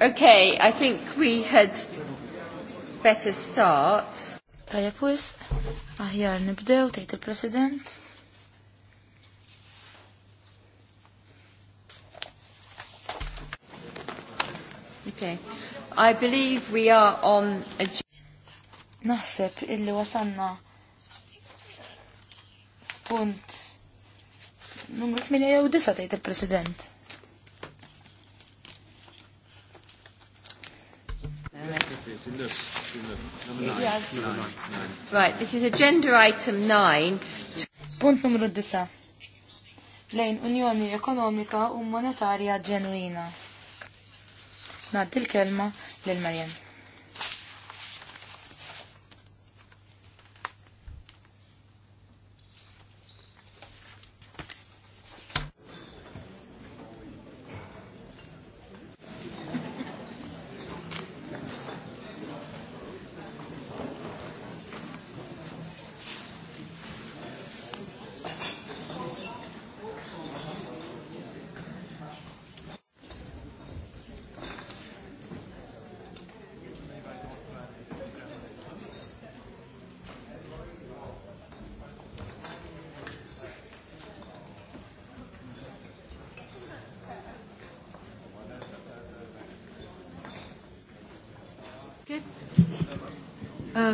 Okay, I think we had better start. Tajja pwis, aħjar nibdew, tajt il-President. Okay. I believe we are on a... Naħseb illi wasanna punt numru 8 u 9 tajt il-President. Right, this is agenda item 9. Punt numru 9. Lejn Unjoni Ekonomika u Monetarja Ġenwina. Naddi il kelma lil Marjan.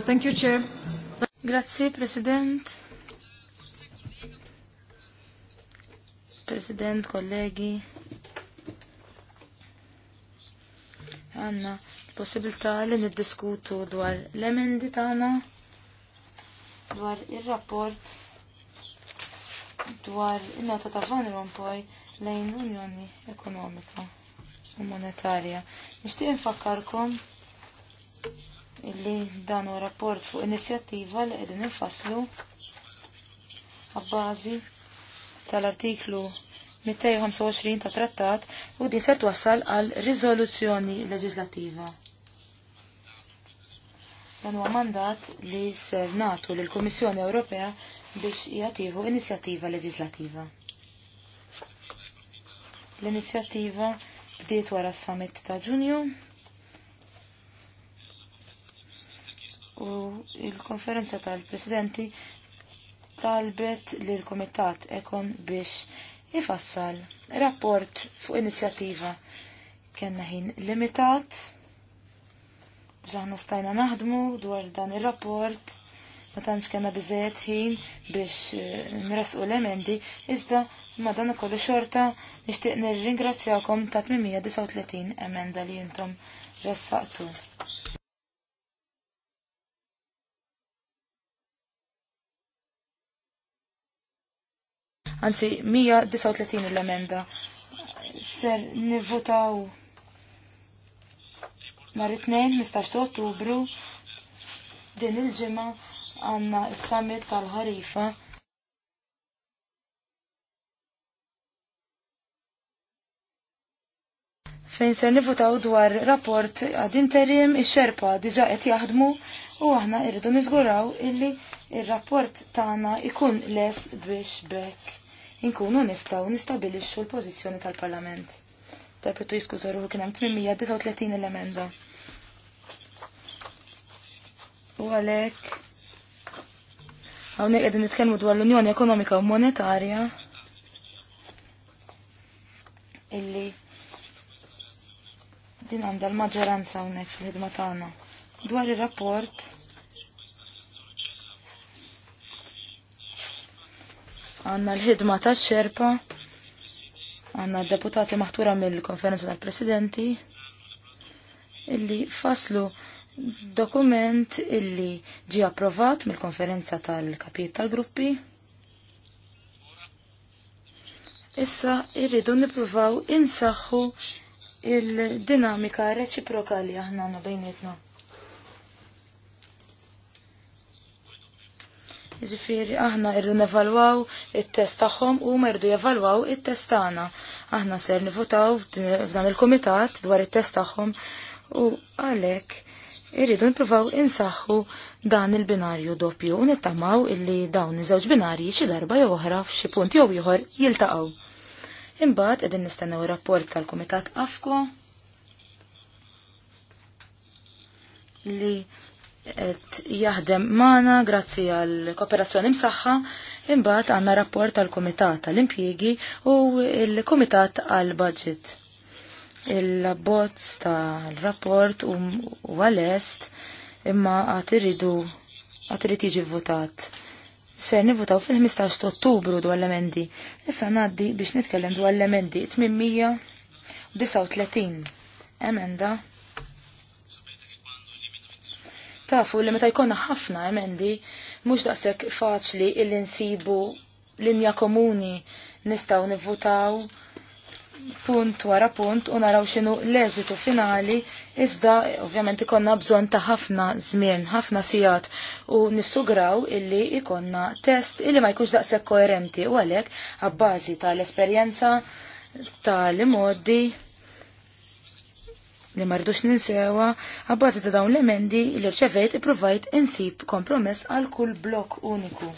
thank you, Chair. Grazie, President. President, kollegi. Għanna, possibilità li niddiskutu dwar l-emendi tagħna dwar il rapport dwar in-nota ta' Van Rompuy lejn unjoni Ekonomika u Monetarja. Nishtiq infakkarkom illi dan rapport fuq inizjattiva li qegħdin infasslu għabbażi tal-artiklu 225 ta' trattat u din ser twassal għal riżoluzzjoni leġislativa. Dan huwa mandat li ser natu lill kummissjoni Ewropea biex jagħtiħu inizjattiva leġislativa. L-inizjattiva bdiet wara s-summit ta' Ġunju u il-konferenza tal-presidenti talbet li l-komitat ekon biex ifassal rapport fuq inizjattiva kena ħin limitat ġaħna stajna naħdmu dwar dan il-rapport ma tanċ kena biżejjed ħin biex eh, nresqu l-emendi, iżda ma dan ukoll xorta nixtieq nirringrazzjakom ta' 839 emenda li intom ressaqtu. anzi 139 l-emenda. Ser nivvotaw nar it-tnejn 15 Ottubru din il-ġimgħa għandna s-summit tal-ħarifa. fejn ser nivutaw dwar rapport għad interim ix-xerpa diġa qed jaħdmu u aħna irridu niżguraw illi ir-rapport tagħna ikun lest biex bekk inkunu nistaw nistabilixxu l-pożizzjoni tal-Parlament. Interpretu jiskuża kien hemm 839 l-emenda. U għalhekk hawnhekk qegħdin nitkellmu dwar l-Unjoni Ekonomika u Monetarja illi din għandha l-maġġoranza hawnhekk fil-ħidma tagħna. Dwar ir-rapport għanna l-ħidma ta' xerpa, għanna deputati maħtura mill-konferenza tal-presidenti, illi faslu dokument illi ġi approvat mill-konferenza tal-kapijiet tal-gruppi. Issa irridu nipruvaw insaħħu il-dinamika reċiproka li aħna bejnietna. Ġifiri, aħna irdu nevalwaw il-test tagħhom u merdu jevalwaw il-test tagħna. Aħna ser nifutaw f'dan il-komitat dwar il-test tagħhom u għalhekk irridu nippruvaw insaħħu dan il-binarju doppju u nittamaw illi dawn iż-żewġ binarji xi darba jew oħra f'xi punt jew ieħor jiltaqgħu. Imbagħad qegħdin nistennew ir-rapport tal-Kumitat AFCO li jaħdem mana grazzi għal kooperazzjoni msaħħa imbagħad għandna rapport għal kumitat tal impjiegi u l-Kumitat għal Budget. il bozz tal-rapport u għal-est imma għad irridu għad irid jiġi votat ser nivutaw fil-15 ta' ottubru dwar l-emendi. Issa ngħaddi biex nitkellem dwar l-emendi 839 emenda Tafu li meta jkollna ħafna emendi, mhux daqshekk faċli illi nsibu linja komuni nistgħu nivvutaw punt wara punt u naraw x'inhu l-eżitu finali iżda ovvjament ikonna bżonn ta' ħafna żmien, ħafna sigħat u nistugraw illi ikonna test illi ma jkunx daqshekk koerenti u għalhekk għabbażi tal-esperjenza tal-imoddi li mardux ninsewa għabbażi ta' dawn l-emendi li rċevejt provajt insib kompromess għal kull blok uniku.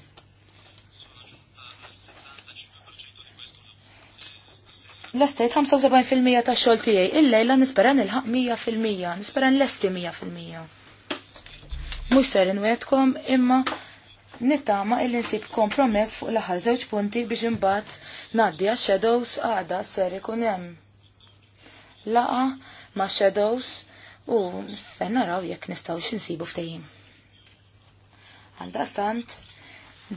L-estate 75% ta' xol tijaj, il-lejla il nilħaq 100%, l-esti 100%. Mux ser inwetkom imma nittama il nsib kompromess fuq l-ħar zewċ punti biex imbat naddi għax shadows għada ser ikun hemm. Laqa ma' Shadows u se naraw jekk nistgħu x'insibu ftehim. Għaldastant,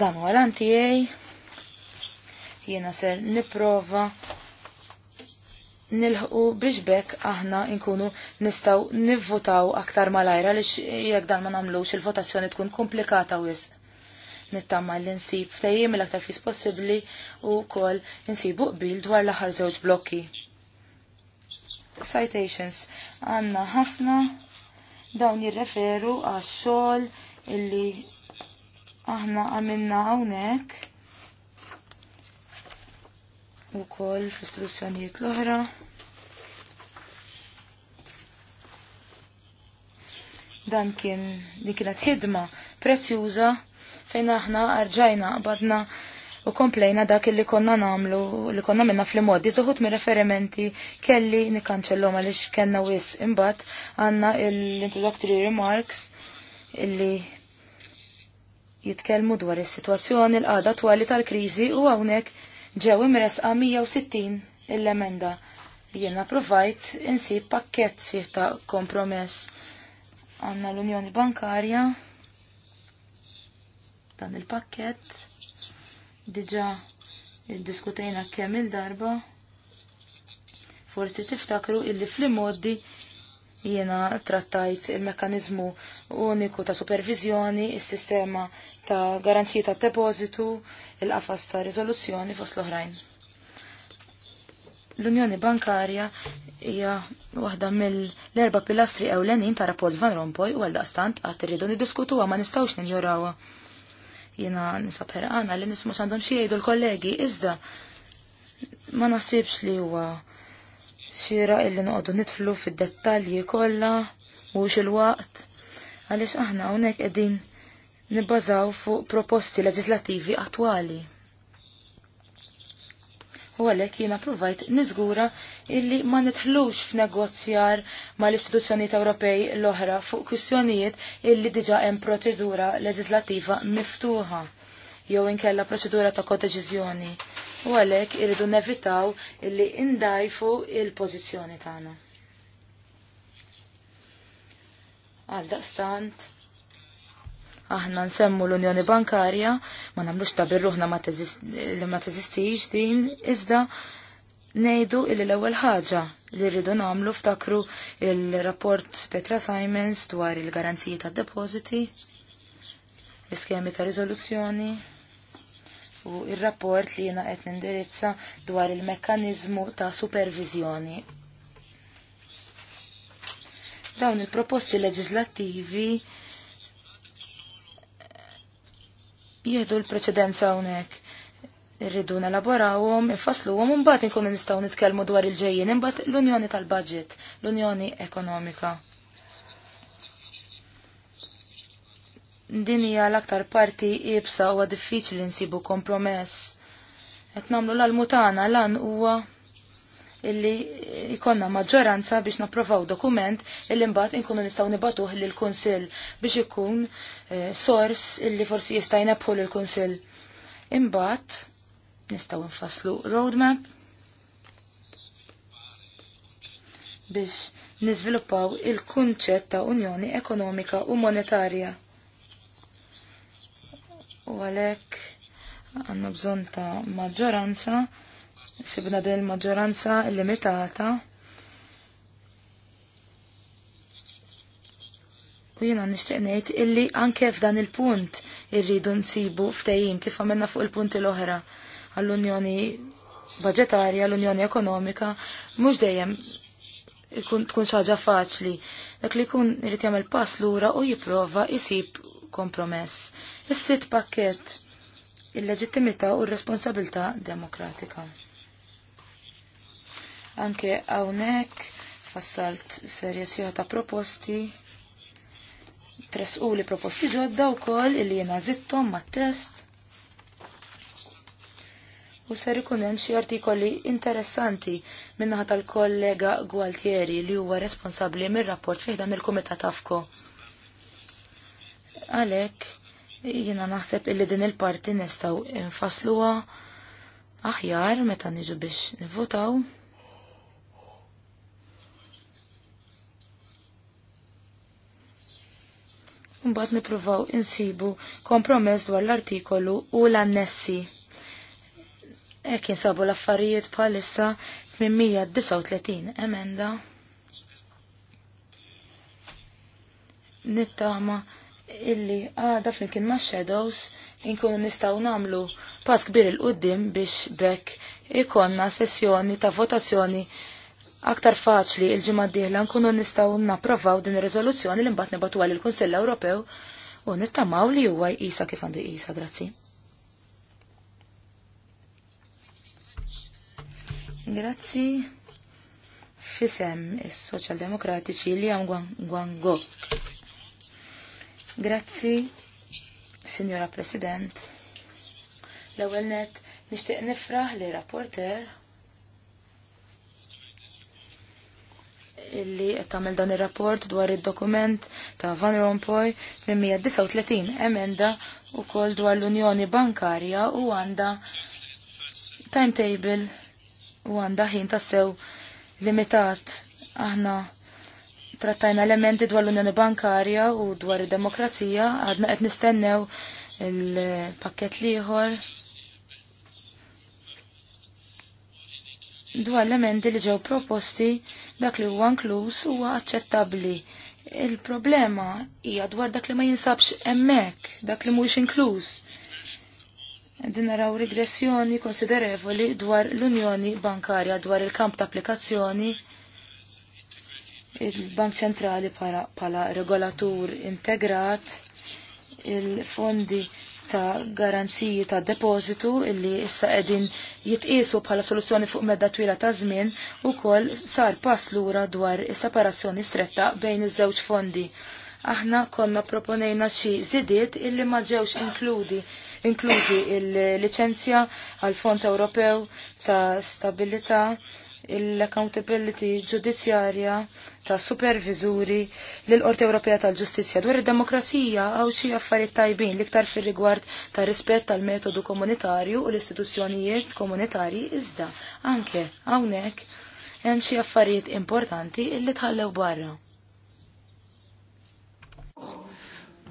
dan huwa l jiena ser nipprova nilħu biex bekk aħna nkunu nistaw nivvotaw aktar malajra li jekk dan ma nagħmlux il-votazzjoni tkun komplikata wisq. Nittamma li nsib ftejjem l-aktar fis possibbli u kol insibu qbil dwar l-aħħar żewġ blokki citations. Għanna ħafna dawn jirreferu għax xogħol illi aħna għamilna hawnhekk ukoll f'istruzzjonijiet l ohra Dan kien dik kienet ħidma prezzjuża fejn aħna arġajna qabadna u komplejna dak li konna namlu li konna minna fl-modi zuħut mir referimenti kelli nikanċellom għalix kena wis imbat għanna l-introductory remarks illi jitkelmu dwar is-sitwazzjoni l għada twali tal-kriżi u hawnhekk ġew imresqa 160 il-emenda jiena provajt insib pakkett sieħ ta' kompromess għanna l-Unjoni Bankarja dan il-pakket Diġa diskutejna kemm il-darba. Forsi tiftakru illi fl-modi jiena trattajt il-mekanizmu uniku ta' supervizjoni, il-sistema ta' garanzija ta' depositu, il-qafas ta' rizoluzzjoni fost l-oħrajn. L-Unjoni Bankarja hija waħda mill-erba pilastri ewlenin ta' rapport Van Rompuy u għal daqstant għad irridu niddiskutuha ma nistgħux ninjorawha jina nisabħer għana li nismu xandom xiejdu l-kollegi, iżda ma nasibx li huwa xira illi noqogħdu nidħlu fid-dettalji kollha mhux il-waqt għaliex aħna hawnhekk qegħdin nibbażaw fuq proposti leġislattivi attwali u għalhekk jiena provajt niżgura illi ma nitħlux f'negozjar mal-istituzzjonijiet Ewropej l-oħra fuq kwistjonijiet illi diġà hemm proċedura leġislattiva miftuħa jew inkella proċedura ta' kodeċiżjoni u għalhekk irridu nevitaw illi indajfu il-pożizzjoni tagħna. Għal daqstant, aħna nsemmu l-Unjoni Bankarja, ma nagħmlux ta' birruħna li ma teżistix din, iżda ngħidu li l-ewwel ħaġa li rridu nagħmlu ftakru il-rapport Petra Simons dwar il-garanziji tad depositi l-iskemi ta' riżoluzzjoni u il-rapport li jiena qed nindirizza dwar il-mekkaniżmu ta' supervizjoni dawn il-proposti leġislattivi jihdu l-preċedenza hawnhekk. Irridu nelaborawhom, infaslu għom mbagħad inkunu nistgħu nitkellmu dwar il-ġejjin imbagħad l-Unjoni tal-Budget, l-Unjoni Ekonomika. Din hija l-aktar parti ibsa huwa diffiċli nsibu kompromess. Qed nagħmlu l-almutana lan huwa illi ikonna maġġoranza biex napprovaw dokument illi mbagħad inkunu nistgħu nibatuh lil kunsill biex ikun eh, sors illi forsi jista' jnebħu lil kunsill. Imbagħad nistgħu nfasslu roadmap biex niżviluppaw il-kunċett ta' Unjoni Ekonomika u Monetarja. U għalhekk għandna bżonn ta' maġġoranza Sibna din il-maġġoranza limitata. U jina nishtiqnejt ngħid illi anke f'dan il-punt irridu nsibu ftejim kif għamilna fuq il-punti l-oħra għall-Unjoni Baġetarja, l-Unjoni Ekonomika, mhux dejjem tkun xaġa faċli. Dak li jkun irid jagħmel pass lura u jipprova jisib kompromess. is sit pakket il-leġittimità u r-responsabilità demokratika. Anke hawnhekk fassalt serje sieħa ta' proposti u li proposti ġodda wkoll illi jena zittom mat-test u ser ikun hemm xi artikoli interessanti minnaħa tal-kollega Gualtieri li huwa responsabbli mir-rapport fih dan il-Kumitat Afko. Għalhekk jiena naħseb illi din il-parti nistgħu infasluwa aħjar meta niġu biex nivvotaw. mbagħad nippruvaw insibu kompromess dwar l-artikolu u l-annessi. Hekk jinsabu l-affarijiet bħalissa 839 emenda. Nittama illi għada flimkien ma' shadows inkunu nistaw namlu pass kbir il-qoddim biex bekk ikonna sessjoni ta' votazzjoni aktar faċli il-ġimgħa d-dieħla nkunu nistgħu napprovaw din ir-riżoluzzjoni li mbagħad nibgħatu għal il-Kunsill Ewropew u nittamaw li huwa jqisha kif għandu isa. grazzi. Grazzi fisem is-Soċjaldemokratiċi li għam Gwango. Grazzi, Signora President. L-ewwel nishtiq nixtieq nifraħ li rapporter illi qed tagħmel dan ir-rapport dwar id-dokument ta' Van Rompuy minn 139 emenda wkoll dwar l-Unjoni Bankarja u għandha timetable u għandha ħin tas-sew limitat. Aħna trattajna elementi dwar l-Unjoni Bankarja u dwar id-Demokrazija għadna qed nistennew il-pakket liħor dwar l-emendi li ġew proposti dak li huwa inkluż huwa aċċettabbli. Il-problema hija dwar dak li ma jinsabx hemmhekk, dak li mhuwiex inkluż. Din naraw regressjoni konsiderevoli dwar l-Unjoni Bankarja dwar il-kamp ta' applikazzjoni il-Bank Ċentrali pala regolatur integrat il-fondi ta' garanziji ta' depożitu illi issa qegħdin jitqisu bħala soluzzjoni fuq medda twila ta' żmien ukoll sar pass lura dwar is-separazzjoni stretta bejn iż-żewġ fondi. Aħna konna proponejna xi żidiet illi ma ġewx inkludi inklużi il-liċenzja għal Fond Ewropew ta' Stabilità l-accountability ġudizzjarja ta' supervizuri l-Qorti Ewropea tal-Ġustizzja dwar id-demokrazija għaw xi affarijiet tajbin l-iktar fir-rigward ta' rispett tal-metodu komunitarju u l-istituzzjonijiet komunitarji iżda anke hawnhekk hemm xi affarijiet importanti li tħallew barra.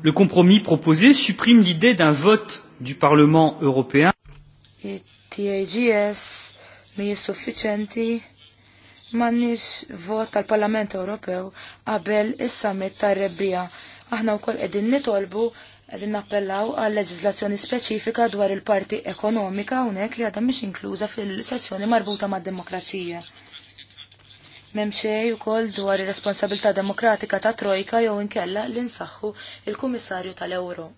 Le compromis proposé supprime l'idée d'un vote du Parlement européen. TAGS mi suffiċenti m'għandniex vot tal-Parlament Ewropew qabel is-summit tar-rebbija. Aħna wkoll qegħdin nitolbu qegħdin nappellaw għal leġiżlazzjoni speċifika dwar il-parti ekonomika hawnhekk li għadha mhix inkluża fil-sessjoni marbuta mad-demokrazija. Memxej xej ukoll dwar ir-responsabilità demokratika ta' Trojka jew inkella li nsaħħu il-Kummissarju tal-Ewro.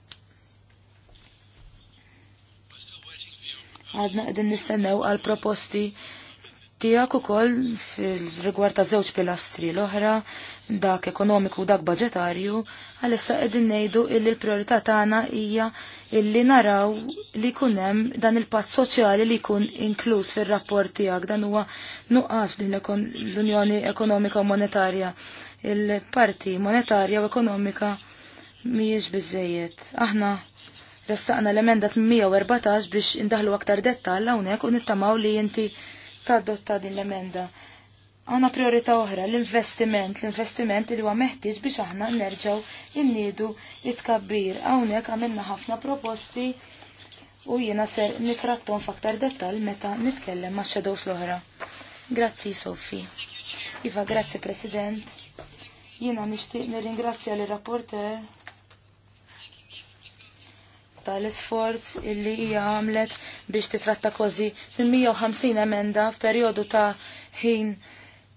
Għadna għedin nistennew għal proposti tijak u koll fil-rigward ta' zewċ pilastri l-oħra, dak ekonomiku u dak budgetarju, għalissa għedin nejdu illi l-priorità tagħna hija illi naraw li kunem dan il-patt soċjali li jkun inkluż fir-rapport tiegħek dan huwa nuqqas din l-Unjoni Ekonomika u Monetarja. Il-parti monetarja u ekonomika mhijiex bizzejiet. Aħna ressaqna l-emenda 814 biex indaħlu aktar dettall hawnhekk u nittamaw li inti tadotta din l-emenda. Għana priorità oħra, l-investiment, l-investiment li huwa meħtieġ biex aħna nerġaw innidu it tkabbir Hawnhekk għamilna ħafna proposti u jiena ser nitrattom f'aktar dettall meta nitkellem ma' shadows l-oħra. Grazzi Sofi. Iva, grazzi President. Jiena nixtieq nirringrazzja l-rapporter tal-isforz illi hija għamlet biex titratta kozi minn 150 emenda f'perjodu ta' ħin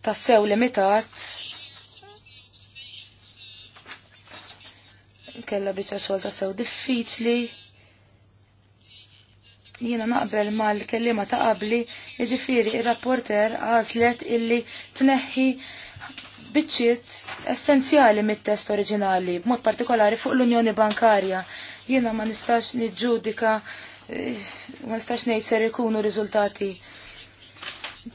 ta' sew limitat. Kella biex xogħol ta' sew diffiċli. Jiena naqbel mal-kellima ta' qabli, jiġifieri ir-rapporter għażlet illi tneħħi biċċiet essenzjali mit-test oriġinali, b'mod partikolari fuq l-Unjoni Bankarja. Jiena ma nistax niġġudika, eh, ma nistax ngħid ser ikunu riżultati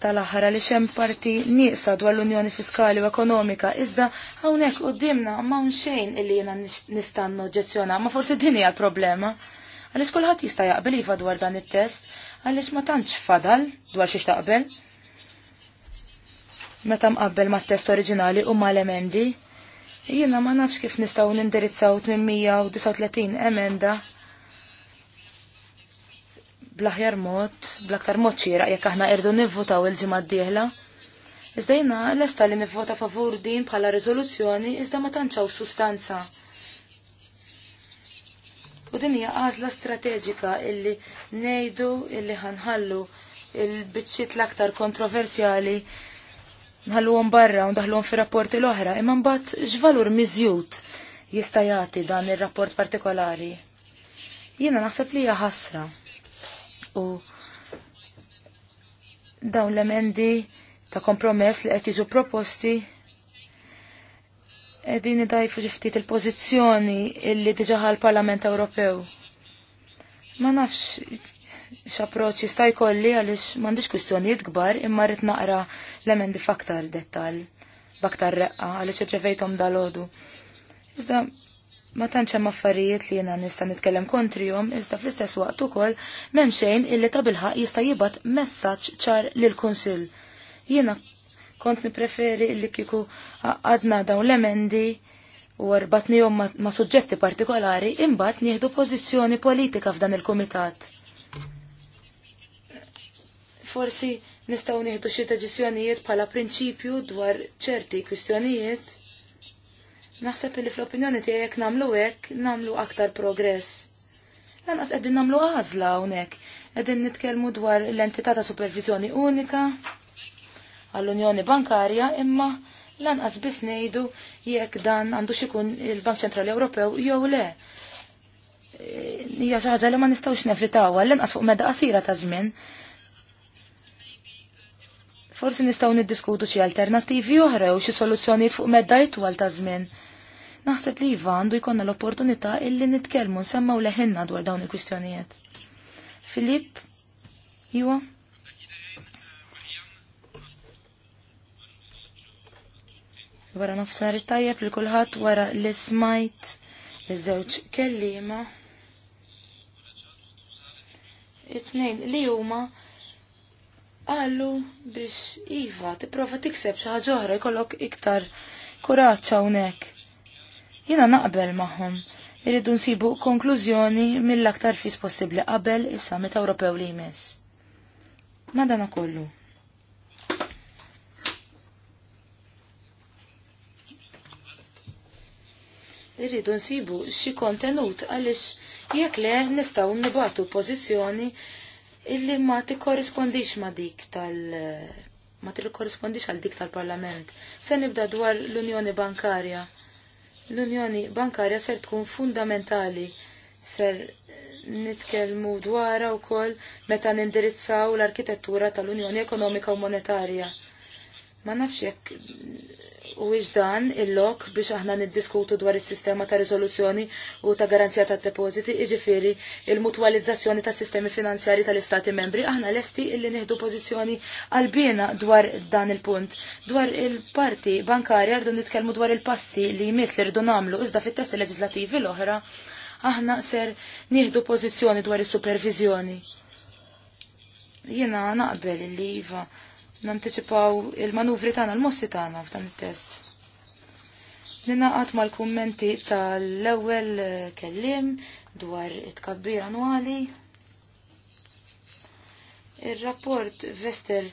tal-aħħar li xem parti nieqsa dwar l-Unjoni Fiskali u Ekonomika, iżda hawnhekk qudiemna m'hawn xejn illi jiena nista' noġġezzjona, ma forsi din hija l-problema. Għaliex kulħadd jista' jaqbel iva dwar dan it-test, għaliex ma tantx fadal dwar xi taqbel meta mqabbel mat-test oriġinali u l emendi Jiena ma nafx kif nistgħu nindirizzaw 839 emenda blaħjar mod, blaktar mod xieraq jekk aħna irdu nivvotaw il-ġimgħa d-dieħla. Iżda jiena lesta li nivvota favur din bħala riżoluzzjoni iżda ma tanċaw sustanza. U din hija għażla strateġika illi ngħidu illi ħanħallu il-biċċiet l-aktar kontroversjali nħalluhom barra u ndaħluhom fi rapporti l-oħra, imma mbagħad x'valur miżjud jista' jagħti dan ir-rapport partikolari. Jiena naħseb li hija ħasra. U dawn l-emendi ta' kompromess li qed jiġu proposti qegħdin dajfu xi ftit il-pożizzjoni illi diġà l-Parlament Ewropew. Ma nafx x'approċċ jista' jkolli għaliex m'għandix kwistjonijiet kbar imma rrid naqra l-emendi f'aktar dettall b'aktar reqqa għaliex irċevejthom dalodu. Iżda ma tantx hemm affarijiet li jiena nista' nitkellem kontrihom, iżda fl-istess waqt ukoll m'hemm xejn illi ta' bilħaq jista' jibgħat messaġġ ċar lil kunsill. Jiena kont nippreferi li kieku għadna dawn l-emendi u jom ma' suġġetti partikolari imbagħad nieħdu pożizzjoni politika f'dan il-kumitat Forsi nistgħu nieħdu xi deċiżjonijiet bħala prinċipju dwar ċerti kwistjonijiet. Naħseb li fl-opinjoni tiegħi jekk nagħmlu hekk nagħmlu aktar progress. Lanqas qegħdin nagħmlu għażla hawnhekk. Qegħdin nitkellmu dwar l-entità ta' supervizjoni unika għall-Unjoni Bankarja imma lanqas biss ngħidu jekk dan għandu x'ikun il-Bank Ċentrali Ewropew jew le. Hija xi ħaġa li ma nistgħux nevitawha lanqas fuq meda qasira ta' żmien Forsi nistgħu niddiskutu xi alternattivi oħra u xi soluzzjonijiet fuq meddajt itwal ta' żmien. Naħseb li iva għandu jkollna l-opportunità illi nitkellmu nsemmaw leħinna dwar dawn il-kwistjonijiet. Filip, Iwa? Wara nofsar tajjeb li kulħadd wara li smajt iż-żewġ kellima. It-tnejn li huma għallu biex Iva tipprova tikseb xi ħaġa oħra jkollok iktar kuraċċa hawnhekk. Jiena naqbel magħhom. Irridu nsibu konklużjoni mill-aktar fis possibbli qabel is-Summit Ewropew li jmess. Madana kollu. irridu nsibu xi kontenut għaliex jekk le nistgħu nibatu pożizzjoni illi ma tikkorrispondix ma dik tal- ma tikkorrispondix għal dik tal-Parlament. Se nibda dwar l-Unjoni Bankarja. L-Unjoni Bankarja ser tkun fundamentali ser nitkellmu dwarha wkoll meta nindirizzaw l-arkitettura tal-Unjoni Ekonomika u Monetarja. Ma nafx jekk u dan il-lok biex aħna niddiskutu dwar is-sistema ta' riżoluzzjoni u ta' garanzija ta' depositi, iġifiri il-mutwalizzazzjoni ta' sistemi finanzjari tal-Istati membri, aħna lesti illi nieħdu pożizzjoni għalbina dwar dan il-punt. Dwar il-parti bankarja rridu nitkellmu dwar il-passi li jmiss li rridu nagħmlu iżda fit-testi leġislativi l-oħra, aħna ser nieħdu pożizzjoni dwar is-supervizjoni. Jiena naqbel li iva nanticipaw il-manuvri tagħna l-mossi tagħna f'dan it-test. Ninaqat mal-kummenti tal-ewwel eh, kellim dwar it-kabbir annwali. Ir-rapport Vester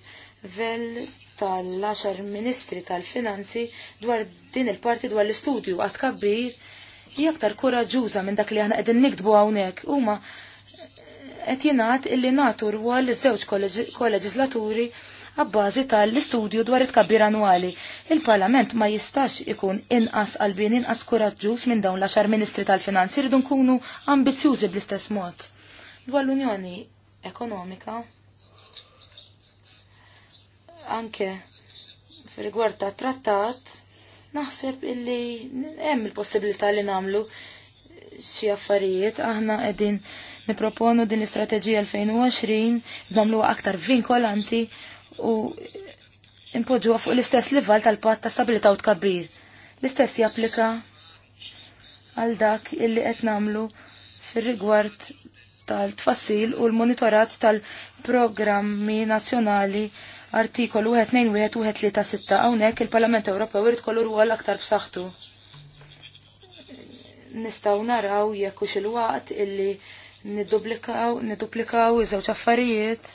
Vell tal-10 Ministri tal-Finanzi dwar din il-parti dwar l-istudju għat kabbir hija aktar koraġuża minn dak li aħna qegħdin nikdbu hawnhekk huma eh, qed jingħad illi nagħtu rwol iż-żewġ kolleġislaturi. -kolegi għabbażi tal-istudju dwar it-kabbir annwali. Il-Parlament ma jistax ikun inqas qalbin inqas kuraġġuż minn dawn l axar ministri tal-finanzi rridu nkunu ambizzjużi bl-istess mod. Dwar l-Unjoni Ekonomika anke fil-rigward ta' trattat naħseb illi hemm il-possibilità li namlu xi affarijiet aħna qegħdin niproponu din l-istrateġija 2020 b'namluha aktar vinkolanti u impoġu fuq l-istess livell tal-patt ta' stabilita u tkabbir. L-istess japplika għal dak illi qed nagħmlu fir-rigward tal-tfassil u l-monitoraġġ tal-programmi nazzjonali artikolu 1.2.1.3.6 hawnhekk il-Parlament Ewropew irid kollu rwol aktar b'saħħtu nistaw naraw jekk hux il-waqt illi niduplikaw niduplikaw iż-żewġ affarijiet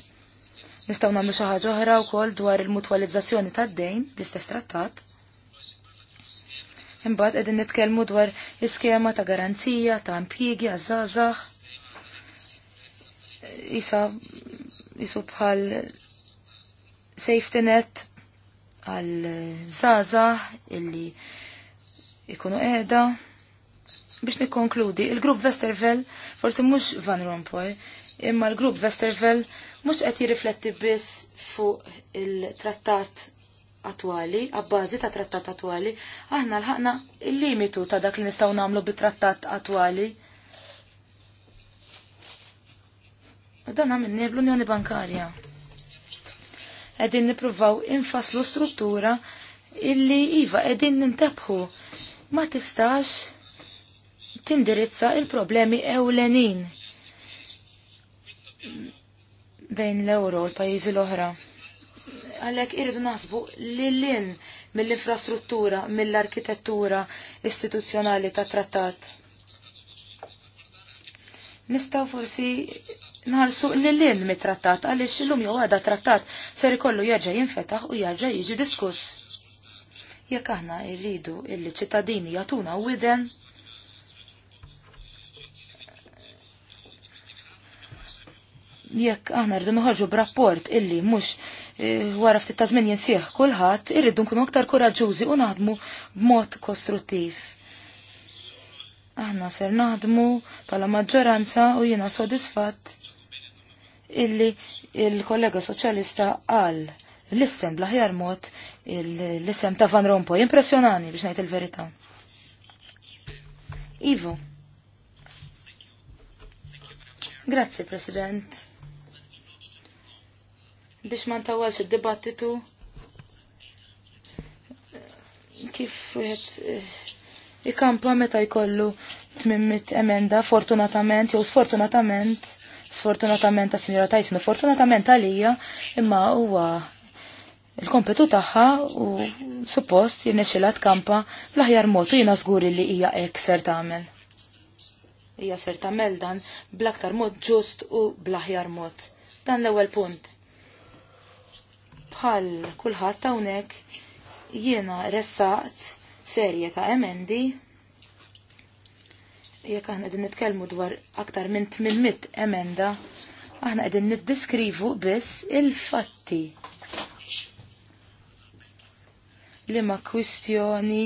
Nistgħu nagħmlu xi ħaġa oħra wkoll dwar il-mutwalizzazzjoni tad-dejn bl-istess trattat. Imbagħad qegħdin nitkellmu dwar iskema ta' garanzija ta' impjiegi għaż-żgħażagħ. Isa isu bħal safety net għal żgħażagħ illi ikunu qiegħda biex nikkonkludi, il-grupp Westervel, forsi mhux Van Rompuy, imma l-grupp Westervel mhux qed jirrifletti biss fuq il-trattat attwali, għabbażi ta' trattat attwali, aħna l-ħakna il-limitu ta' dak li nistgħu nagħmlu bit-trattat attwali. U dan għamilni l unjoni Bankarja. Qegħdin nippruvaw infaslu struttura illi iva qegħdin nintebħu ma tistax tindirizza il-problemi ewlenin bejn l-euro u l-pajizi l-oħra. Għalek irridu naħsbu lil-lin mill-infrastruttura, mill-arkitettura istituzzjonali ta' trattat. Nistaw forsi naħarsu l lin mit-trattat, għalix l-lum jew għada trattat ser ikollu jarġa jinfetaħ u jarġa jiġi diskuss. Jekk aħna irridu illi ċittadini jatuna widen, jekk aħna rridu noħorġu b'rapport illi mhux e, wara ftit ta' żmien jinsieħ kulħadd, irridu nkunu aktar kuraġġużi u naħdmu b'mod kostruttiv. Aħna ser naħdmu bħala maġġoranza u jiena sodisfatt illi il-kollega soċjalista qal l-issem bl-aħjar mod l-issem ta' Van Rompo Impressjonani biex ngħid il-verità. Ivo. Grazie, President biex ma ntawalx id-dibattitu kif wieħed eh, ikampa meta jkollu tmimmit emenda fortunatament jew sfortunatament sfortunatament ta' Sinjora Tyson fortunatament għalija imma huwa il-kompetu tagħha u suppost jinnexxilha tkampa l-aħjar mod jiena żguri li hija hekk ser tagħmel hija ser tagħmel dan bl-aktar mod ġust u bl-aħjar mod. Dan l-ewwel punt bħal kulħadd hawnhekk jiena ressaqt serje ta' emendi jekk aħna qegħdin nitkellmu dwar aktar minn 800 emenda, aħna qegħdin niddiskrivu biss il-fatti. Li ma kwistjoni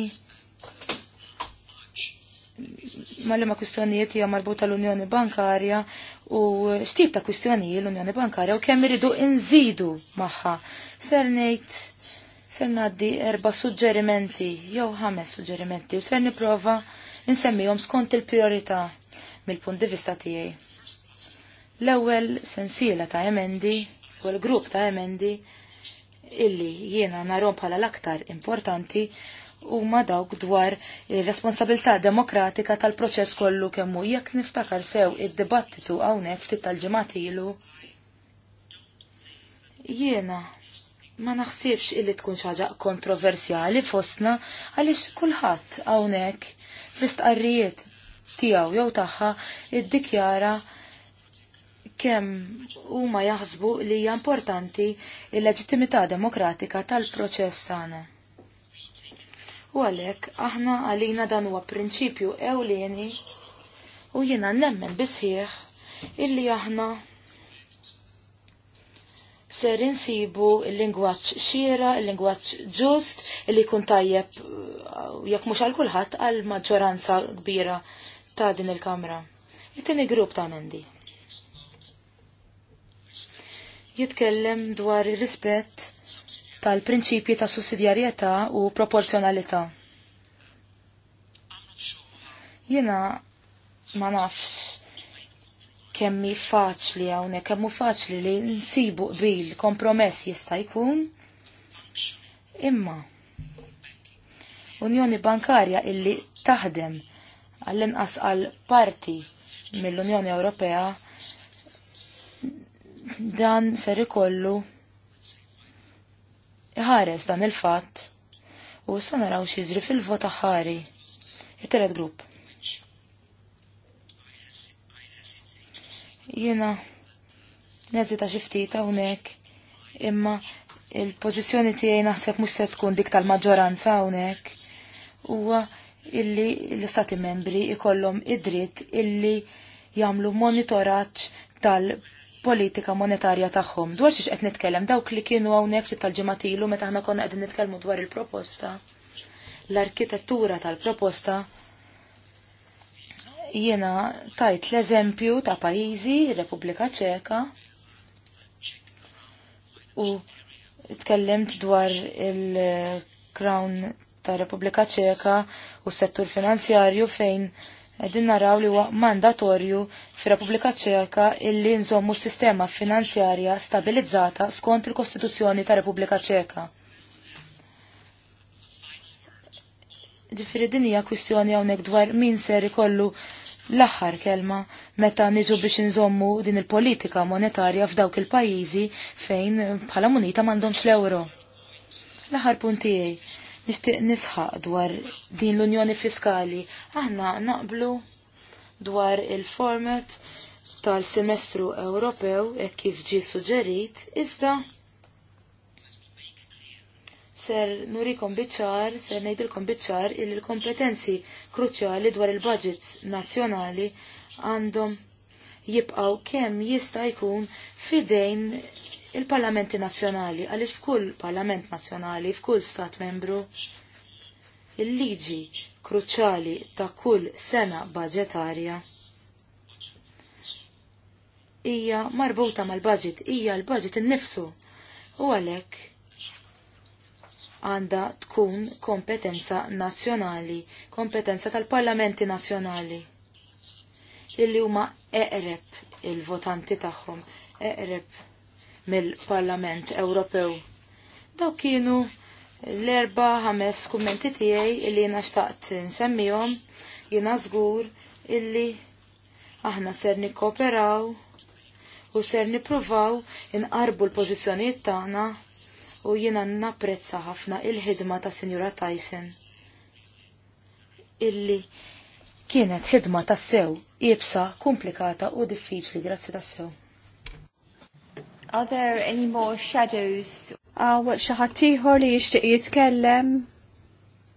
ma li ma kwistjonijiet hija marbuta l-Unjoni Bankarja u xtib ta' kwistjoni l-Unjoni Bankarja u kemm iridu nżidu magħha. Ser ngħid ser ngħaddi erba' suġġerimenti jew ħames suġġerimenti u ser nipprova nsemmihom skont il-priorità mill-punt di vista tiegħi. L-ewwel sensiela ta' emendi u l-grupp ta' emendi illi jiena narhom bħala l-aktar importanti huma dawk dwar ir-responsabilità demokratika tal-proċess kollu kemm hu jekk niftakar sew id-dibattitu hawnhekk ftit tal-ġimgħat ilu. Jiena ma naħsibx illi tkun xaġa kontroversjali fostna għaliex kulħadd hawnhekk fl-istqarrijiet tiegħu jew tagħha iddikjara kemm huma jaħsbu li hija importanti l-leġittimità demokratika tal-proċess tagħna. U għalhekk aħna għalina dan huwa prinċipju ewlieni u jiena nemmen bisħieħ illi aħna ser insibu il-lingwaċ xiera, il-lingwaċ ġust, li kun tajjeb uh, jekk mhux għal kulħadd għal maġġoranza kbira ta' din il-kamra. It-tieni grupp ta' mendi. Jitkellem dwar ir-rispett tal-prinċipji ta' sussidjarjetà u proporzjonalità. Jiena ma nafx kemmi faċli hawnhekk kemmu faċli li nsibu qbil kompromess jista' jkun imma Unjoni Bankarja illi taħdem għall-inqas għal parti mill-Unjoni Ewropea dan ser ikollu iħares dan il-fatt u issa naraw xiġri fil-vot ħari It-telet grupp. Jiena neżita xi ftit hawnhekk imma il-pożizzjoni tiegħi naħseb mhux se tkun dik tal-maġġoranza hawnhekk u illi l-istati membri ikollom id-dritt illi jagħmlu monitoraġġ tal- politika monetarja tagħhom. Dwar xiex qed nitkellem dawk li kienu hawnhekk fit tal-ġimgħat meta aħna konna qegħdin nitkellmu dwar il-proposta. L-arkitettura tal-proposta jiena tajt l-eżempju ta' pajjiżi, Repubblika Ċeka, u tkellimt dwar il-Crown ta' Repubblika Ċeka u s-settur finanzjarju fejn Għedin naraw li huwa mandatorju fir-Repubblika Ċeka illi nżommu s-sistema finanzjarja stabilizzata skont il-Kostituzzjoni ta' Repubblika Ċeka. Ġifiri din hija kwistjoni hawnhekk dwar min ser ikollu l-aħħar kelma meta niġu biex nżommu din il-politika monetarja f'dawk il-pajjiżi fejn bħala munita m'għandhomx l-ewro. L-aħħar punt tiegħi Nixtieq nisħaq dwar din l-Unjoni Fiskali. Aħna naqblu dwar il-format tal-semestru Ewropew e kif ġi suġġerit, iżda ser nurikom biċar, ser nejdilkom biċar il kompetenzi kruċjali dwar il-budgets nazzjonali għandhom jibqaw kemm jista' jkun fidejn il-parlamenti nazzjonali, għaliex f'kull parlament nazzjonali, f'kull stat membru, il-liġi kruċali ta' kull sena budgetarja hija marbuta mal-budget, hija l-budget innifsu. U għalhekk għandha tkun kompetenza nazzjonali, kompetenza tal-parlamenti nazzjonali illi huma eqreb il-votanti tagħhom, eqreb mill-Parlament Ewropew. Daw kienu l-erba ħames kummenti tiegħi li jiena xtaqt nsemmihom jiena żgur illi aħna ser nikkoperaw u ser nippruvaw inqarbu l-pożizzjonijiet tagħna u jiena napprezza ħafna il-ħidma ta' Sinjura Tyson illi kienet ħidma tassew, iebsa komplikata u diffiċli, grazzi tassew. Are there any more shadows? Għaw xaħatiħor shahati jishtiq is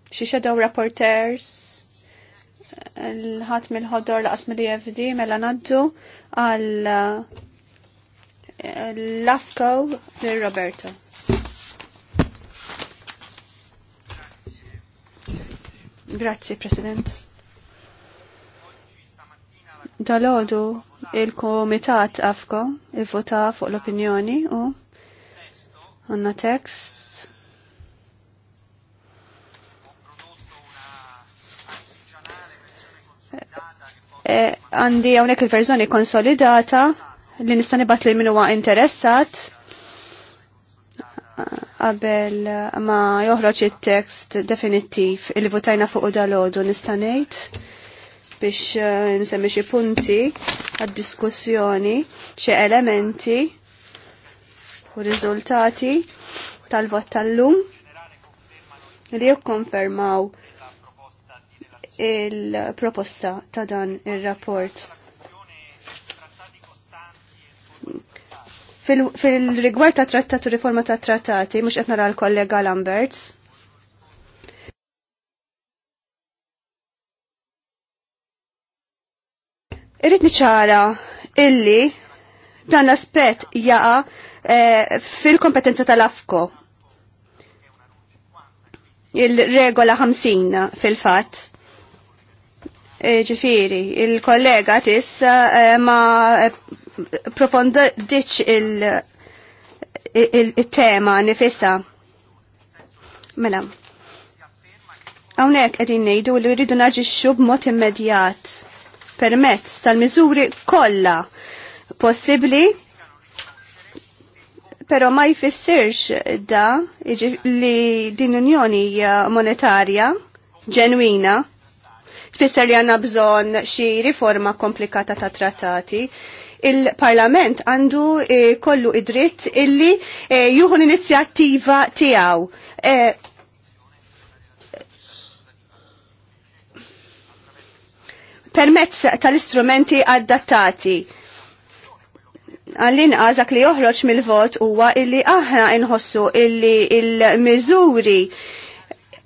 to shadow rapporteurs, She shadow reporters. ħodor laqas mill-EFD mela naddu melanadu al eh, afko roberto Grazie, President. Dalodu il-komitat għafko il-vota fuq l-opinjoni u għanna tekst. E, għandi e, għawnek il-verżjoni konsolidata li nistani bat li minn huwa interessat qabel ma joħroġ it-tekst definittiv il-votajna fuq dalodu nistanejt biex eh, nsemmi xi punti għad-diskussjoni, xi elementi u riżultati tal-vot tal-lum li jikkonfermaw il-proposta ta' dan ir-rapport. Fil-rigward ta' trattat u riforma ta' trattati, mux etna l-kollega Lamberts, Irrit niċara illi dan l-aspet jaqa eh, fil-kompetenza tal-afko. Il-regola 50 fil-fat. Eh, ġifiri, il-kollega tis eh, ma profondiċ il-tema nifissa. Mela. Għawnek għedin nejdu li rridu naġiċu b'mod immedjat permezz tal-miżuri kollha possibbli Però ma jfissirx da li din unjoni monetarja ġenwina tfisser li għanna bżon xi riforma komplikata ta' trattati il-parlament għandu eh, kollu id-dritt illi eh, juhun l-inizjattiva tijaw. permezz tal-istrumenti adattati. Għallin għazak dak li joħroġ mill-vot huwa illi aħna inħossu illi il-miżuri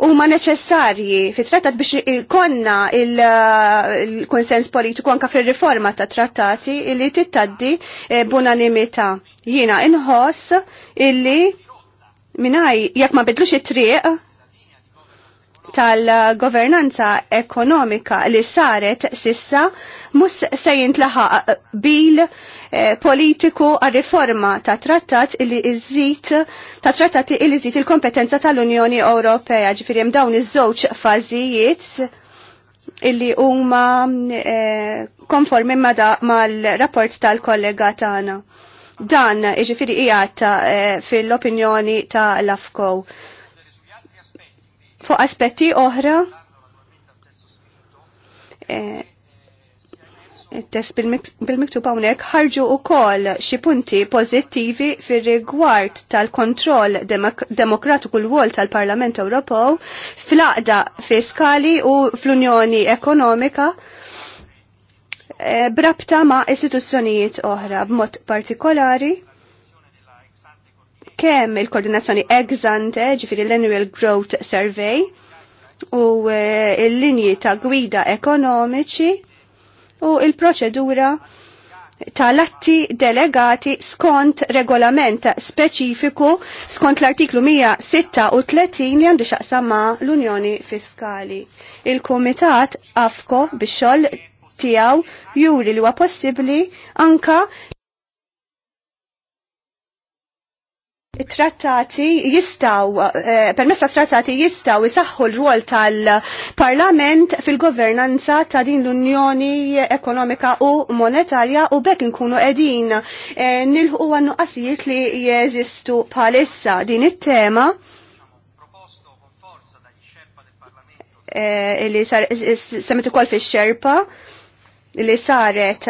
huma neċessarji fit trattat biex konna il-konsens il politiku anka fil-riforma ta' trattati illi tittaddi e, b'unanimità. Jiena inħoss illi minaj jekk ma bidlux it-triq tal-governanza ekonomika li saret sissa mus se jintlaħaq bil eh, politiku għal riforma ta' trattat li iżid ta' trattati li iżid il-kompetenza tal-Unjoni Ewropea ġifieri dawn iż-żewġ fażijiet illi huma eh, konformi mal-rapport tal-kollega tagħna. Dan iġifieri qiegħed eh, fil-opinjoni ta' Lafkow. Fuq aspetti oħra, e, il-test bil-miktub hawnhekk ħarġu wkoll xi punti pożittivi fir-rigward tal-kontroll demokratiku l-wol tal-Parlament Ewropew fl-aqda fiskali u fl-Unjoni Ekonomika e, brabta ma' istituzzjonijiet oħra b'mod partikolari kemm il-koordinazzjoni ex-ante, ġifiri l-Annual Growth Survey, u eh, l-linji ta' gwida ekonomiċi u il-proċedura tal-atti delegati skont regolament speċifiku skont l-artiklu 136 li għandu xaqsa ma' l-Unjoni Fiskali. Il-Komitat afko biex-xogħol tijaw juri li huwa possibbli anka Eh, trattati jistaw, permessa trattati jistaw jisaxħu l ruol tal-parlament fil-governanza ta' din l-Unjoni Ekonomika u Monetarja u bekk nkunu edin eh, nilħu għannu qasijiet li jeżistu palissa din it-tema. Eh, li samet kol fix-xerpa li saret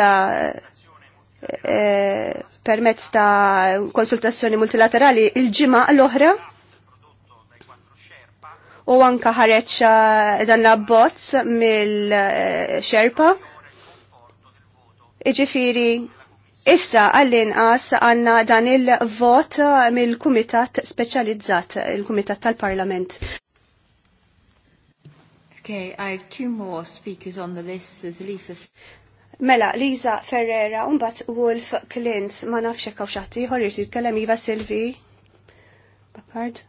Eh, permezz ta' konsultazzjoni multilaterali il ġima l-oħra u anka ħareċ eh, dan l-abbozz mill-xerpa. Iġifiri, issa għall-inqas għanna dan il-vot mill-Kumitat Speċjalizzat, il-Kumitat tal-Parlament. Okay, I have two more speakers on the list. There's Lisa. Mela, Liza Ferrera, unbat Wolf Klintz, ma nafxek għaw xaħti, ħor jirti tkellem Iva Silvi. Bakard.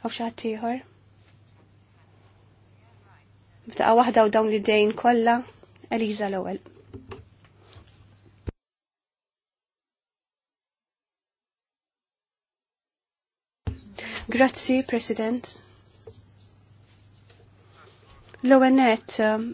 Għaw xaħti ħor. Btaqa wahda u dawn l dejn kolla, Eliza l-ewel. Grazzi, President. L-ewel net, um,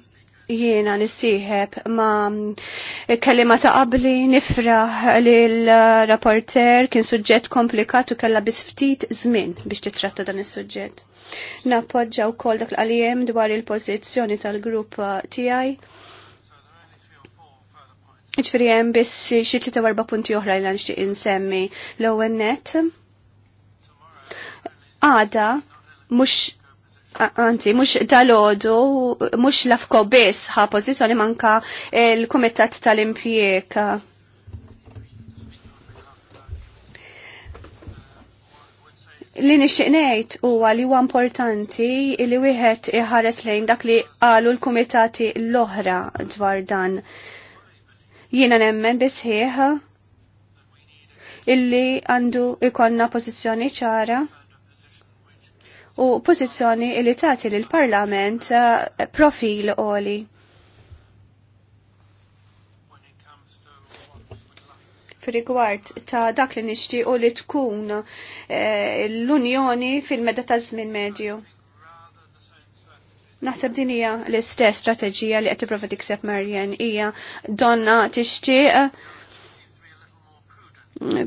jiena nissieħeb ma' kellima ta' qabli nifraħ li l-rapporter kien suġġett komplikat u kella bisftit ftit żmien biex titratta dan is-suġġett. Nappoġġa wkoll dak l-qalijem dwar il-pożizzjoni tal-grupp tiegħi. Ġifieri hemm biss xi tlieta erba' punti oħra li nixtieq insemmi l-ewwel net. Għada mhux Anzi, mux dal-ħodu, mux lafko bis ħa pozizjoni manka il-Komitat tal-Impjek. Li nixtiqnejt u li huwa importanti li wieħed iħares lejn dak li qalu l-kumitati l-oħra dwar dan. Jiena nemmen bisħieħ illi għandu ikonna pożizzjoni ċara u pozizjoni li tagħti lil parlament eh, profil oli. fil-rigward ta' dak li nixtiequ li tkun eh, l-Unjoni fil-meda ta' żmien medju. Naħseb din hija l-istess strateġija li qed tipprova tikseb Marjen hija donna tixtieq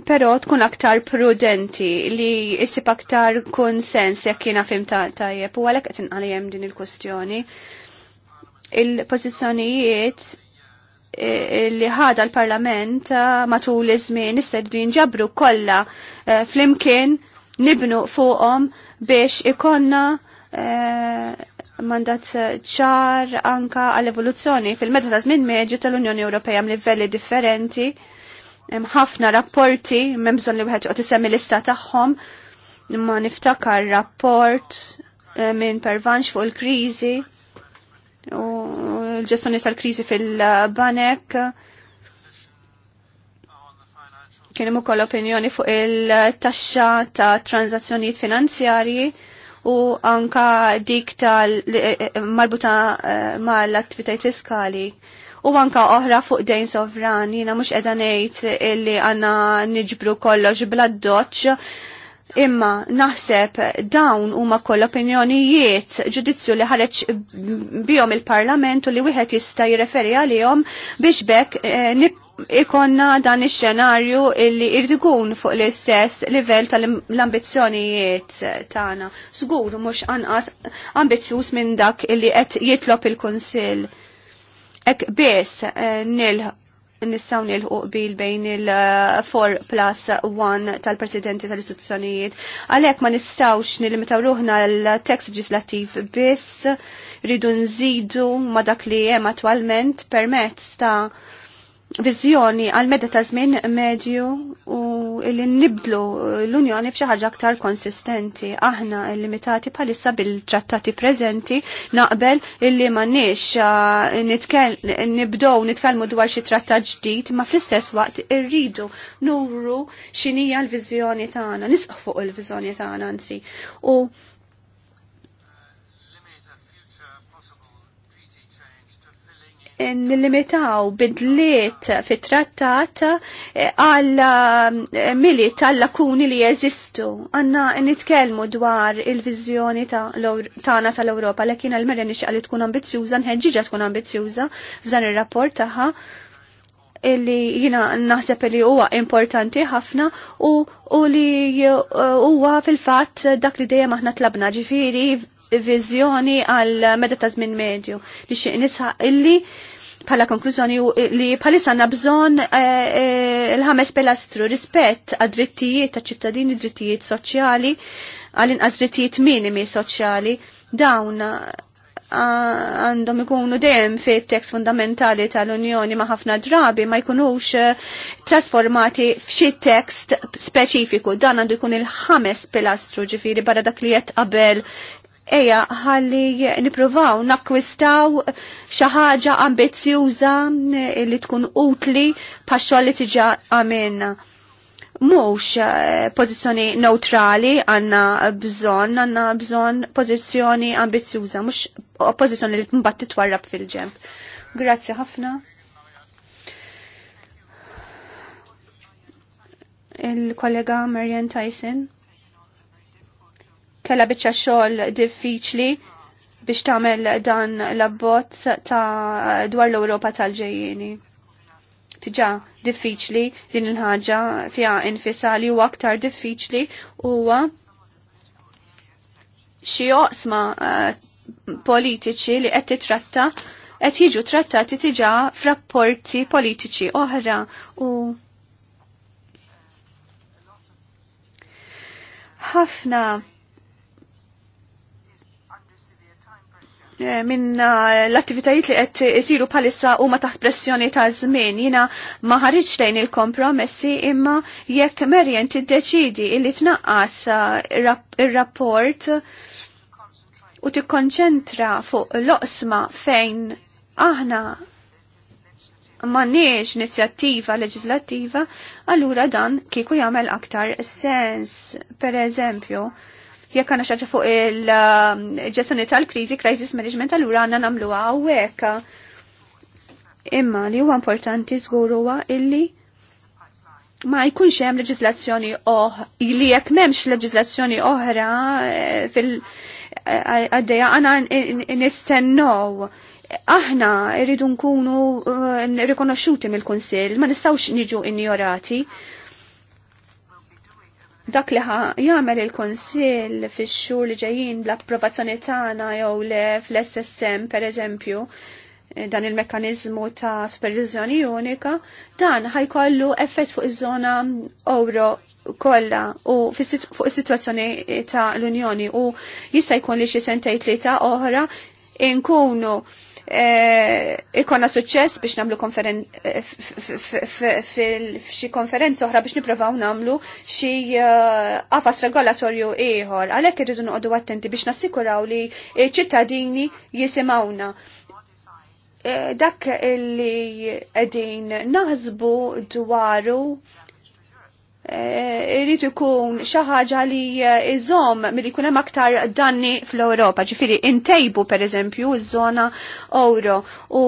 Pero tkun aktar prudenti li jisib aktar konsens jekk jiena fim tajjeb u għalhekk qed għalijem din il kustjoni Il-pożizzjonijiet e, li ħada l-Parlament e, matul iż-żmien isteddu jinġabru kollha e, flimkien nibnu fuqhom biex ikonna mandat ċar anka għall-evoluzzjoni fil-medda ta' żmien meġu tal-Unjoni Ewropea mlivelli differenti. differenti Hemm ħafna rapporti, m'hemm bżonn li wieħed joqgħod isemmi lista tagħhom, imma niftakar rapport eh, minn pervanx fuq il-kriżi u l-ġessjoni tal-kriżi fil-banek. Kien hemm ukoll opinjoni fuq il-taxxa ta' tranzazzjonijiet finanzjarji u anka dik tal eh, eh, marbuta mal-attivitajiet fiskali u anka oħra fuq dejn sovran, jina mux edanejt illi għanna nġbru kollox bla doċ, imma naħseb dawn huma koll opinjonijiet ġudizzju li ħareġ bihom il-parlament u li wieħed jista' jirreferi għalihom biex bekk eh, ikonna dan ix-xenarju illi irdikun fuq l-istess livell tal-ambizzjonijiet tagħna. Żgur mhux anqas ambizzjuż minn dak illi qed jitlob il-Kunsill. il il kunsill Ek bes eh, nil nissaw nilħu qbil bejn il-4 eh, plus 1 tal-presidenti tal-istituzzjonijiet. Għalek ma nistawx nil-limitaw ruħna l-tekst legislativ biss, ridun nżidu ma dak li jem attualment permezz ta' viżjoni għal medda ta' żmien medju u li nibdlu l-Unjoni f'xi ħaġa aktar konsistenti. Aħna limitati bħalissa bil-trattati preżenti naqbel illi nix ah, nibdew nitkellmu dwar xi trattat ġdid ma fl-istess waqt irridu nuru x'inija l-viżjoni tagħna, nisqu fuq il-viżjoni tagħna anzi. U nillimitaw bidliet fit trattat eh, għal eh, mili tal-lakuni li jeżistu. Għanna nitkelmu dwar il-vizjoni tagħna tal-Ewropa, lekin għal-merja nixqa tkun ambizjuża, nħedġiġa tkun ambizjuża f'dan ir-rapport tagħha illi jina naħseb li huwa importanti ħafna u, u li eh, huwa fil-fatt dak li dejjem aħna tlabna ġifiri viżjoni għal meda ta' żmien medju. Li xi nisħaq illi pala konklużjoni li bħalissa għandna bżonn eh, eh, il-ħames pilastru rispett għad drittijiet ta' ċittadini, drittijiet soċjali, għal inqas drittijiet minimi soċjali, dawn eh, għandhom ikunu dejjem fit-tekst fundamentali tal-Unjoni ma' ħafna drabi ma jkunux trasformati f'xi tekst speċifiku. Dan għandu jkun il-ħames pilastru ġifiri barra dak li qed qabel eja ħalli niprovaw nakwistaw xi ħaġa mm, li tkun utli paxxol li tiġa għamilna. Mhux eh, pożizzjoni neutrali għandna bżonn, għandna bżonn pożizzjoni ambizjuża, mhux pożizzjoni li t twarrab fil-ġemp. Grazzi ħafna. Il-kollega Marian Tyson kella bieċa xogħol diffiċli biex tagħmel dan l-abbozz ta' dwar l-Ewropa tal-ġejjieni. Tiġa diffiċli din il-ħaġa fiha infisali u huwa aktar diffiċli u xi oqsma eh, politiċi li qed titratta qed jiġu trattati tiġa f'rapporti politiċi oħra u ħafna Eh, minn eh, l-attivitajiet li qed isiru bħalissa huma taħt pressjoni ta' żmien. Jiena ma ħaritx lejn il-kompromessi imma jekk Merjen tiddeċidi illi tnaqqas eh, ir-rapport u tikkonċentra fuq l-oqsma fejn aħna m'għandniex inizjattiva leġislattiva, allura dan kieku jagħmel aktar sens. Per eżempju, jekk għandna xaġa fuq il-ġestjoni tal-kriżi, crisis management, allura għandna nagħmluha hawnhekk. Imma li huwa importanti żgur huwa illi ma jkunx hemm leġislazzjoni oħ li jekk m'hemmx leġislazzjoni oħra eh, fil eh, għaddejja għana nistennow aħna irridu nkunu eh, rikonoxxuti mill-Kunsill, ma nistgħux niġu injorati dak li jagħmel il-Kunsill fix-xhur li ġejjin bl-approvazzjoni tagħna jew le fl-SSM pereżempju eh, dan il-mekkanizmu ta' supervizjoni unika, dan ħajkollu effett fuq iż-żona euro kollha u fuq is-sitwazzjoni ta' l-Unjoni u jista' jkun li xi sentejn tlieta oħra inkunu Eh, ikonna suċċess biex namlu eh, f'xi konferenza oħra biex niprovaw namlu xi eh, qafas regolatorju ieħor. Għalhekk irridu noqogħdu attenti biex nassikuraw li ċittadini jisimawna. Dak li qegħdin naħsbu dwaru Eh, irrid ikun xi ħaġa li eh, iżom milli jkun hemm aktar danni fl-Ewropa, ġifieri intejbu pereżempju ż-żona euro u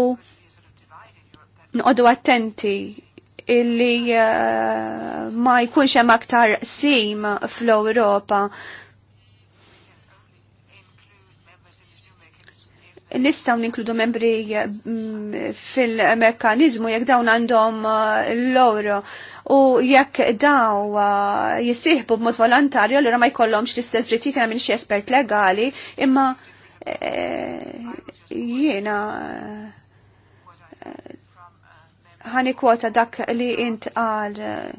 nqodu attenti illi eh, ma jkunx hemm aktar sim fl-Ewropa. nistaw ninkludu membri mm, fil-mekkanizmu jekk dawn għandhom uh, l-loro u jekk daw uh, jisihbu b'mod volontarju l ma jkollhomx l-istess drittijiet jena minn xi espert legali imma eh, jiena eh, ħani kwota dak li int għal eh,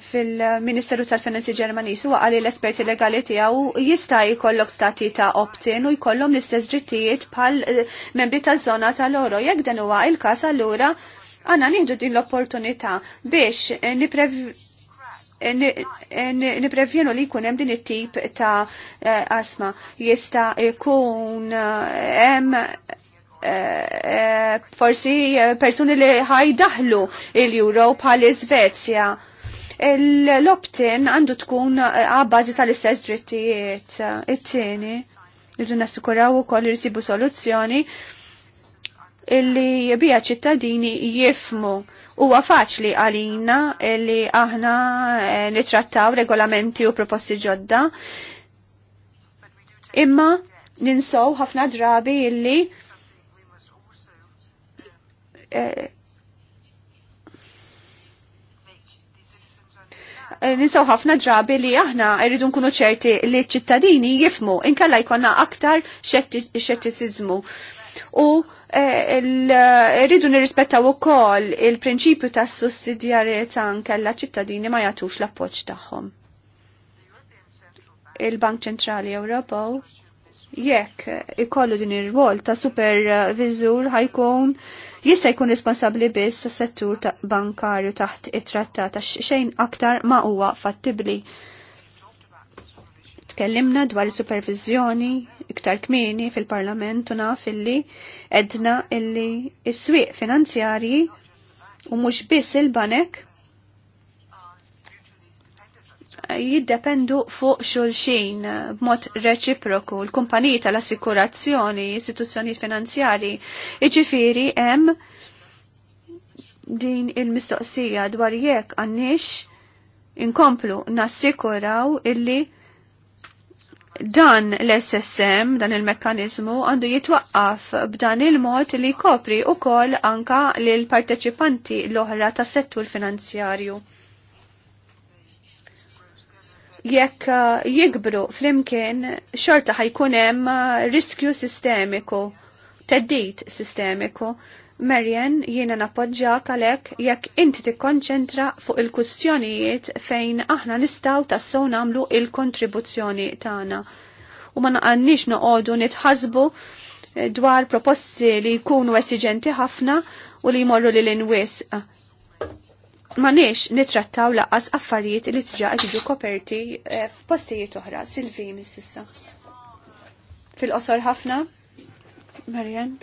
fil-Ministeru tal-Finanzi Ġermanis u għalli l-esperti legali tiegħu jista' jkollok stati ta' optin u jkollhom l-istess drittijiet bħal eh, membri ta' zona tal-oro. Jekk dan huwa il-każ allura għandna nieħdu din l-opportunità biex eh, eh, niprevjenu li jkun hemm din it-tip ta' asma. Jista' jkun hemm forsi persuni li ħajdaħlu il-Euro bħal Svezja l-opt-in għandu tkun eh, għabbażi tal-istess drittijiet. Eh, it-tieni, rridu nassikuraw ukoll irsibu soluzzjoni illi bija ċittadini jifmu huwa faċli għalina illi aħna eh, nitrattaw regolamenti u proposti ġodda. Imma ninsow ħafna drabi illi Eh, ninsaw ħafna drabi li aħna rridu nkunu ċerti li ċittadini jifmu inkella jkonna aktar xettisizmu. U eh, rridu nirrispettaw ukoll il-prinċipju tas sussidjarjetà nkella ċittadini ma jagħtux l-appoġġ tagħhom. Il-Bank Ċentrali Ewropew jekk ikollu din ir-rwol ta' supervizur ħajkun uh, jista' jkun responsabbli biss settur ta bankarju taħt it tratta ta' xejn aktar ma huwa fattibli. Tkellimna dwar supervizjoni iktar kmini fil-parlament u naf illi edna illi s-swieq finanzjarji u mhux biss il-banek jiddependu fuq xulxin b'mod reċiproku. L-kumpaniji tal-assikurazzjoni, istituzzjonijiet finanzjari, iġifiri hemm din il-mistoqsija dwar jekk għannix inkomplu nassikuraw illi dan l-SSM, dan il-mekkanizmu, għandu jitwaqqaf b'dan il-mod li kopri u kol anka l-parteċipanti l-oħra ta' settur finanzjarju jekk uh, jikbru flimkien xorta ħajkun hemm uh, riskju sistemiku, teddit sistemiku. Marian, jiena nappoġġjak għalhekk jekk inti tikkonċentra fuq il-kustjonijiet fejn aħna nistgħu tassew nagħmlu il-kontribuzzjoni tagħna. U ma naqannix noqogħdu nitħasbu eh, dwar proposti li jkunu esiġenti ħafna u li jmorru lil inwies Manix nitrattaw laqas affarijiet li tġa ġiġu koperti eh, f'postijiet oħra, Silvi mis-sissa. Fil-qosor ħafna, Marjan,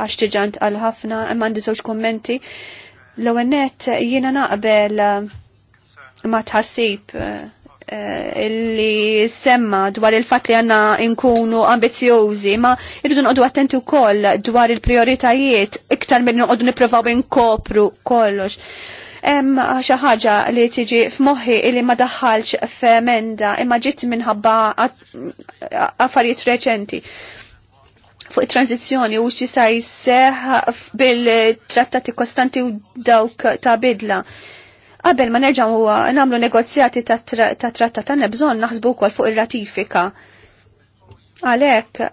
għax tiġant għal ħafna, għandi żewġ kommenti. L-għennet jiena naqbel eh, ma tħassib eh, li semma dwar il-fat li għanna inkunu ambizjużi, ma irridu nqodu attenti wkoll dwar il-prioritajiet iktar mill nqodu nippruvaw inkopru kollox. Hemm xi ħaġa li tiġi f'moħħi li ma daħħalx f'emenda imma ġiet minħabba affarijiet reċenti fuq it-tranzizjoni u xi sa jseħ bil-trattati kostanti u dawk ta' bidla. Qabel ma nerġgħu nagħmlu negozjati ta' trattat għandna bżonn naħsbu wkoll fuq ir-ratifika. Għalhekk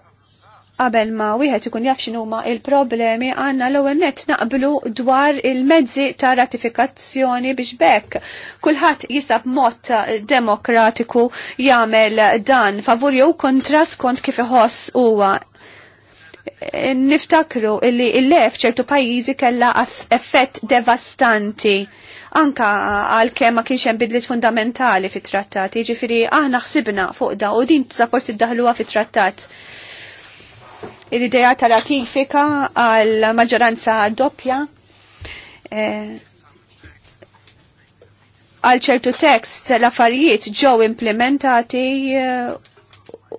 qabel ma wieħed ikun jaf x'inhuma il-problemi għandna l-ewwel nett naqblu dwar il-mezzi ta' ratifikazzjoni biex bekk. Kulħadd jisab mod demokratiku jagħmel dan favur jew kontra skont kif iħoss huwa niftakru illi il-lef ċertu pajjiżi kellha effett devastanti anka għal kem ma kienx hemm bidliet fundamentali fit-trattati, ġifieri aħna ħsibna fuq da u din sa forsi ddaħluha fit-trattat l-idea ta' ratifika għal maġġoranza doppja eh, għal ċertu tekst l-affarijiet ġew implementati eh,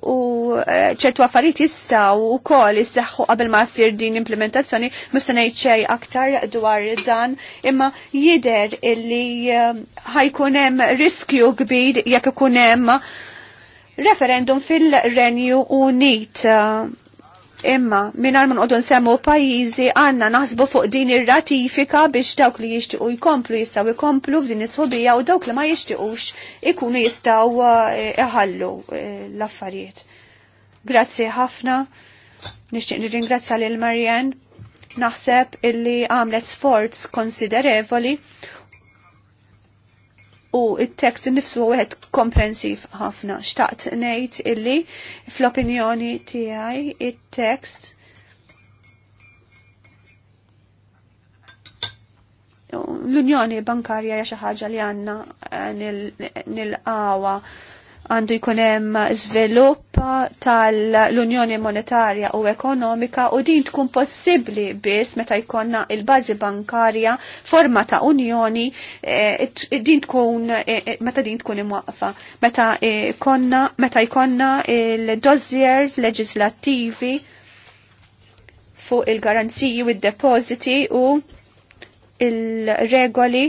u eh, ċertu affarijiet jistaw u kol jissaxħu qabel ma sir din implementazzjoni mustanajt ċej aktar dwar dan imma jider illi ħajkunem riskju kbir jekk ikunem referendum fil-renju unit imma mingħajr man qodun nsemmu pajjiżi għandna naħsbu fuq din ir-ratifika biex dawk li jixtiequ jkomplu jistgħu jkomplu f'din is-sħobija u dawk li ma jixtiequx ikunu jistgħu eh, iħallu eh, l-affarijiet. Grazzi ħafna. Nixtieq nirringrazzja lil Marjan naħseb illi għamlet sforz konsiderevoli u il-tekst nifsu għed komprensiv ħafna. Xtaqt nejt illi fl-opinjoni tijaj il-tekst l-Unjoni Bankarja jaxa xi ħaġa li għandna nil-qawa nil għawa nil għandu jkun hemm żvilupp tal-Unjoni Monetarja u Ekonomika u din tkun possibbli biss meta jkollna il-bażi bankarja forma ta' Unjoni e, din tkun e, e, meta din tkun imwaqfa. Meta jkonna e, meta jkollna il-dossiers leġislattivi fuq il-garanziji u il-depositi u il-regoli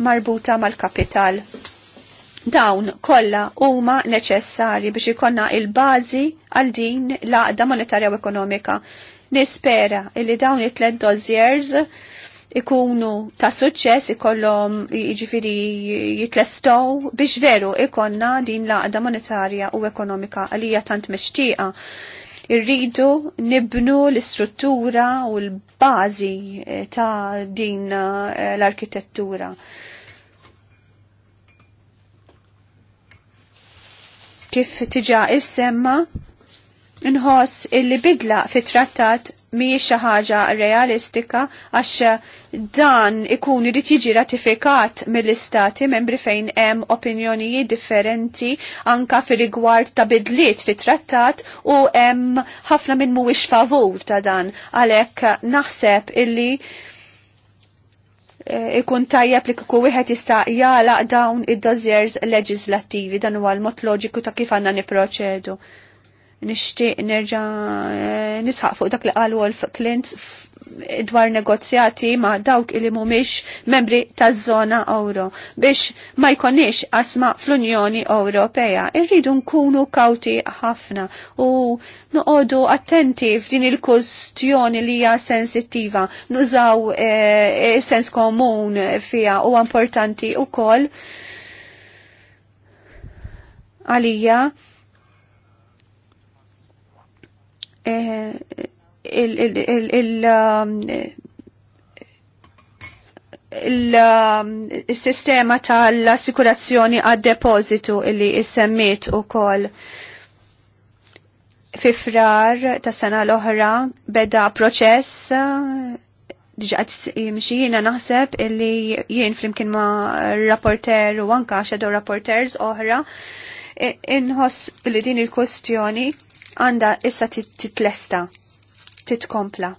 marbuta mal-kapital. Dawn kollha huma neċessari biex ikonna il-bażi għal din l-għaqda monetarja u ekonomika. Nispera illi dawn it-tlet dozjers ikunu ta' suċċess ikollhom jiġifieri jitlestgħu biex veru ikonna din l-għaqda monetarja u ekonomika li hija tant mixtieqa irridu nibnu l-istruttura u l bażi eh, ta' din eh, l-arkitettura. kif tiġa issemma nħoss illi bidla fit trattat mhijiex xi ħaġa realistika għax dan ikun irid jiġi ratifikat mill-istati membri fejn hemm opinjonijiet differenti anka fir-rigward ta' bidliet fit trattat u hemm ħafna minn mhuwiex favur ta' dan għalhekk naħseb illi Eh, ikun tajjeb li kiku wieħed jista' jagħlaq dawn id-dossiers leġislattivi dan huwa l-mod loġiku ta' kif għandna niproċedu. Nixtieq nerġa' eh, nisħaq fuq dak li qal Wolf Clint dwar negozjati ma' dawk li mhumiex membri taż-żona euro biex ma jkonniex asma fl-Unjoni Ewropea. Irridu nkunu kawti ħafna u noqogħdu attenti f'din il-kustjoni li hija sensittiva, nużaw e, sens komun fija u importanti wkoll għalija eh, Um, um, il-sistema tal-assikurazzjoni għad-depozitu illi issemmiet u kol fifrar ta' sena l-oħra beda proċess diġaħt jimxijina naħseb illi jien flimkien ma' rapporter u anka xedo rapporters oħra inħoss li din il-kustjoni għanda issa titlesta titkompla.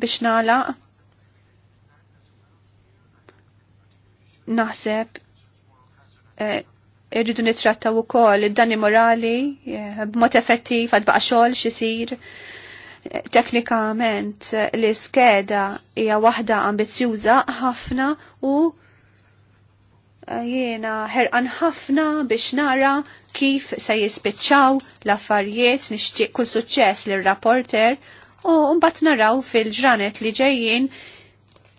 Biex nalaq naħseb eh, irridu nitrattaw ukoll id-danni morali b eh, b'mod effettiv għad baqa' xisir. Eh, teknikament l-iskeda hija waħda ambizjuża ħafna u jiena ħerqan ħafna biex nara kif se jispiċċaw l-affarijiet nixtieq kull suċċess lir rapporter u mbagħad naraw fil-ġranet li ġejjin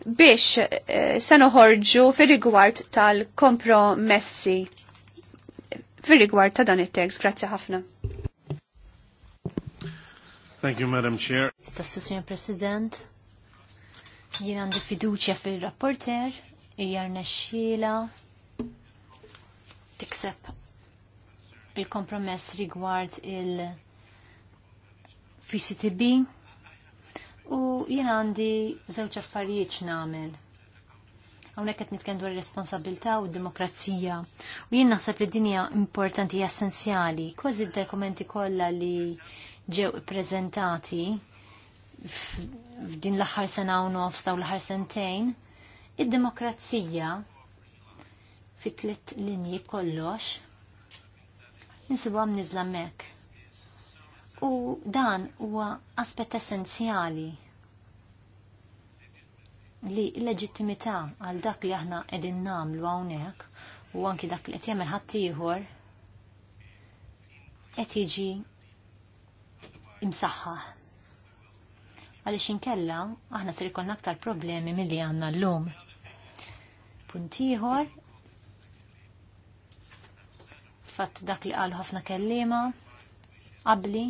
biex eh, se noħorġu fir-rigward tal-kompromessi fir-rigward ta' dan it-tekst. Grazzi ħafna. Thank you, Madam Chair. Signor President, jien għandi fiduċja fil-rapporter, hija rnexxiela tikseb il-kompromess rigward il-PCTB u jien għandi żewġ affarijiet nagħmel. Hawnhekk qed nitkellem dwar ir-responsabilità u d-demokrazija. U jien naħseb li dinja importanti hija essenzjali. Kważi d-dokumenti kollha li ġew ippreżentati f'din l-aħħar sena u nofs taw l-aħħar sentejn, id-demokrazija fi tliet linji kollox, nisibuħam nizlamek. U dan huwa aspett essenzjali li leġittimità għal dak li aħna qegħdin nagħmlu hawnhekk u anki dak li qed jagħmel ħaddieħor qed jiġi imsaħħaħ. Għaliex inkella aħna ser ikollna aktar problemi milli għandna llum. Punt ieħor fatt dak li qal ħafna kellima qabli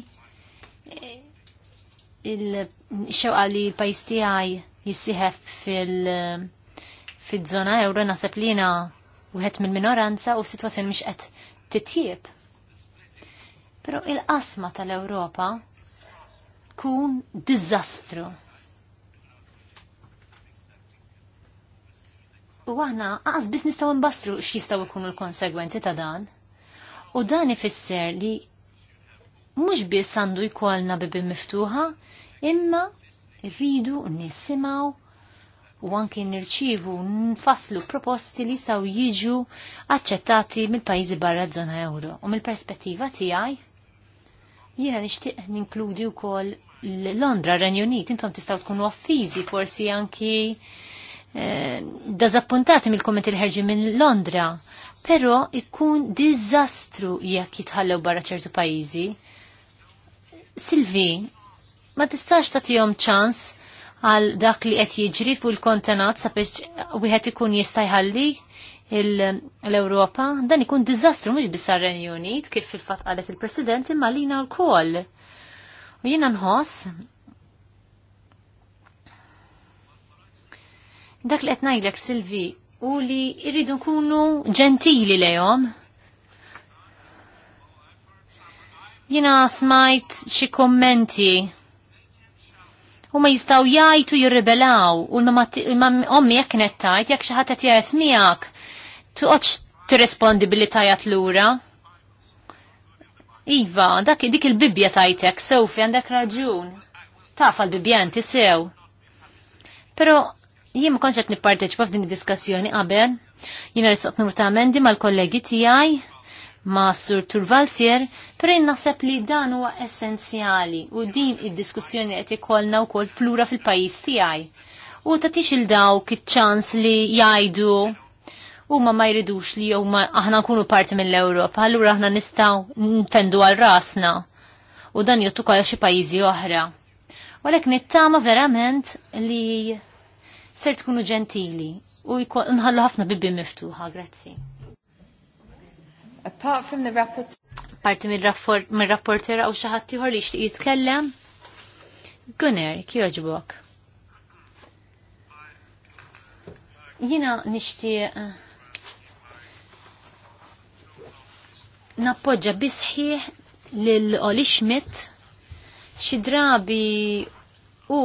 il-xewqa li l-pajis tiegħi jissieħeb fil- fil-żona ewro naħseb li jiena wieħed mill-minoranza u s-sitwazzjoni mhix qed titjieb. Però il-qasma tal-Ewropa kun diżastru. U aħna biznis biss nistgħu nbassru x'jistgħu jkunu l-konsegwenzi ta' dan. U dan ifisser li mhux biss għandu jkollna bibi miftuħa, imma rridu nisimgħu u anki nirċivu nfasslu proposti li saw jiġu aċċettati mill-pajjiżi barra żona euro. U mill-perspettiva tiegħi jiena nixtieq ninkludi wkoll Londra, Renju Unit, intom tistgħu tkunu affiżi forsi anki eh, dazappuntati mill-komment il-ħerġi minn Londra però ikun diżastru jekk jitħallew barra ċertu pajjiżi. Silvi, ma tistax tagħtihom ċans għal dak li qed jiġri fuq il-kontenat sabiex wieħed ikun jista' jħalli l-Ewropa, dan ikun diżastru mhux biss sar renju Unit kif fil-fatt qalet il-President imma lina wkoll. U jiena nħoss dak li qed ngħidlek Silvi u li irridu nkunu ġentili lejhom. Jina smajt xi kommenti u ma jistaw jajtu jirribelaw u ommi jek nettajt jek xaħat għet jgħet miegħek tuqgħodx tirrespondi billi tajat lura. Iva, dak dik il-bibja tajtek, Sofi għandek raġun. tafal-bibjenti bibja sew. Pero jien ma konċet nipparteċipa f'din id-diskussjoni qabel, jiena ristaqt numru ta' amendi mal-kollegi tiegħi ma' Sur Turvalsier, per naħseb li dan huwa essenzjali u din id-diskussjoni qed ikollna wkoll flura fil-pajjiż tiegħi. U tatix il-dawk iċ-ċans li jgħidu u ma ma jridux li jew aħna nkunu parti mill-Ewropa, allura aħna nistgħu nfendu għal rasna u dan jottu kolla xi pajjiżi oħra. Walek nittama verament li ser tkunu ġentili u nħallu ħafna bibbi miftuħa, grazzi. Apart from the rapport... Parti mill rapportera u xaħat li xtiq jitkellem? Gunner, kjoġbok. Jina nishti eh, nappoġġa bisħiħ lil Oli Schmidt xi drabi u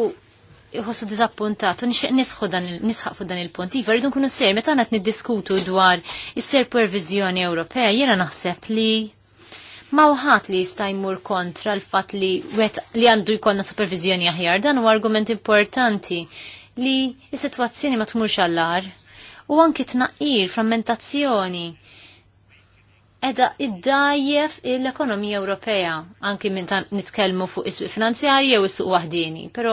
jħossu dizappuntat, u nisħu dan nisħaq fuq dan il-punt. Iva, rridu nkunu ser, meta għanat niddiskutu dwar is-supervizjoni Ewropea, jena naħseb li ma uħat li jista' jmur kontra l-fatt li li għandu jkollna supervizjoni aħjar, dan huwa argument importanti li s-sitwazzjoni ma tmurx għallar u anki naqir frammentazzjoni edha iddajjef l-ekonomija Ewropea, anki minn ta' nitkellmu fuq is-suq finanzjarji jew is-suq wahdini. però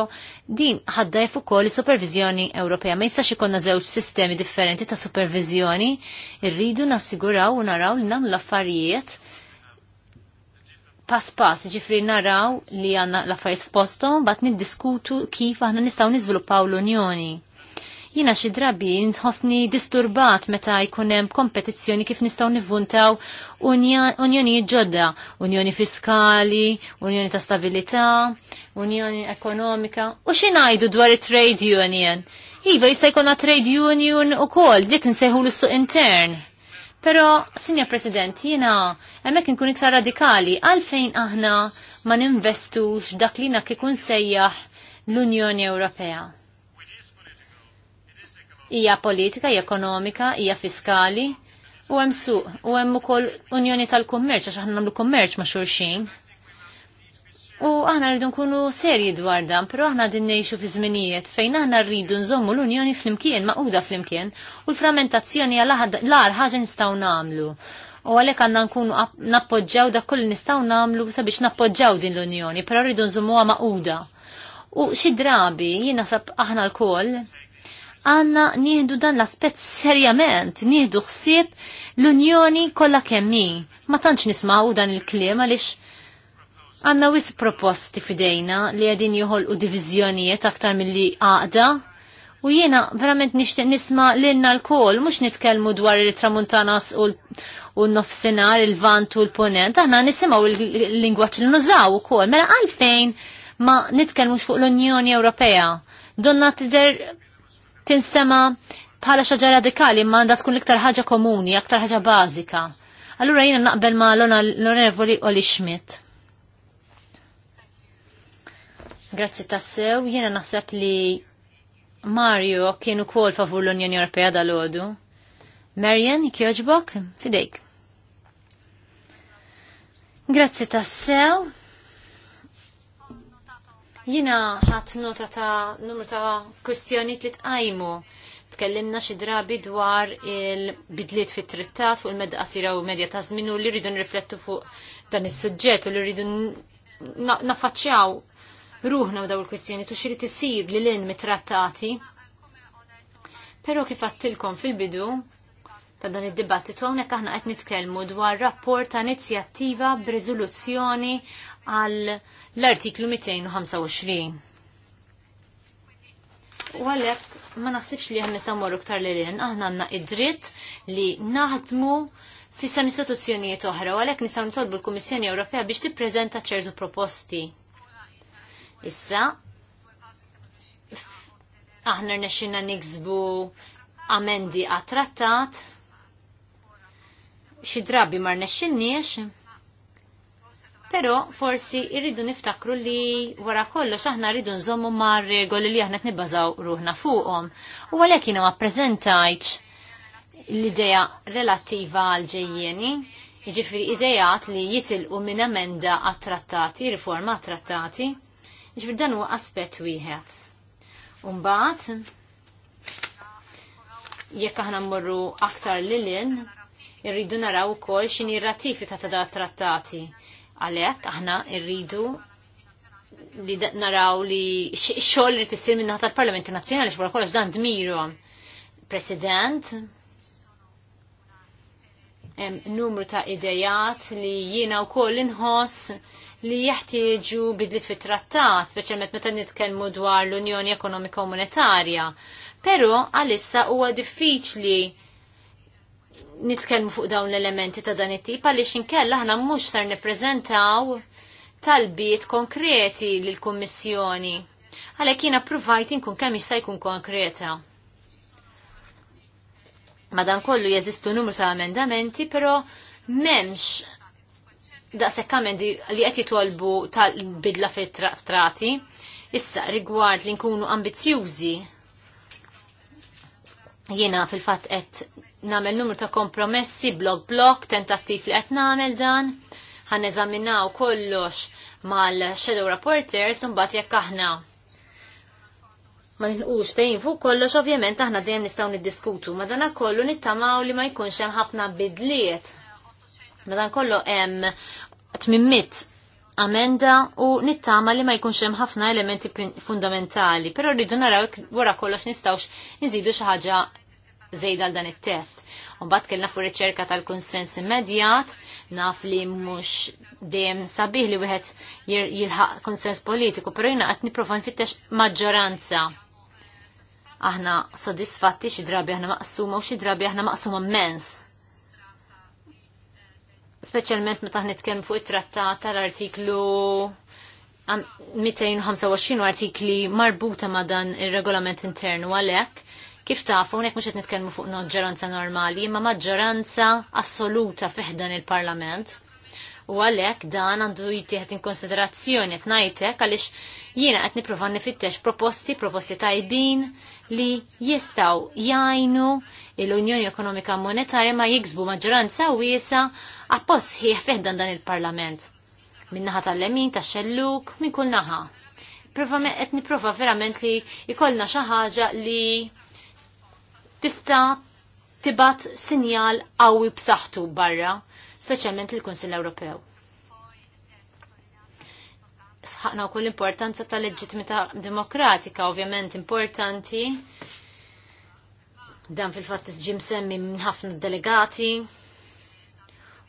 din ħaddajf ukoll is-supervizjoni Ewropea. Ma jistax ikonna żewġ sistemi differenti ta' supervizjoni, irridu nassiguraw u naraw li nagħmlu l-affarijiet pass pass, ġifri naraw li għanna l-affarijiet f'postom, bat niddiskutu kif aħna nistgħu niżviluppaw l-Unjoni Jina xi drabi nħossni disturbat meta jkun hemm kompetizzjoni kif nistgħu nivvuntaw unjoni ġodda, unjoni fiskali, unjoni ta' stabilità, unjoni ekonomika. U xi ngħidu dwar it-trade union? Iva jista' jkunna trade union ukoll dik nsejħu l-suq intern. Pero, Sinja President, jina, hemmhekk nkun iktar radikali, għalfejn aħna ma ninvestux dak li kikun sejjaħ l-Unjoni Ewropea hija politika, hija ekonomika, hija fiskali, u hemm suq, u hemm ukoll unjoni tal-kummerċ għax aħna nagħmlu kummerċ ma' xulxin. U aħna rridu nkunu serji dwar dan, però aħna din ngħixu fi żminijiet fejn aħna rridu nżommu l-Unjoni flimkien maquda flimkien u l-frammentazzjoni għal għar ħaġa nistgħu nagħmlu. U għalhekk għandna nkunu nappoġġaw dak kull nistgħu nagħmlu sabiex nappoġġaw din l-Unjoni, però rridu nżommuha maquda. U xi drabi jien nasab aħna l-koll għanna nieħdu dan l-aspett serjament, nieħdu ħsieb l-Unjoni kollha kemmi. Ma tantx nismaw dan il-kliem għaliex għanna wis proposti fidejna li għedin joħolqu diviżjonijiet aktar mill-li għaqda U jiena verament nishtiq nisma l-inna l-kol, mux nitkelmu dwar il-tramuntanas u l-nofsinar, il-vant u l-ponent, aħna nisimaw l lingwaċ l-nużaw u kol, mela għalfejn ma nitkellmux fuq l-Unjoni Ewropea. Donna tidher tinstema bħala xaġa radikali imma għandha tkun iktar ħaġa komuni, aktar ħaġa bażika. Allura jiena naqbel ma l-onorevoli Oli Schmidt. Grazzi tassew, jiena naħseb li Mario kienu kol favur l-Unjoni Ewropea dal-ħodu. Marian, kjoġbok, fidejk. Grazzi tassew. Jina ħat nota ta' numru ta' kwistjoni li tqajmu. Tkellimna xi drabi dwar il-bidliet fit-trittat fuq il-medda sira u medja ta' żmien u li rridu nriflettu fuq dan is-suġġett u li rridu naffaċċjaw ruħna u daw il-kwistjoni tu xiri tisir li l-in mitrattati. Pero kif għattilkom fil-bidu, ta' dan id-dibattitu hawnhekk aħna qed nitkellmu dwar rapport ta' inizjattiva b'riżoluzzjoni għal l-artiklu 225. U għalhekk ma naħsibx li aħna nistgħu morru ktar in aħna għandna id-dritt li naħdmu fissa istituzzjonijiet oħra u għalhekk nistgħu nitolbu l-Kummissjoni Ewropea biex tippreżenta ċertu proposti. Issa aħna rnexxinna niksbu amendi għat-trattat xi drabi ma rnexxinniex Pero forsi irridu niftakru li wara kollox aħna rridu nżommu mar regoli li aħna nibbażaw ruħna fuqhom. U għalhekk jiena ma ppreżentajtx l-idea relattiva għal ġejjieni, jiġifieri idejat li jitilqu minn emenda għat-trattati, riforma għat-trattati, jiġifieri dan huwa aspett wieħed. Umbagħad jekk aħna mmorru aktar lilin, irridu naraw ukoll x'inhi ratifika ta' da' trattati Għalhekk aħna rridu li naraw li xogħol li tissir minn tal-Parlamenti Nazzjonali xwara kollox dan dmirhom. President, numru ta' idejat li u wkoll inħoss li jeħtieġu bidlit fit-trattat, speċjalment meta nitkellmu dwar l-Unjoni Ekonomika u Monetarja. Però għalissa huwa diffiċli nitkellmu fuq dawn l-elementi ta' dan it-tip għaliex inkella aħna mhux ser nippreżentaw talbiet konkreti lill kummissjoni Għalhekk jiena provajt inkun kemm jista' jkun konkreta. Madankollu jeżistu numru ta' amendamenti, però m'hemmx daqshekk amendi li qed jitolbu tal-bidla fit-trati. Issa rigward li nkunu ambizzjużi jiena fil-fatt qed namel numru ta' kompromessi blok blog, tentattiv li qed namel dan ħan eżaminaw kollox mal-shadow reporters un bat jekk aħna ma nilqux tejn fuq kollox ovvjament aħna dejjem nistgħu niddiskutu ma dana kollu nittamaw li ma jkunx hemm ħafna bidliet. Ma dan kollu hemm tmimmit amenda u nittama li ma jkunx hemm ħafna elementi fundamentali, però rridu naraw wara kollox nistgħux nżidu xi ħaġa zejda l-dan il-test. Unbat kellna fu riċerka tal-konsens immedjat, naf li mux dejjem sabiħ li wieħed jilħaq konsens politiku, pero jina qed nipprova nfittex maġġoranza. Aħna sodisfatti xi drabi aħna maqsuma u xi drabi aħna maqsuma immens. Speċjalment meta nitkellmu fuq it-trattat tal-artiklu 225 artikli marbuta ma' dan ir-regolament internu għalhekk Kif tafu, unek mux nitkellmu fuq maġġoranza normali, imma maġġoranza assoluta fiħdan il-parlament. U għalek dan għandu jittieħed in konsiderazzjoni qed ngħidlek għaliex jiena qed nipprova nifittex proposti, proposti tajbin li jistgħu jajnu l-Unjoni Ekonomika Monetarja ma jiksbu maġġoranza wiesa appost ħieħ fiħdan dan il-Parlament. Minnaħa tal-lemin, tax-xelluk, minn kull naħa. Prova qed nipprova verament li jkollna xi ħaġa li tista' tibat sinjal qawwi b'saħħtu barra, speċjalment il-Kunsill Ewropew. Sħaqna wkoll l-importanza tal-leġittimità demokratika, ovvjament importanti. Dan fil-fatt isġim semmi minn ħafna delegati,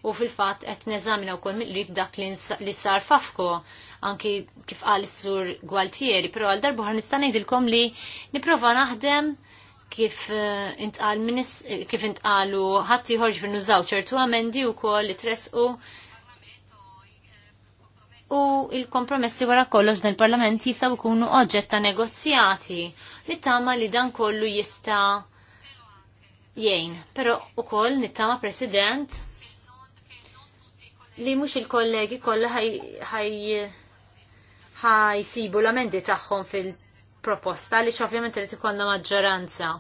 u fil fatt qed neżamina wkoll mill-qrib dak li sar fafko anki kif qal is-sur Gualtieri, però għal darba ħar nista' ngħidilkom li nipprova naħdem kif eh, intqal minis, eh, kif intqalu ħadd ieħorġ fin nużaw ċertu amendi wkoll li tresqu u il-kompromessi wara kollox dan il-Parlament jistgħu jkunu oġġett ta' negozjati li tama li dan kollu jista' jgħin. Però wkoll nittama President li mhux il-kollegi kollha ħaj ħaj ħaj sibu l-amendi tagħhom fil- proposta li xovjament li tikonna maġġoranza.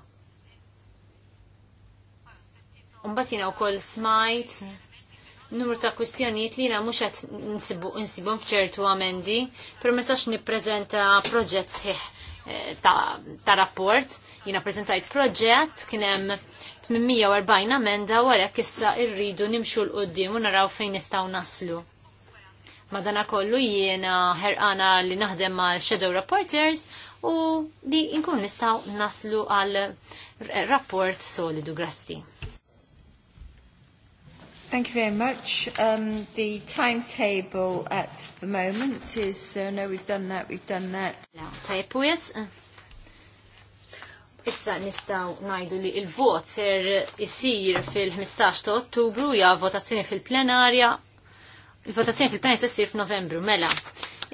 Umbat jina u koll smajt numru ta' kwistjonijiet li jina mux għat nsibun fċertu għamendi, per messax niprezenta proġett sħiħ eh, ta', rapport. Jina prezentajt proġett kienem 840 amenda u għalek issa irridu nimxu l-qoddim u naraw fejn nistaw naslu. Madana kollu jiena ħerqana li naħdem ma' Shadow Reporters u li inkun nistgħu naslu għal rapport solidu grasti. Thank you very much. Um, the timetable at the moment is, uh, no, we've done that, we've done that. No, tajpu yes. Issa nistaw najdu li il-vot ser isir fil-15 ta' ottubru ja votazzjoni fil-plenarja. Il-votazzjoni fil-plenarja se sir f'Novembru, mela.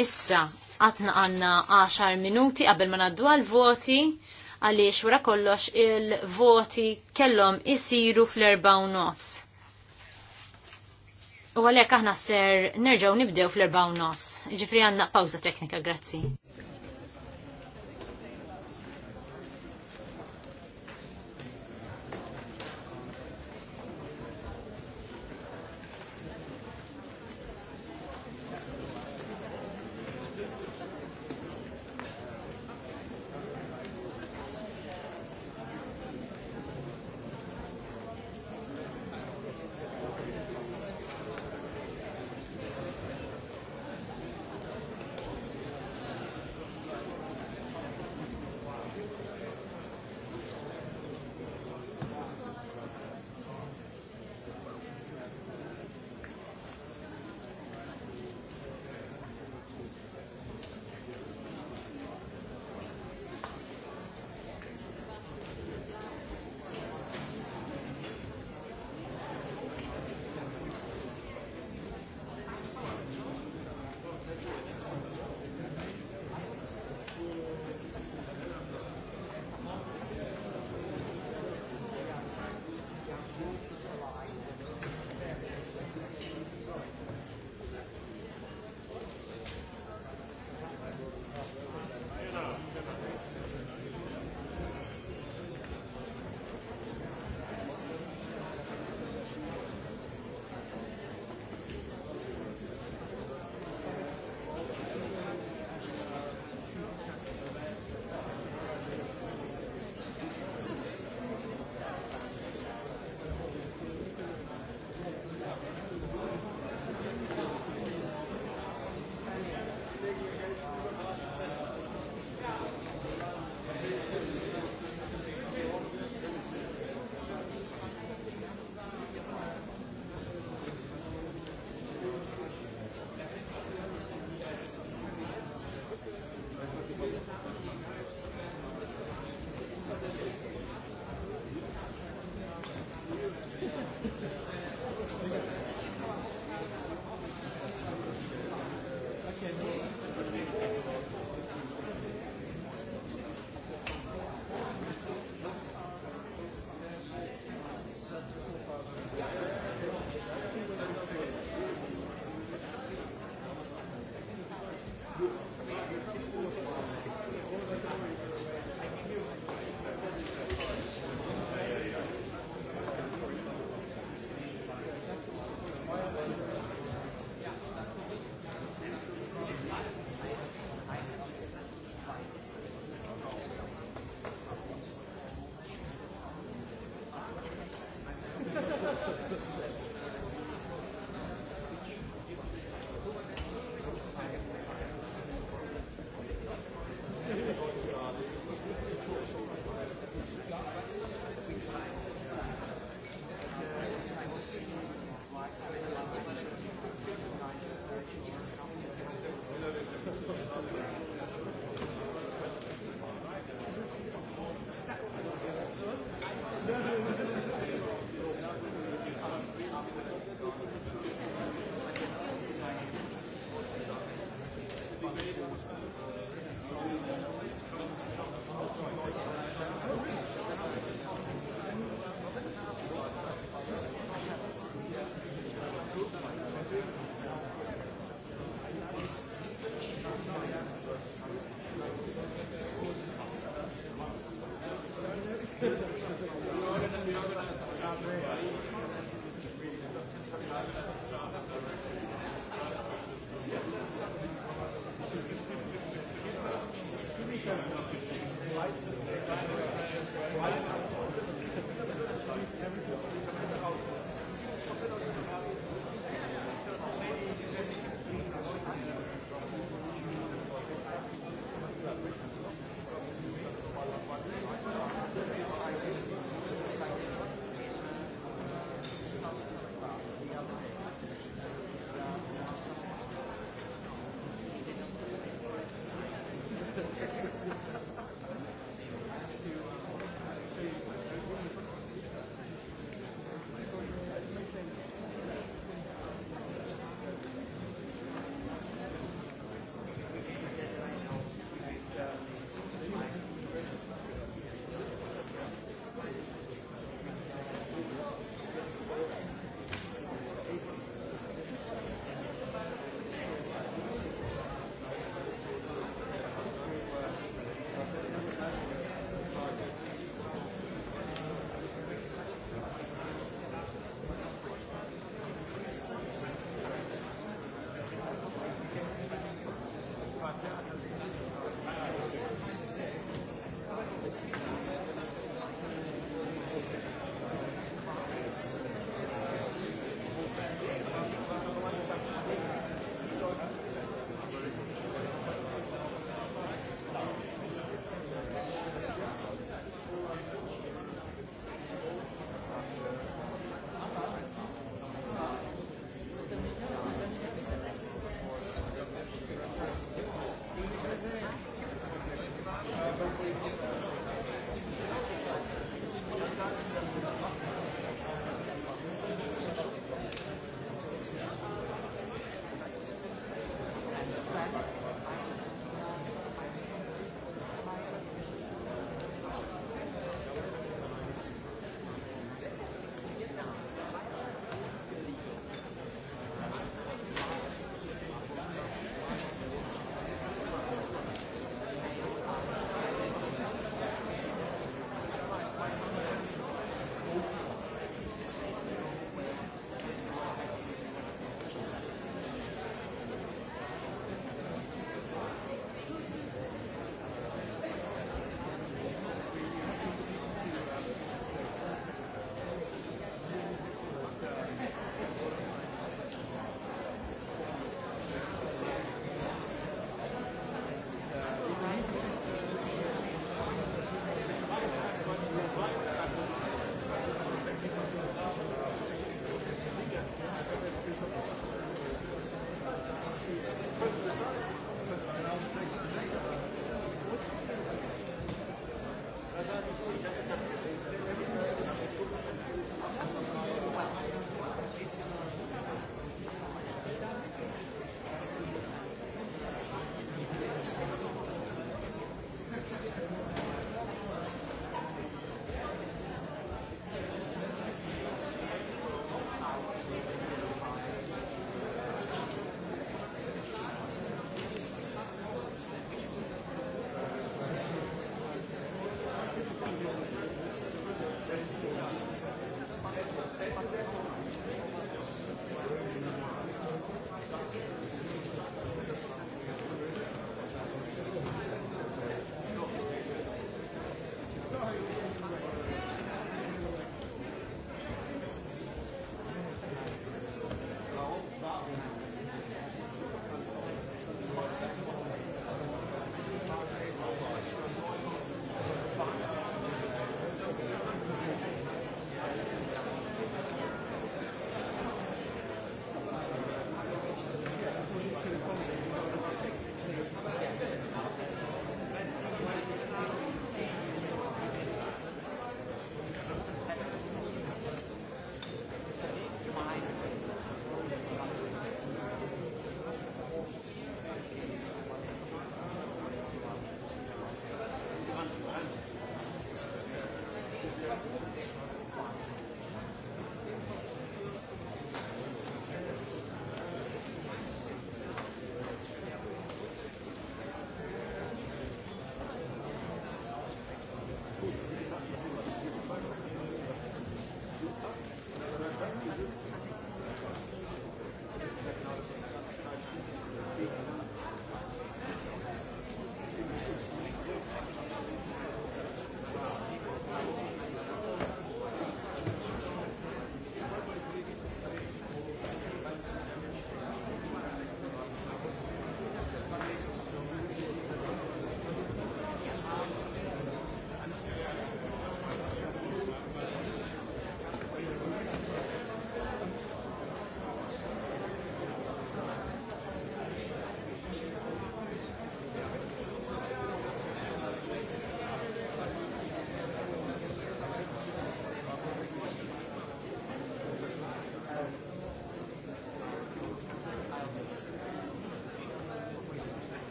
Issa għatna għanna 10 minuti qabel ma naddu għal-voti għaliex wara kollox il-voti kellhom isiru fl-erba u nofs. U għalhekk aħna ser nerġgħu nibdew fl-erba u nofs. Ġifri għandna pawza teknika, grazzi.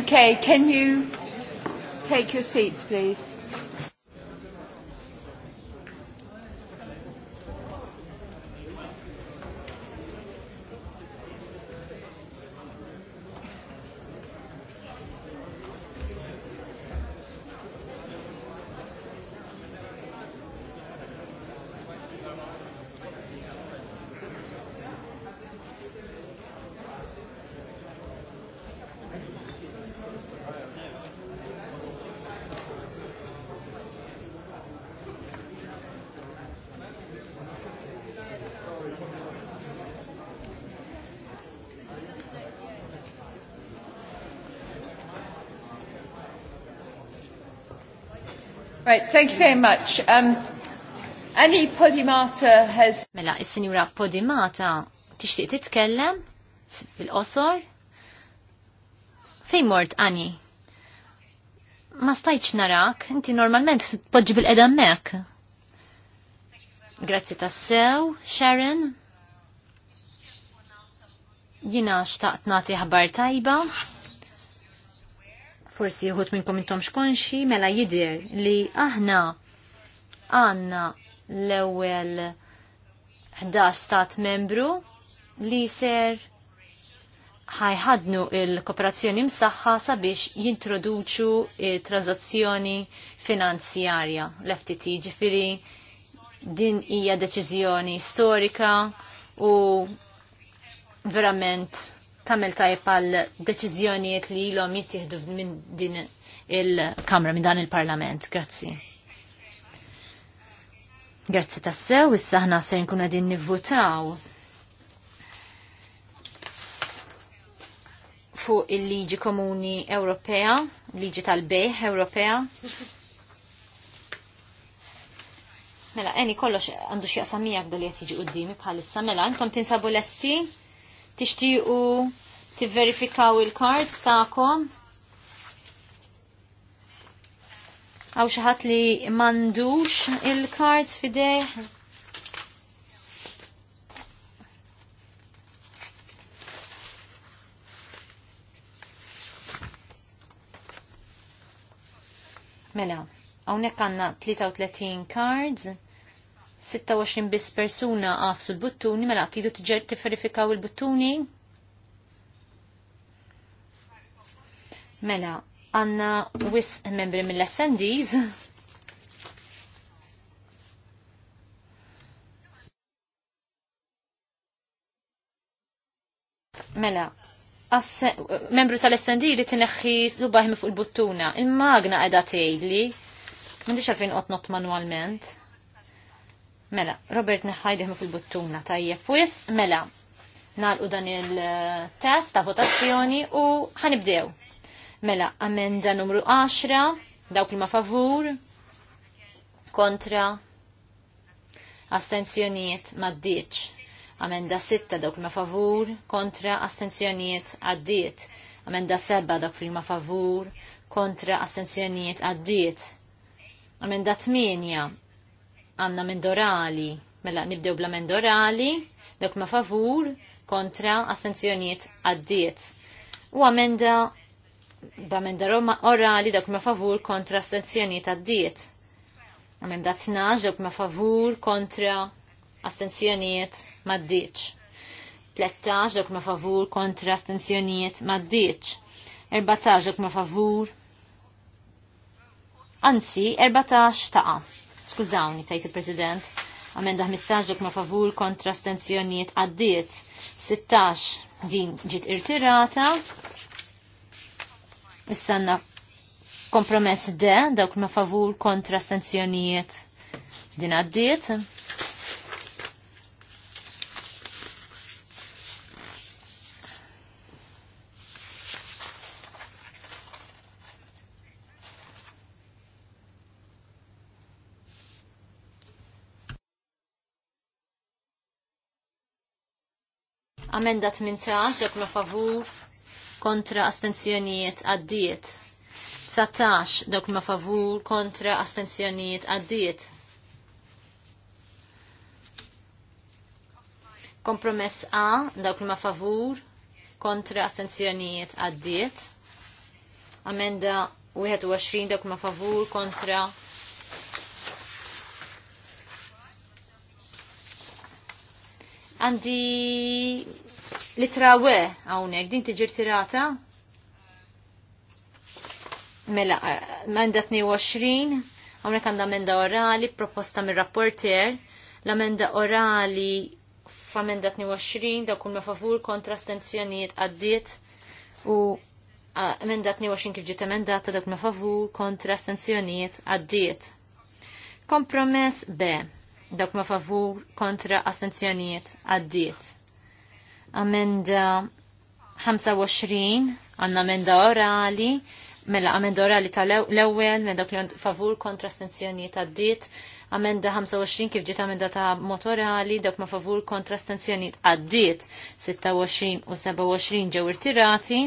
Okay, can you take your seats, please? Right, thank you very much. Um, Annie Podimata has... Mela, il-Sinjura Podimata tixtieq titkellem fil-qosor? Fejn mort Ani? Ma stajċ narak, inti normalment podġi bil-qeda mek. Grazzi tassew, Sharon. Jina xtaqt nati ħabar tajba forsi jħut minnkom intom xkonxi, mela jidir li aħna għanna l-ewel 11 stat membru li ser ħajħadnu il-kooperazzjoni msaħħa sabiex jintroduċu transazzjoni finanzjarja l-FTT ġifiri din hija deċiżjoni storika u verament tamel tajb għal deċiżjonijiet li ilhom jittieħdu minn din il-Kamra minn dan il-Parlament. Grazzi. Grazzi tassew, issa ħna se kuna qegħdin nivvutaw fuq il-liġi komuni Ewropea, liġi tal-bejħ Ewropea. Mela, eni kollox għandu xieqsamija għdol jgħet jiġi għoddimi bħalissa. Mela, intom tinsabu l-esti? tixtiequ tivverifikaw il-cards ta'kom. Għaw xi ħadd li m'għandux il-cards f'idej? Mela, hawnhekk għandna 33 cards. 26 bis persuna għafsu l-buttuni, mela tidu tġer tifverifikaw il-buttuni? Mela, għanna wis membri mill-assendiz. Mela, membru tal-SND li l slubaħim fuq il-buttuna. il-magna għedha tgħidli, m'għandix għalfejn qod not manwalment. Mela, Robert ma fil-buttuna tajjeb wis, mela, nalqu dan il-test eh, ta' votazzjoni u ħanibdew. Mela, amenda numru 10, dawk li ma favur, kontra, astenzjoniet maddiċ. Amenda 6 dawk li ma favur, kontra, astenzjoniet għaddiet. Amenda 7 dawk li ma favur, kontra, astenzjoniet għaddiet. Amenda 8 għanna mendorali. Mela nibdew bla mendorali, dok ma favur, kontra astenzjoniet għaddiet. U amenda b'amenda orali dok ma favur kontra astenzjoniet għaddiet. Amenda 12 dok ma favur kontra astenzjoniet maddiċ. ddiċ. 13 dok ma favur kontra astenzjoniet maddiċ. 14 dok ma favur. Anzi, 14 taqa' Skużawni, tajt il-President. Amenda 15 ma favur kontra stenzjonijiet għaddiet. 16 din ġiet irtirata. Issanna kompromess de dawk ma favur kontra stenzjonijiet din għaddiet. Amenda 18, jekk ma favur kontra astenzjonijiet għaddiet. 19 dok ma favur kontra astenzjonijiet għaddiet. Kompromess A dok ma favur kontra astenzjonijiet għaddiet. Amenda 21 dok ma favur kontra Għandi Li trawe hawnhekk din tiġir tirata mela menda 22 hawnhekk għandha menda orali proposta mir-rapporter l-amenda orali f'amenda 22 dawk ma' favur kontra stenzjoniet għaddiet u emenda 22 kif ġiet emendata dak ma favur kontra stenzjoniet għaddiet. Kompromess B. Dak ma favur kontra stenzjoniet għaddiet amenda 25 għanna amenda orali mela amenda orali tal-ewwel minn dak li favur kontra stenzjonijiet għaddiet amenda 25 kif ġiet amenda ta' motorali dak ma' favur kontra stenzjonijiet għaddiet 26 u 27 ġew irtirati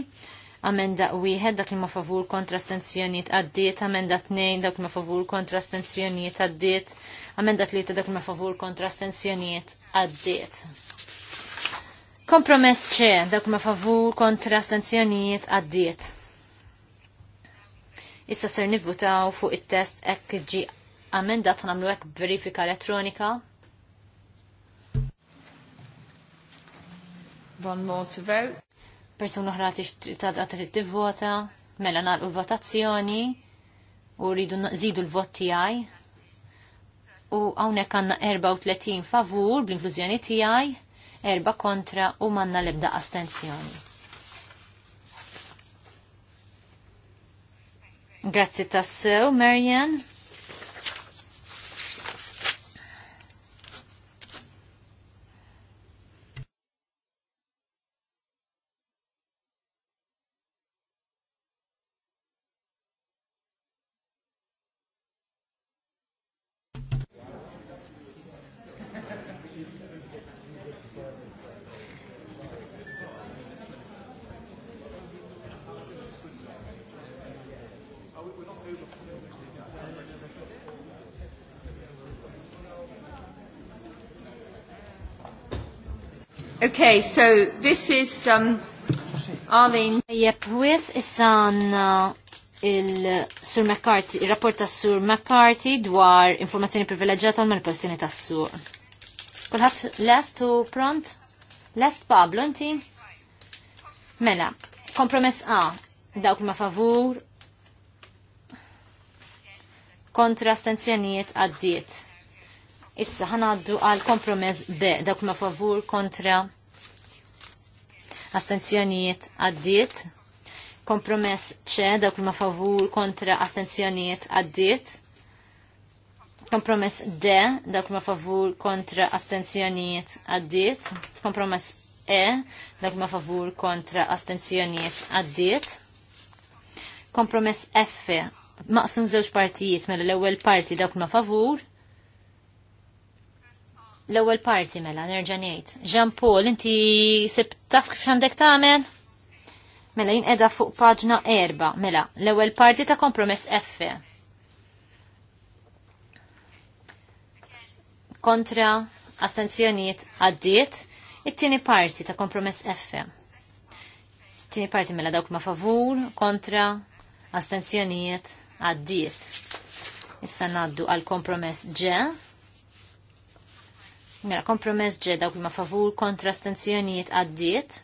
amenda wieħed dak li ma favur kontra stenzjonijiet għaddiet, amenda tnejn dak li ma favur kontra stenzjonijiet għaddiet, amenda tlieta dak li ma favur kontra stenzjonijiet għaddiet. Kompromess ċe, dak ma favur kontra sanzjonijiet għaddiet. Issa ser nivvutaw fuq it-test ekk ġi amendat namlu ekk verifika elettronika. One more to vote. Persuna oħra tadqa trid tivvota, mela nagħlqu l-votazzjoni u rridu nżidu l-voti għaj. U hawnhekk għandna 34 favur bl-inklużjoni tiegħi erba kontra u manna lebda astenzjoni. Grazzi tassew, Marianne. Okay, so this is um, Arlene. Yep, wis isan uh, il-Sur McCarthy, il-rapport ta' Sur McCarthy dwar informazzjoni privileġġjata għal manipolazzjoni ta' Sur. Kulħadd lest u pront? Lest Pablo inti? Mela, kompromess A, dawk ma' favur, kontra stenzjonijiet għaddiet. Issa ħanaddu għal kompromess B, dawk ma' favur kontra astenzjonijiet għaddiet. Kompromess ċe, dawk ma favur kontra astenzjonijiet għaddiet. Kompromess D, dawk ma favur kontra astenzjonijiet għaddiet. Kompromess E, dawk ma favur kontra astenzjonijiet għaddiet. Kompromess F, maqsum żewġ partijiet mela l-ewwel parti dawk ma favur l-ewwel parti mela nerġa' ngħid. Jean Paul, inti sib taf kif għandek tagħmel? Mela jinqeda fuq paġna erba' mela l-ewwel parti ta' kompromess F. Kontra astenzjonijiet għaddiet it-tieni parti ta' kompromess F. Tieni parti mela dawk ma' favur, kontra astenzjonijiet għaddiet. Issa naddu għal kompromess ġe. Mela, kompromess ġe dawk ma favur kontra stenzjonijiet għaddiet.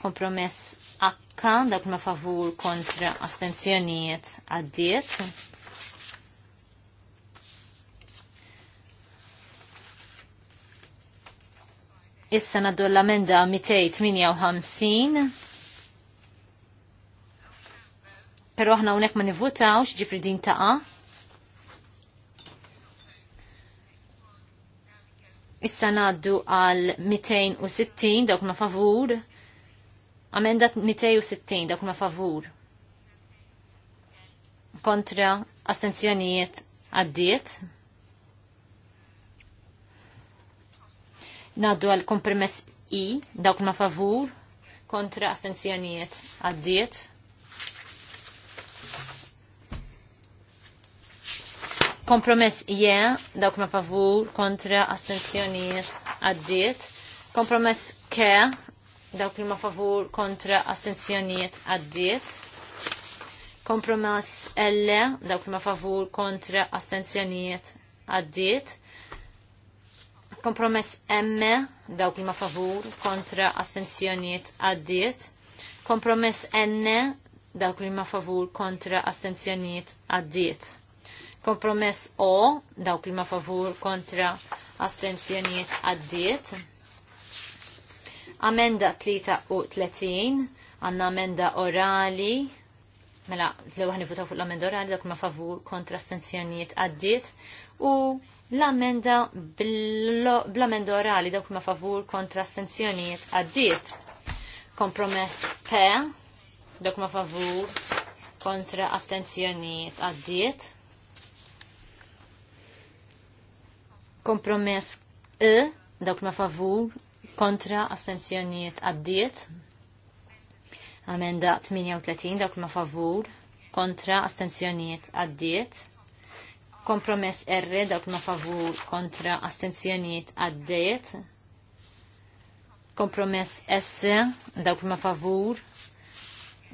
Kompromess akka dawk ma favur kontra astenzjonijiet għaddiet. Issa naddu l-amenda 258. Pero aħna unek ma nivutawx ġifri din taqa' Issa naddu għal 260 dawk ma favur. Amenda 260 dawk ma favur. Kontra astenzjonijiet għaddiet. Naddu għal kompromess I dawk ma favur. Kontra astenzjonijiet għaddiet. Kompromess je, dawk ma favur, kontra, astenzjoni, għaddit. Kompromess ke, dawk li ma favur, kontra, astenzjoni, għaddit. Kompromess L, dawk ma favur, kontra, astenzjoni, għaddit. Kompromess M, dawk li ma favur, kontra, astenzjonijiet, għaddit. Kompromess N, dawk ma favur, kontra, astenzjoni, għaddit. Kompromess O, dawk kima favur kontra astenzjonijiet għaddiet. Amenda 33, għanna amenda orali, mela l-għu għan votaw fuq l-amenda orali, dak ma favur kontra astenzjonijiet għaddiet, u l-amenda bl-amenda orali, daw kima favur kontra astenzjonijiet għaddiet. Kompromess P, dak ma favur kontra astenzjonijiet għaddiet Kompromess E, dawk ma favur, kontra astenzjonijiet għaddiet. Amenda 38, dawk ma favur, kontra astenzjonijiet għaddiet. Kompromess R, dawk ma favur, kontra astenzjonijiet għaddiet. Kompromess S, dawk ma favur,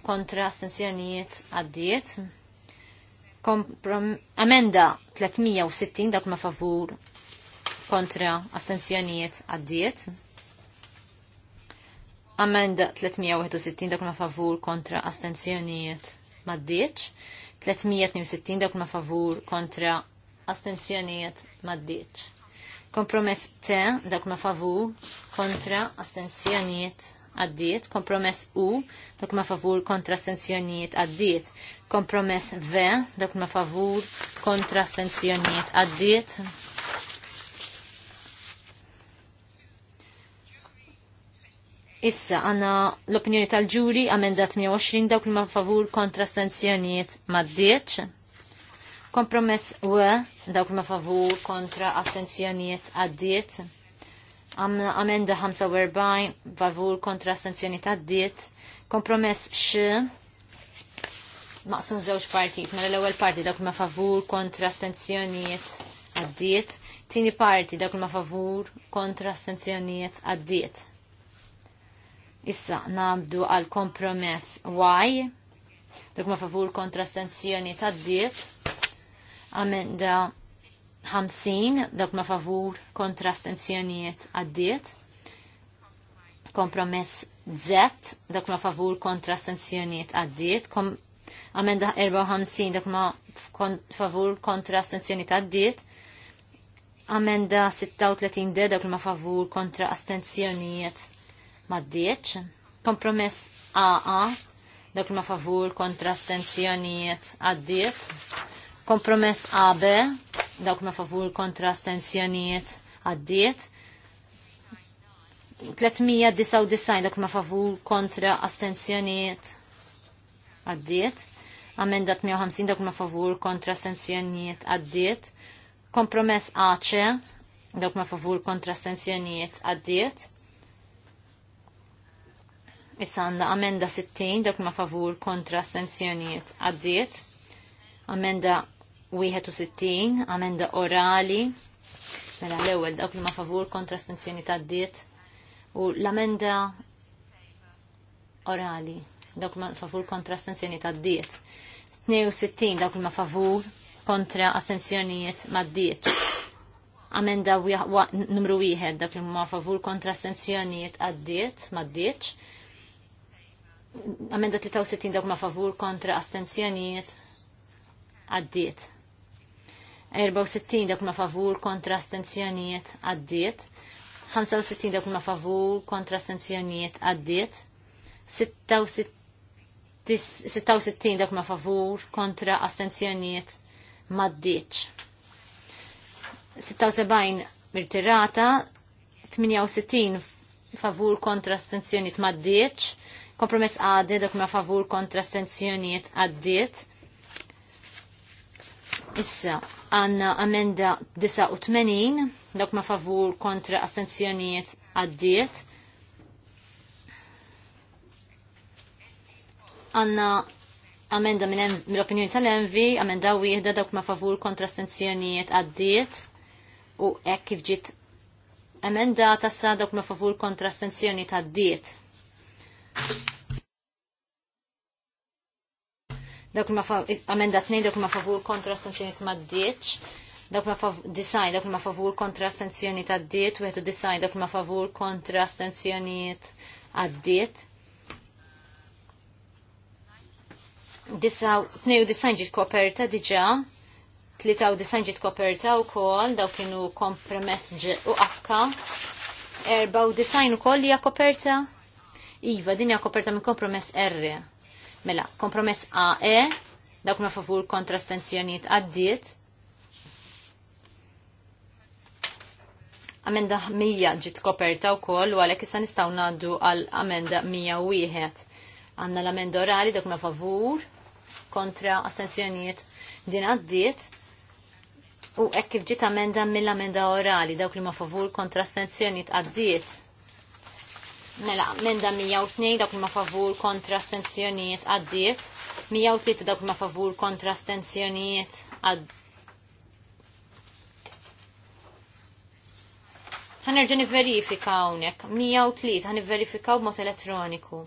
kontra astenzjonijiet għaddiet. amenda 360 dak ma favur kontra astenzjonijiet għaddiet. Amenda 361 dak ma favur kontra astenzjonijiet maddiċ. 362 dak ma favur kontra astenzjonijiet maddiċ. Kompromess T dak ma favur kontra astenzjonijiet għaddiet, kompromess U, dak ma favur kontra astenzjonijiet għaddiet, kompromess V, dak ma favur kontra astenzjonijiet għaddiet, Issa għanna l-opinjoni tal-ġuri għamendat 120 dawk li ma favur kontra astenzjonijiet ma Kompromess u dawk li ma favur kontra astenzjonijiet għaddiet. Amenda 45 favur kontra astenzjoniet għaddiet. Kompromess x maqsum żewġ partit, ma' mela l-ewwel parti dawk ma favur kontra astenzjoniet għaddiet, tieni parti dawk ma favur kontra astenzjoniet għaddiet. Issa namdu għal kompromess Y, dak ma favur kontra stenzjoni ta' diet, amenda 50, dak ma favur kontra stenzjonijiet diet, kompromess Z, dak ma favur kontra stenzjonijiet għaddiet, Kom amenda 54, dak ma favur kontra stenzjonijiet għaddiet, amenda 36 de dak ma favur kontra astenzjonijiet d-dieċ. Kompromess AA, dak ma favur kontra stenzjonijiet għaddiet. Kompromess AB, dak ma favur kontra stenzjonijiet għaddiet. 399 dak ma favur kontra astenzjonijiet għaddiet. Amenda 150 dak ma favur kontra astenzjonijiet għaddiet. Kompromess AC, dak ma favur kontra astenzjonijiet għaddiet Issa għandna amenda 60 dak ma favur kontra astensjonijiet għaddiet. Amenda 61, amenda orali. Mela l-ewwel dak ma favur kontra astensjonijiet għaddiet. U l-amenda orali dak ma favur kontra astensjonijiet għaddiet. 62 dak ma favur kontra assenzjonijiet ma Amenda numru 1 dak ma favur kontra assenzjonijiet għaddiet maddiet. Amenda 63 dawk ma favur kontra astensjonijiet għaddiet. 64 dawk ma favur kontra astenzjonijiet għaddiet. 65 dawk ma favur kontra astenzjonijiet għaddiet. 66 dak ma favur kontra astenzjonijiet maddiċ. 76 mirtirata, 68 favur kontra astenzjonijiet maddiċ, Kompromess għadi dak ma favur kontra stenzjoniet għaddiet. Issa, għanna amenda 89, dak ma favur kontra astenzjonijiet għaddiet. Għanna amenda minn mill-opinjoni tal-envi, amenda wieħda dak ma favur kontra astenzjonijiet għaddiet. U hekk kif ġiet amenda tassa dak ma favur kontra astenzjonijiet għaddiet. Dak ma amenda tnejn dak ma favur kontra astenzjoni ta' maddiċ. Dak ma design dak ma favur kontra astenzjoni ta' u wieħed design dak ma favur kontra astenzjonijiet għaddiet. Disaw, design ġit koperta diġa, design ġit koperta u kol, daw kienu kompromess u akka, erba' u kol li koperta, Iva, din hija koperta minn kompromess R. Mela, kompromess AE, dawk ma favur kontra astenzjoniet għaddiet. Amenda 100 ġiet koperta wkoll u għalhekk issa nistgħu ngħaddu għal amenda 101. Għandna l-amenda orali dawk ma favur kontra astenzjoniet din għaddiet. U hekk kif ġiet amenda mill-amenda orali dawk li ma favur kontra astenzjoniet għaddiet mela menda 102 dawk ma favur kontra stenzjonijiet għaddiet, 103 dawk ma favur kontra stenzjonijiet għaddiet. ħanerġa niverifika hawnhekk, 103 ħan niverifikaw b'mod elettroniku.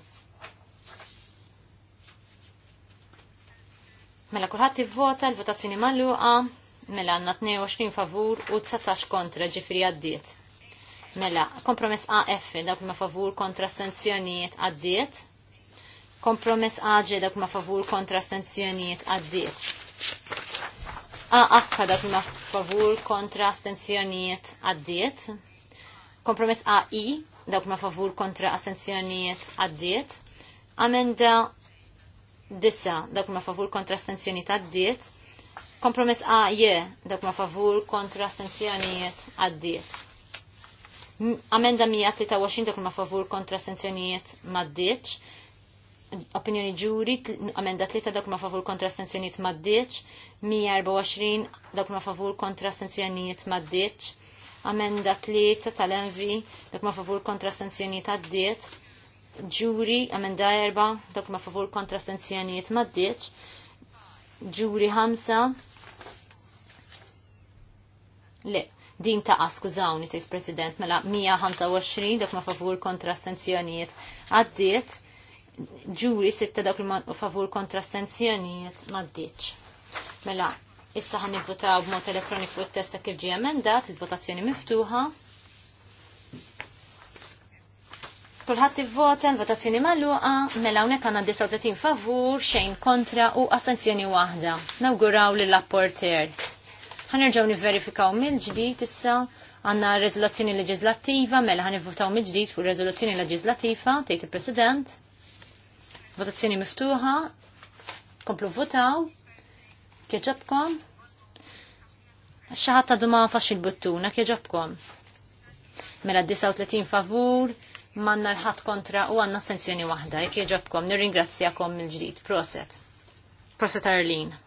Mela kulħadd ivvota l-votazzjoni malluqa, mela għanna 22 favur u 19 kontra ġifri għaddiet. Mela, kompromess AF dak ma favur kontra stenzjonijiet għaddiet. Kompromess AG dak ma favur kontra stenzjonijiet għaddiet. AH dak ma favur kontra stenzjonijiet għaddiet. Kompromess AI dak ma favur kontra astenzjonijiet għaddiet. Amenda dissa dak ma favur kontra astenzjonijiet għaddiet. Kompromess AJ dak ma favur kontra astenzjonijiet għaddiet Amenda 123 dak ma favur kontra sanzjonijiet maddiċ. Opinjoni ġuri, amenda 3 dak ma favur kontra sanzjonijiet maddiċ. 124 dak ma favur kontra sanzjonijiet maddiċ. Amenda 3 tal-envi dak ma favur kontra sanzjonijiet għaddiet. Ġuri, amenda 4 dak ma favur kontra sanzjonijiet maddiċ. Ġuri 5 Le, din ta' ni tit President mela 125 dak ma' favur kontra sanzjonijiet għaddiet ġuri sitta dak li favur kontra astenzjonijiet ma' ddiċ. Mela, issa ħan nivvotaw b'mod elettronik fuq it-testa kif ġie emendat, il-votazzjoni miftuħa. Kulħadd ivvota, l-votazzjoni magħluqa, mela hawnhekk għandna 39 favur, xejn kontra u astenzjoni waħda. Nawguraw lill-apporter ħanerġaw niverifikaw mill-ġdid issa għanna rezoluzzjoni leġislattiva, mela votaw mill-ġdid fuq rezoluzzjoni leġislattiva, tgħid il-President. Votazzjoni miftuħa, komplu votaw, kieġabkom. Xaħat ta' duma fax il-buttuna, kieġabkom. Mela 39 favur, manna l-ħat kontra u għanna s-sensjoni wahda, kieġabkom, nirringrazzjakom mill-ġdid. Proset. Proset Arlene.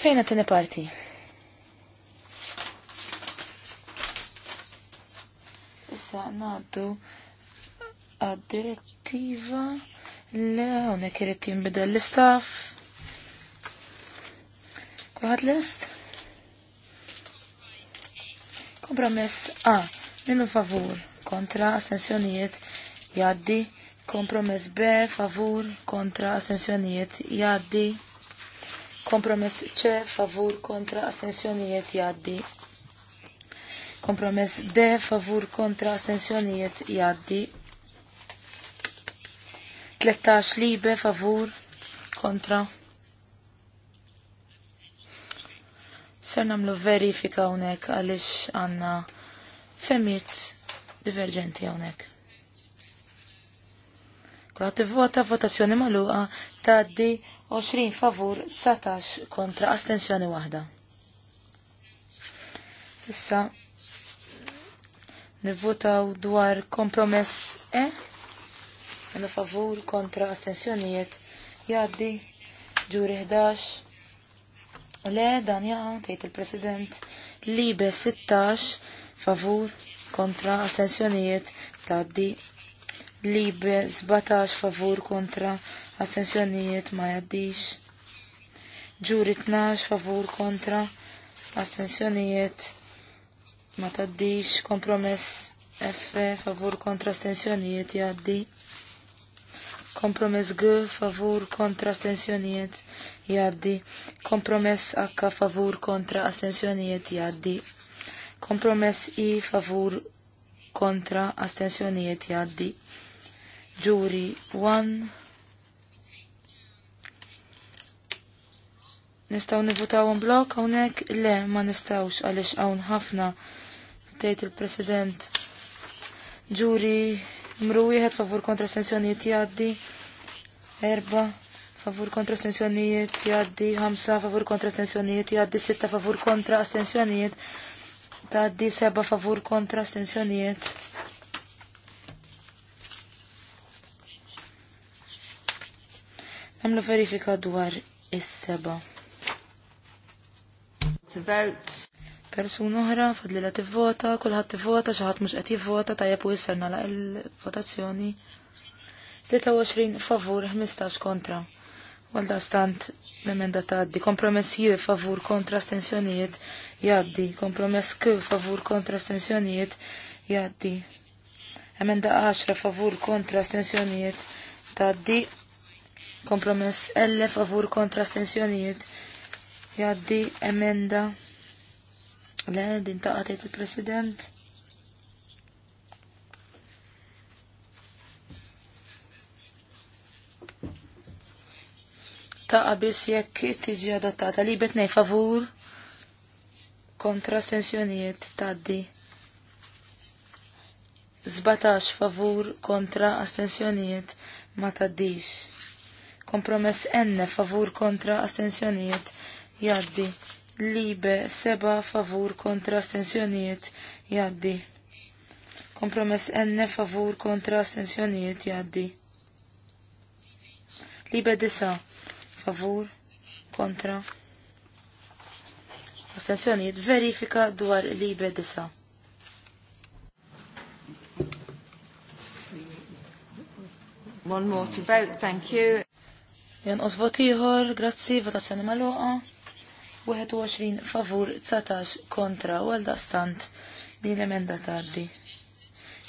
Fejn għat parti? Issa naddu għad-direttiva le unek irrit jimbidel l-istaff. Kulħat list? Kompromess A. Minu favur kontra astensjonijiet jaddi. Kompromess B. Favur kontra astensjonijiet jaddi. Kompromess ċe favur kontra astensjonijiet jaddi. Kompromess D favur kontra astensjonijiet jaddi. 13 libe favur kontra. Ser namlu verifika unek għalix għanna femmit divergenti unek. Kulħat vota votazzjoni maluqa taddi 20 favur 19 kontra astensjoni waħda. Issa nivvotaw dwar kompromess E. Għandu favur kontra astensjonijiet. Jaddi ġuri 11. Le dan jaħan, tgħid il-President Libe 16 favur kontra astensjonijiet taddi Libe 17 favur kontra astensjonijiet ma jaddix. Ġuri 12 favur kontra astensjonijiet ma taddix. Kompromess F favur kontra astensjonijiet jaddi. Kompromess G favur kontra astensjonijiet jaddi. Kompromess H favur kontra astensjonijiet jaddi. Kompromess I favur kontra astensjonijiet jaddi. Ġuri 1 Nistaw nivutaw un blok hawnhekk? Le, ma nistawx għaliex hawn ħafna tgħid il-President. Ġuri mru wieħed favur kontra stensjonijiet jgħaddi. Erba favur kontra stensjonijiet jgħaddi. Ħamsa favur kontra stensjonijiet jgħaddi. Sitta favur kontra stensjonijiet. Tgħaddi seba favur kontra stensjonijiet. Namlu verifika dwar is-seba to vote. Persuna oħra fadlila tivvota, kulħadd tivvota, xi ħadd mhux qed jivvota tajjeb u jisser nagħlaq il-votazzjoni. 23 favur, 15 kontra. Għalda stant l-emenda taddi. Kompromess jie favur kontra stensjonijiet jaddi. Kompromess k favur kontra stensjonijiet jaddi. Emenda 10 favur kontra stensjonijiet taddi. Kompromess L favur kontra stensjonijiet jaddi jaddi emenda le din taqatet il-president taqa biss jekk tiġi adottata li betnej favur kontra astensjonijiet taddi 17 favur kontra astensjonijiet ma taddix kompromess n favur kontra astensjonijiet jaddi. Libe seba favur kontra astensjonijiet jaddi. Kompromess enne favur kontra astensjonijiet jaddi. Libe disa favur kontra astensjonijiet verifika dwar libe disa. One more to vote, thank you. Jan osvotiħor, grazzi, votazzjoni maluqa. 21 favur 19 kontra u għal daqstant din l-emenda tardi.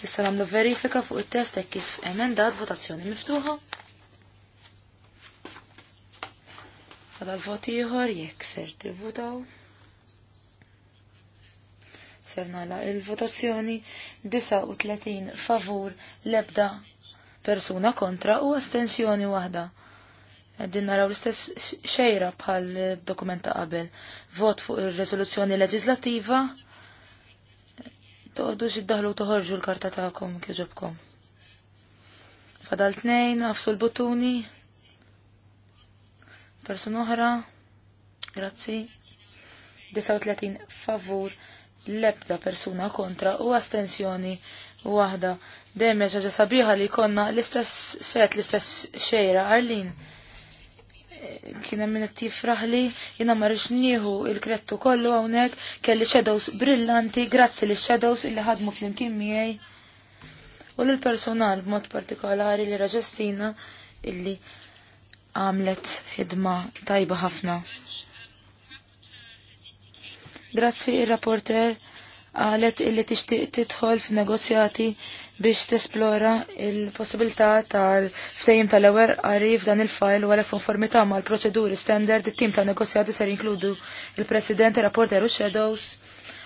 Issa namlu verifika fuq il-test e kif emendat votazzjoni miftuħa. Għadal voti jħor jek ser tivvutaw. Ser la il-votazzjoni 39 favur lebda persuna kontra u astensjoni wahda. Din naraw l-istess xejra bħal dokumenta qabel. Vot fuq ir-rezoluzzjoni leġislativa. toħdu xiddaħlu toħorġu l-karta tagħkom kieġobkom. Fadal tnejn, għafsu l-buttuni. Person oħra. Grazzi. 39 favur l-ebda persuna kontra u astensjoni waħda. Dejjem ġaġa sabiħa li konna l-istess set, l-istess xejra, Arlin kien hemm min qed jifraħli jiena ma rridx nieħu il-krettu kollu hawnhekk kelli shadows brillanti grazzi li shadows illi ħadmu flimkien miegħi u lill personal b'mod partikolari li raġestina illi għamlet ħidma tajba ħafna. Grazzi il rapporter għalet illi tixtieq tidħol f'negozjati negozjati biex tesplora il-possibilità tal-ftejim tal-ewer għarif dan il-fajl u għalek konformità ma' l-proċeduri standard it-tim ta' negozjati ser jinkludu il-president, il-rapporter u shadows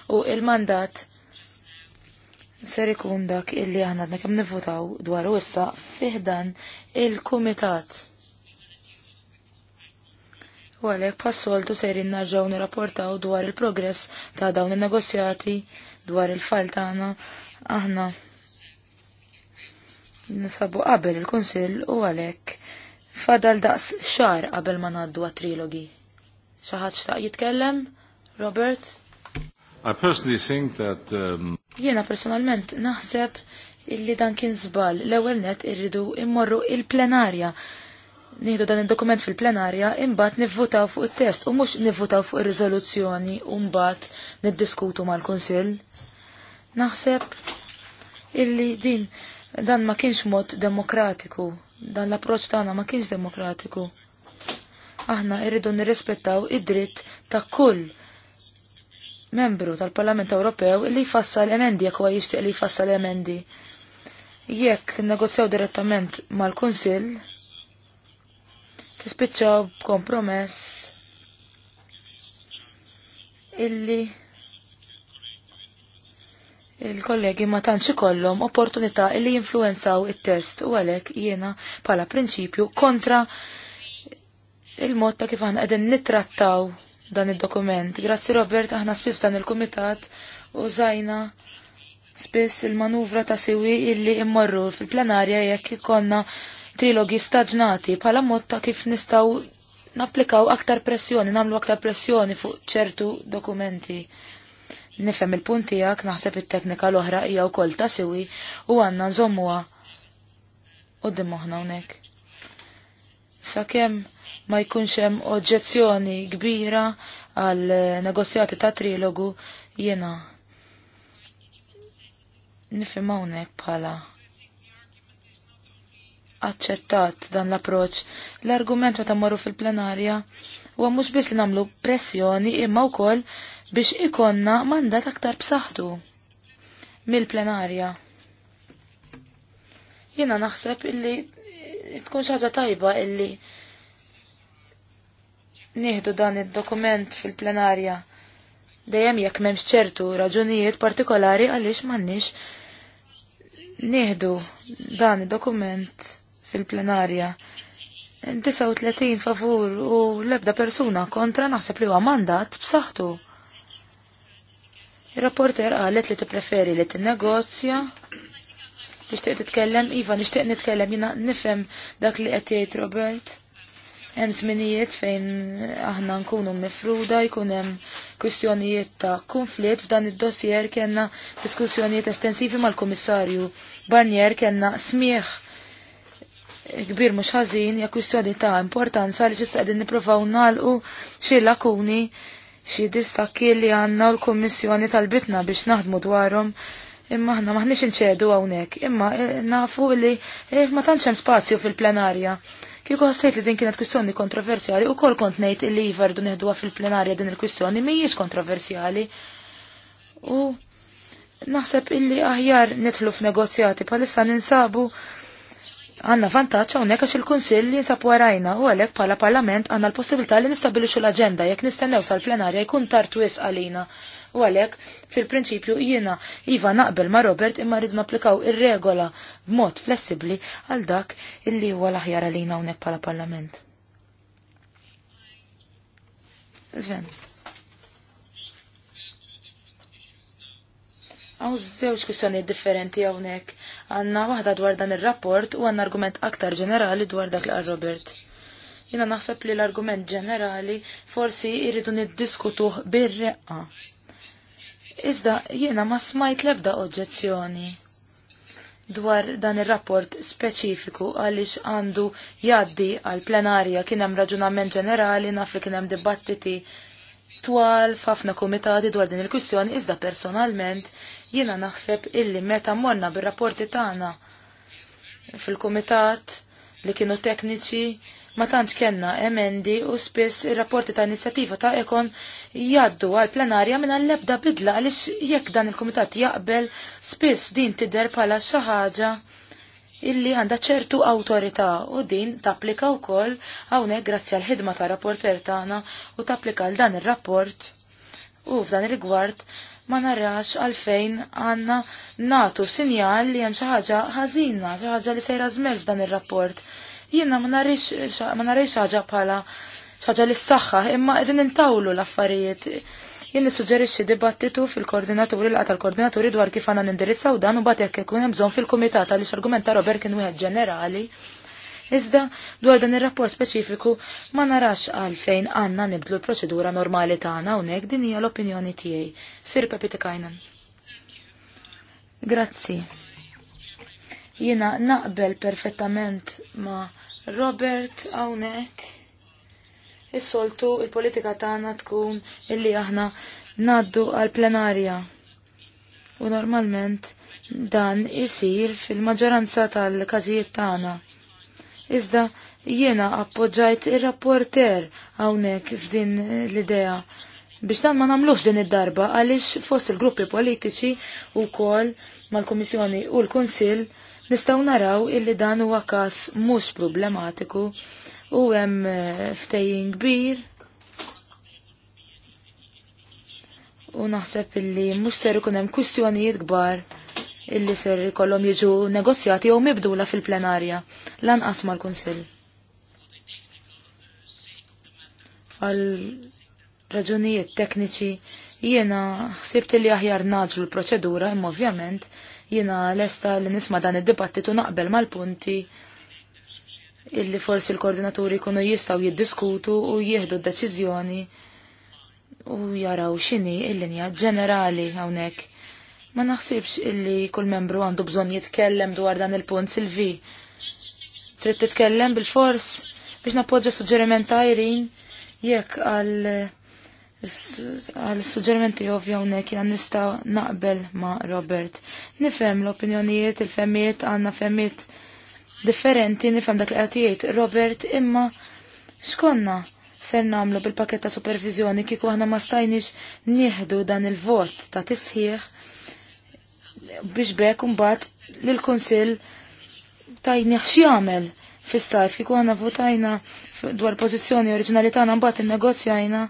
u il-mandat ser ikun dak illi aħna għadna kem nivvotaw dwar u issa fiħdan il-kumitat. U għalek passoltu ser innaġaw nirrapportaw dwar il-progress ta' dawn il-negozjati dwar il-fall tagħna aħna nisabu qabel il-Kunsill u għalhekk fadal daqs xar qabel ma ngħaddu għat-trilogi. Xaħat xtaq jitkellem? Robert? I personally think that um... Jiena personalment naħseb illi dan kien żball l-ewwel net irridu immorru il-plenarja. Nieħdu dan id-dokument fil-plenarja imbagħad nivvutaw fuq it-test u mhux nivvutaw fuq ir-riżoluzzjoni u mbagħad niddiskutu mal-Kunsill. Naħseb illi din Dan ma kienx mod demokratiku, dan l-approċ tagħna ma kienx demokratiku. Aħna irridu nirrispettaw id-dritt ta' kull membru tal-Parlament Ewropew li jfassal emendi jekk huwa jixtieq li jfassal emendi. Jekk negozjaw direttament mal-Kunsill, tispiċċaw b'kompromess illi il-kollegi ma tantx ikollhom opportunità li jinfluenzaw it-test u għalhekk jiena bħala prinċipju kontra il-mod ta' kif aħna qegħdin nittrattaw dan id-dokument. Grazzi Robert, aħna spiss dan il-kumitat u żajna spiss il-manuvra ta' siwi illi immorru fil-plenarja jekk ikonna trilogi staġnati bħala mod ta' kif nistgħu napplikaw aktar pressjoni, namlu aktar pressjoni fuq ċertu dokumenti. Nifhem il-punt tiegħek naħseb it-teknika l-oħra hija wkoll ta' siwi u għandna nżommuha qudiem moħħna hawnhekk. Sakemm ma jkunx hemm oġġezzjoni kbira għal negozjati ta' trilogu jiena nifem hawnhekk bħala aċċettat dan l-approċ. L-argument meta marru fil-plenarja huwa mhux biss li nagħmlu pressjoni imma wkoll biex ikonna mandat aktar b'saħħtu mill-plenarja. Jiena naħseb illi tkun xaġa tajba illi nieħdu dan id-dokument fil-plenarja dejjem jekk m'hemmx ċertu raġunijiet partikolari għaliex m'għandniex nieħdu dan id-dokument fil-plenarja. 39 favur u l-ebda persuna kontra naħseb li huwa mandat b'saħħtu. Il-rapporter għalet li t-preferi li t-negozja nishtiq titkellem, Iva, nishtiq nitkellem, jina nifem dak li għetiet Robert. Hemm żminijiet fejn aħna nkunu mifruda, jkun hemm kwistjonijiet ta' konflitt f'dan id-dossier kellna diskussjonijiet estensivi mal-Kummissarju Barnier kellna smieħ kbir mhux ħażin hija kwistjoni ta' importanza li xista qegħdin nippruvaw nagħlqu xi lakuni xi distakki li għandna l-Kummissjoni tal-bitna biex naħdmu dwarhom imma ħna maħniex inċedu hawnhekk, imma eh, nafu li eh, ma tantx hemm spazju fil-plenarja. Kieku ħassejt li din kienet kwistjoni kontroversjali u kol kont ngħid li jivardu neħduha fil-plenarja din il-kwistjoni mhijiex kontroversjali. U naħseb illi aħjar nidħlu f'negozjati bħalissa ninsabu għanna vantaċ hawnhekk għax il-Kunsill li nsab għarajna u għalhekk bħala Parlament għandna l-possibilità li nistabilixu l-aġenda jekk nistennew sal-plenarja jkun tartu wisq għalina. U għalhekk fil-prinċipju jiena iva naqbel ma' Robert imma rridu napplikaw ir-regola b'mod flessibbli għal dak illi huwa l-aħjar għalina hawnhekk bħala Parlament. Zven. Għaw zewġ kwistjoni differenti għawnek. Għanna wahda dwar dan il-rapport u għanna argument aktar ġenerali dwar dak li għar Robert. Jina naħseb li l-argument ġenerali forsi irridu niddiskutuh bir-reqqa. Iżda jiena ma smajt lebda oġġezzjoni dwar dan il-rapport speċifiku għaliex għandu jaddi għal plenarja kien hemm raġunament ġenerali naf li kien hemm dibattiti twal f'afna kumitati dwar din il-kwistjoni iżda personalment Jiena naħseb illi meta morna bir-rapporti tagħna fil-kumitat li kienu tekniċi ma tantx kellna emendi u spiss ir-rapporti ta' inizjattiva ta' ekon jaddu għal plenarja minn l-ebda bidla għaliex jekk dan il-kumitat jaqbel spiss din tidher bħala xi ħaġa illi għandha ċertu awtorità u din tapplika wkoll hawnhekk grazzi għal ħidma ta' rapporter tagħna u tapplika għal dan ir-rapport u f'dan ir-rigward ma narax għalfejn għanna natu sinjal li hemm xi ħaġa ħażina, xi ħaġa li sejra zmeġ dan ir-rapport. Jiena ma narax xaħġa ħaġa bħala xi ħaġa li s-saħħa, imma qegħdin intawlu l-affarijiet. Jien nissuġġerixxi dibattitu fil-koordinaturi l l koordinaturi dwar kif għandna nindirizzaw dan u bat jekk ikun hemm bżonn fil-kumitat għaliex argumenta Robert kien wieħed ġenerali Iżda dwar dan ir-rapport speċifiku ma narax għalfejn għandna nibdlu l-proċedura normali tagħna hawnhekk din hija l-opinjoni tiegħi. Sir Pepitikajnen. Grazzi. Jiena naqbel perfettament ma Robert hawnhekk. Is-soltu il-politika tagħna tkun illi aħna naddu għal plenarja. U normalment dan isir fil-maġġoranza tal-każijiet tagħna. Iżda jiena appoġġajt ir-rapporter hawnhekk f'din l-idea biex dan ma namlux din id-darba għaliex fost il-gruppi politiċi u kol mal-Komissjoni u l-Konsil nistaw naraw illi dan huwa każ mhux problematiku u hemm eh, ftejjin kbir u naħseb illi mhux ser ikun hemm kwistjonijiet kbar illi ser kollom jiġu negozjati jew mibdula fil-plenarja lanqas mal-Kunsill. Għal raġunijiet tekniċi jiena ħsibt li aħjar naġlu l-proċedura imma ovvjament jiena lesta li nisma' dan id-dibattitu naqbel mal-punti illi forsi l-koordinaturi kunu jistaw jiddiskutu u jieħdu d-deċiżjoni u jaraw xini il-linja ġenerali hawnhekk Ma naħsibx illi kull membru għandu bżon jitkellem dwar dan il-punt Silvi. Trid titkellem bil-fors biex nappoġġa suġġeriment Irene jekk għal għal suġġerimenti ovvja hawnhekk jiena nista' naqbel ma' Robert. Nifhem l-opinjonijiet, il-femmiet għandna femmiet differenti, nifhem dak li qed jgħid Robert imma xkonna ser namlu bil paketta ta' supervizjoni kieku aħna ma stajniex nieħdu dan il-vot ta' tisħieħ biex bekk mbagħad lill-Kunsill tajni jagħmel fis-sajf kieku għandna votajna dwar pożizzjoni oriġinali tagħna mbagħad innegozjajna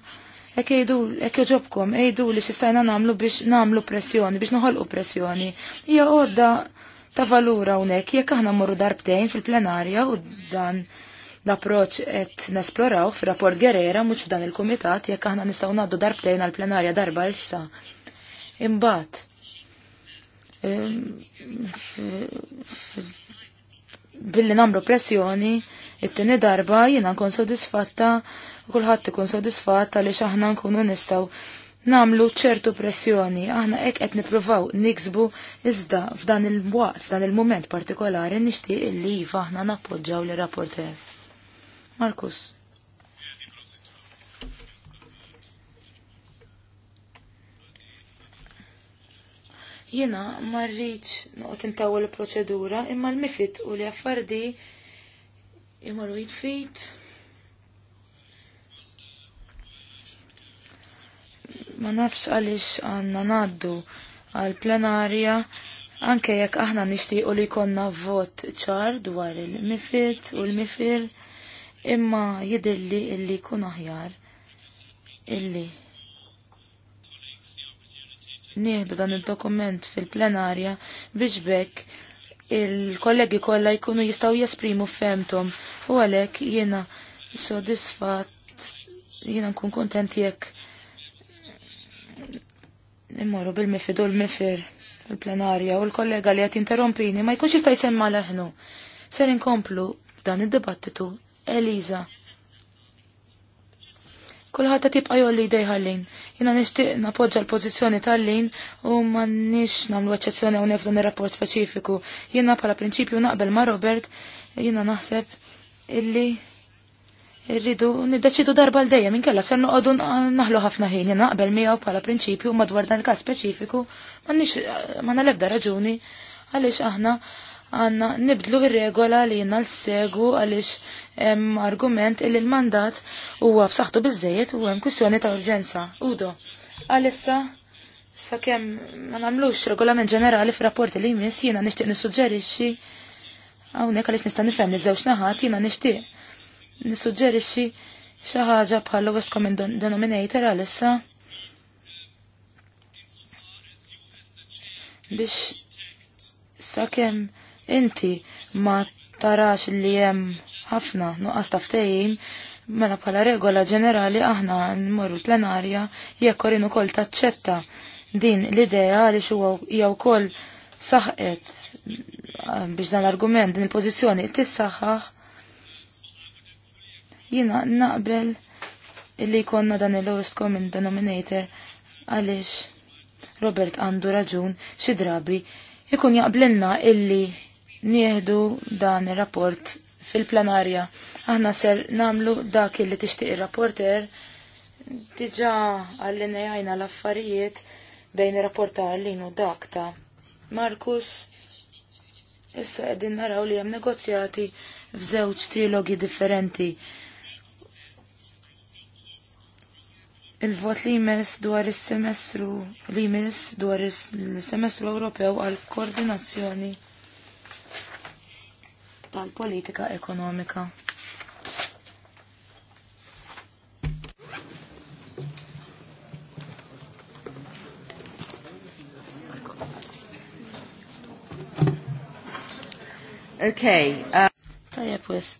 jekk jgħidu hekk joġobkom jgħidu li x'istajna nagħmlu biex nagħmlu pressjoni biex noħolqu pressjoni. Hija orda ta' valura hawnhekk jekk aħna mmorru darbtejn fil-plenarja u dan l-approċ qed nesploraw fir-rapport Gerera mhux f'dan il-kumitat jekk aħna nistgħu ngħaddu darbtejn għall-plenarja darba issa. Imbagħad billi namlu pressjoni, it-tini darba jina nkun sodisfatta, kullħat ikun sodisfatta li xaħna nkunu nistaw namlu ċertu pressjoni, aħna ek qed nipruvaw niksbu iżda f'dan il-waqt, f'dan il-moment partikolari nixtieq il-li iva aħna nappoġġaw li rapporter. Markus. Jiena ma rridx noqgħod intawwel il-proċedura imma l-mifit u li affardi imorru jitfit. Ma nafx għaliex għandna ngħaddu għal plenarja Anke jekk aħna nixtiequ li konna vot ċar dwar il mifit u l-mifil, imma jidilli illi kun aħjar illi nieħdu dan il-dokument fil-plenarja biex bekk il-kollegi kollha jkunu jistgħu jesprimu femtom u għalhekk jiena sodisfatt jiena nkun kontent jekk immorru bil-mifidu l-mifir il-plenarja u l-kollega li għat interrompini ma jkunx jista' jsemma leħnu. Ser inkomplu dan id-dibattitu Eliza. Kulħadd ta' tibqa jolli ħallin. Jiena nixtieq napoġġa l-pożizzjoni tal-lin u m'għandniex nagħmlu eċċezzjoni hawnhekk f'dan ir-rapport speċifiku. Jiena bħala prinċipju naqbel ma' Robert jiena naħseb illi Irridu niddeċidu darba l dejja kella ser noqogħdu naħlu ħafna ħin naqbel miegħu bħala prinċipju madwar dan il-każ speċifiku m'għandniex ma nalebda raġuni għaliex aħna għanna nibdlu ir-regola li jina l-segu għalix hemm argument il l-mandat huwa b'saħħtu biżejjed u hemm kussjoni ta' urġenza. Udo, għalissa sakemm ma nagħmlux regolament ġenerali f'rapporti li jmiss jiena nixtieq nissuġġerixxi hawnhekk għaliex nista' nifhem li żewġ naħat jiena nixtieq nissuġġerixxi xi ħaġa bħal lowest common denominator għalissa biex sakemm inti ma tarax li hemm ħafna nuqqas taftejjim mela bħala regola ġenerali aħna nmorru l-plenarja jekk u ukoll taċċetta din l-idea li huwa jew koll saħqet eh, biex dan l-argument din il-pożizzjoni tissaħħaħ jina naqbel illi konna dan il-lowest common denominator għaliex Robert għandu raġun xi drabi ikun jaqblinna illi nieħdu dan ir-rapport fil-plenarja. Aħna ser namlu dak li tixtieq ir-rapporter diġà għallinejajna l-affarijiet bejn il-rapporta għallin u dak ta' Markus. Issa qegħdin naraw li hemm negozjati f'żewġ trilogi differenti. Il-vot li jmess dwar is-semestru li jmess dwar is-semestru Ewropew għal koordinazzjoni tal-politika ekonomika. Okay. Uh... Tajab, wis. Pues.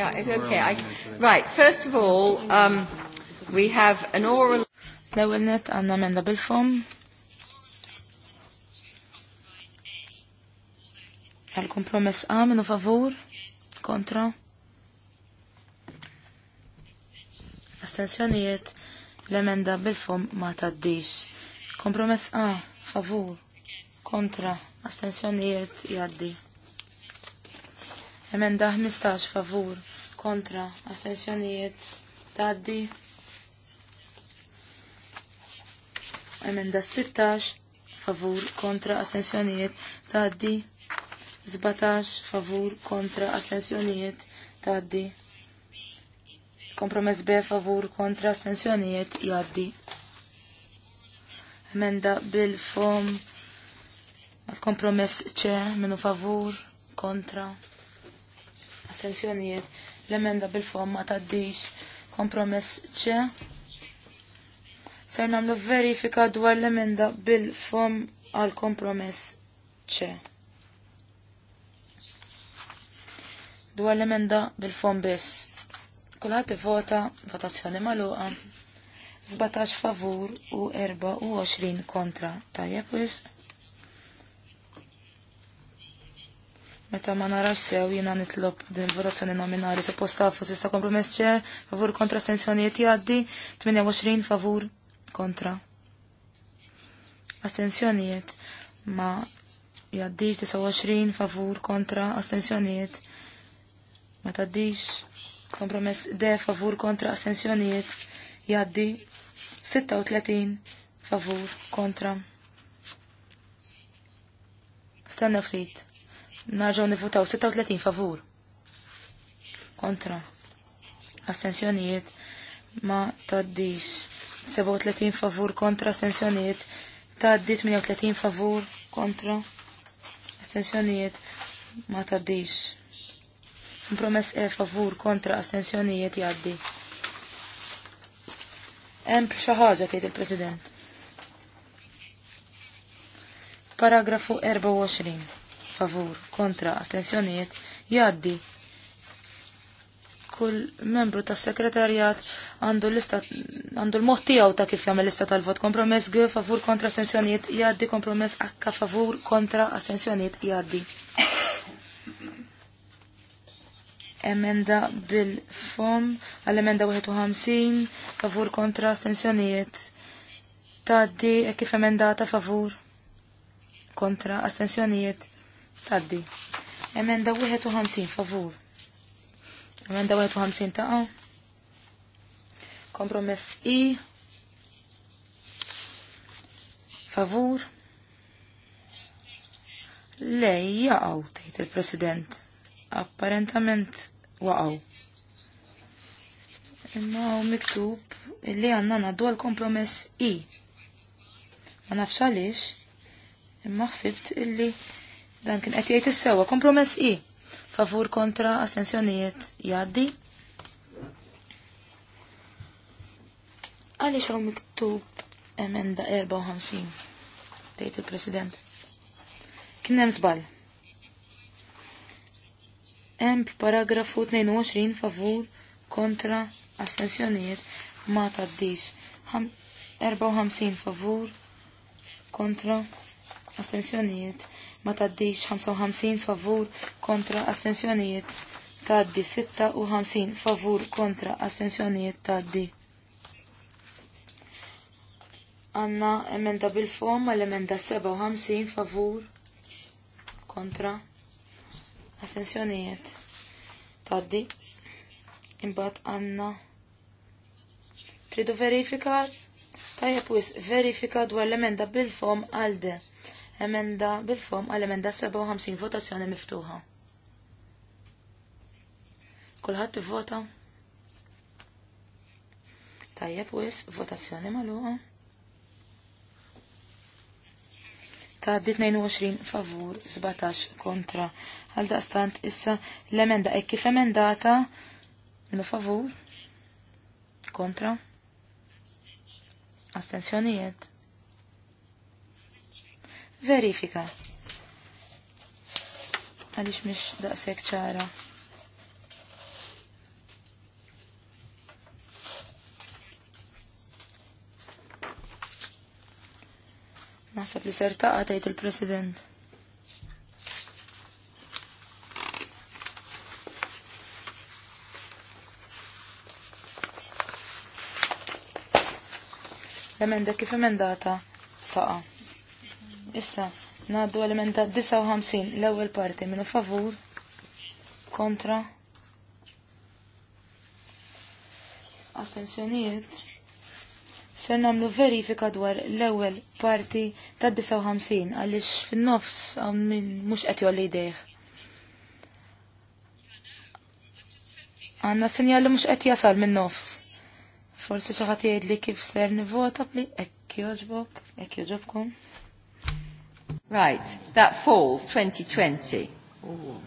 Yeah, it's okay. I, right, first of all, um, we have an oral... L-ewel net għanna menda bil-fom. Għal-kompromess A minu favur, kontra. Astenzjonijiet l-emenda bil ma taddix. Kompromess A, favur, kontra. Astenzjonijiet jaddi. Emenda 15 favur kontra astensjonijiet taddi. Emenda 16 favur kontra astensjonijiet taddi. 17 favur kontra astensjonijiet taddi. Kompromess B favur kontra astensjonijiet jaddi. Emenda bil-fom kompromess C minu favur kontra Astensjonijiet. L-emenda bil-fom ma taddix. Kompromess ċe. Ser namlu verifika dwar l-emenda bil form għal kompromess ċe. dwar l-emenda bil form biss. Kulħat vota votazzjoni maluqa 17 favur u 24 kontra. Tajjeb wisq. Meta ma narax sew jiena nitlob din il-votazzjoni nominali posta fu s'issa kompromess ċe favur kontra astensjonijiet jgħaddi 28 favur kontra. Astensjonijiet ma jgħaddix 29 favur kontra astensjonijiet ma taddix kompromess de favur kontra astensjonijiet jaddi 36 favur kontra. Stanna ftit. Naġaw nifutaw 36 favur. Kontra. Astensjonijiet ma taddix. 37 favur kontra astensjonijiet. Taddi 38 favur kontra astensjonijiet ma taddix. Promess E favur kontra astensjonijiet jaddi. Hemm xi ħaġa tgħid il-President. Paragrafu 24 favur kontra astensjonijiet jaddi. Kull membru tas sekretarjat għandu għandu l-mod tiegħu ta' kif jagħmel lista tal-vot kompromess G favur kontra astensjonijiet jaddi kompromess H favur kontra astensjonijiet jaddi. emenda bil-fom għall-emenda 51 favur kontra astensjonijiet. Taddi e kif emendata favur kontra astensjonijiet Taddi. Emenda 51 favur. Emenda 51 taqa. Kompromess I. Favur. Lej jaqaw, tejt il-president. Apparentament waqaw. Imma miktub illi għanna naddu għal-kompromess I. Ma nafx għalix, imma xsibt illi Dan kien qed jgħid is-sewwa kompromess i. Favur kontra astensjonijiet jgħaddi. Għaliex hawn miktub emenda 54 tgħid il-President. Kien hemm żball. Hemm paragrafu 22 favur kontra astensjonijiet ma tgħaddix. 54 favur kontra astensjonijiet ma taddix 55 favur kontra astensjonijiet taddi 56 favur kontra astensjonijiet taddi. Għanna emenda bil-fom ma l-emenda 57 favur kontra astensjonijiet taddi. Imbat għanna tridu verifika tajja pwis verifika dwar l-emenda bil-fom għalde. de emenda bil-fom għal emenda 57 votazzjoni miftuħa. Kulħadd vota. Tajjeb wis votazzjoni magħluqa. Ta' 22 favur 17 kontra. Għal stant issa l-emenda hekk kif emendata minu favur kontra astensjonijiet verifika. Għalix mish daqsek ċara. Naħseb li ser taqa tajt il-President. L-emenda kif emendata taqa. Issa, naddu elementa 59, l-ewwel parti, minu favur, kontra, astensjonijiet. Ser namlu verifika dwar l-ewwel parti ta' 59 għaliex fin-nofs mhux qed jolli jdejh. Għanna sinjal li mhux qed jasal min-nofs. Forsi xi ħadd jgħidli kif ser nivvota bli hekk jogħġbok, hekk jogħġobkom. Right, that falls 2020. Ooh.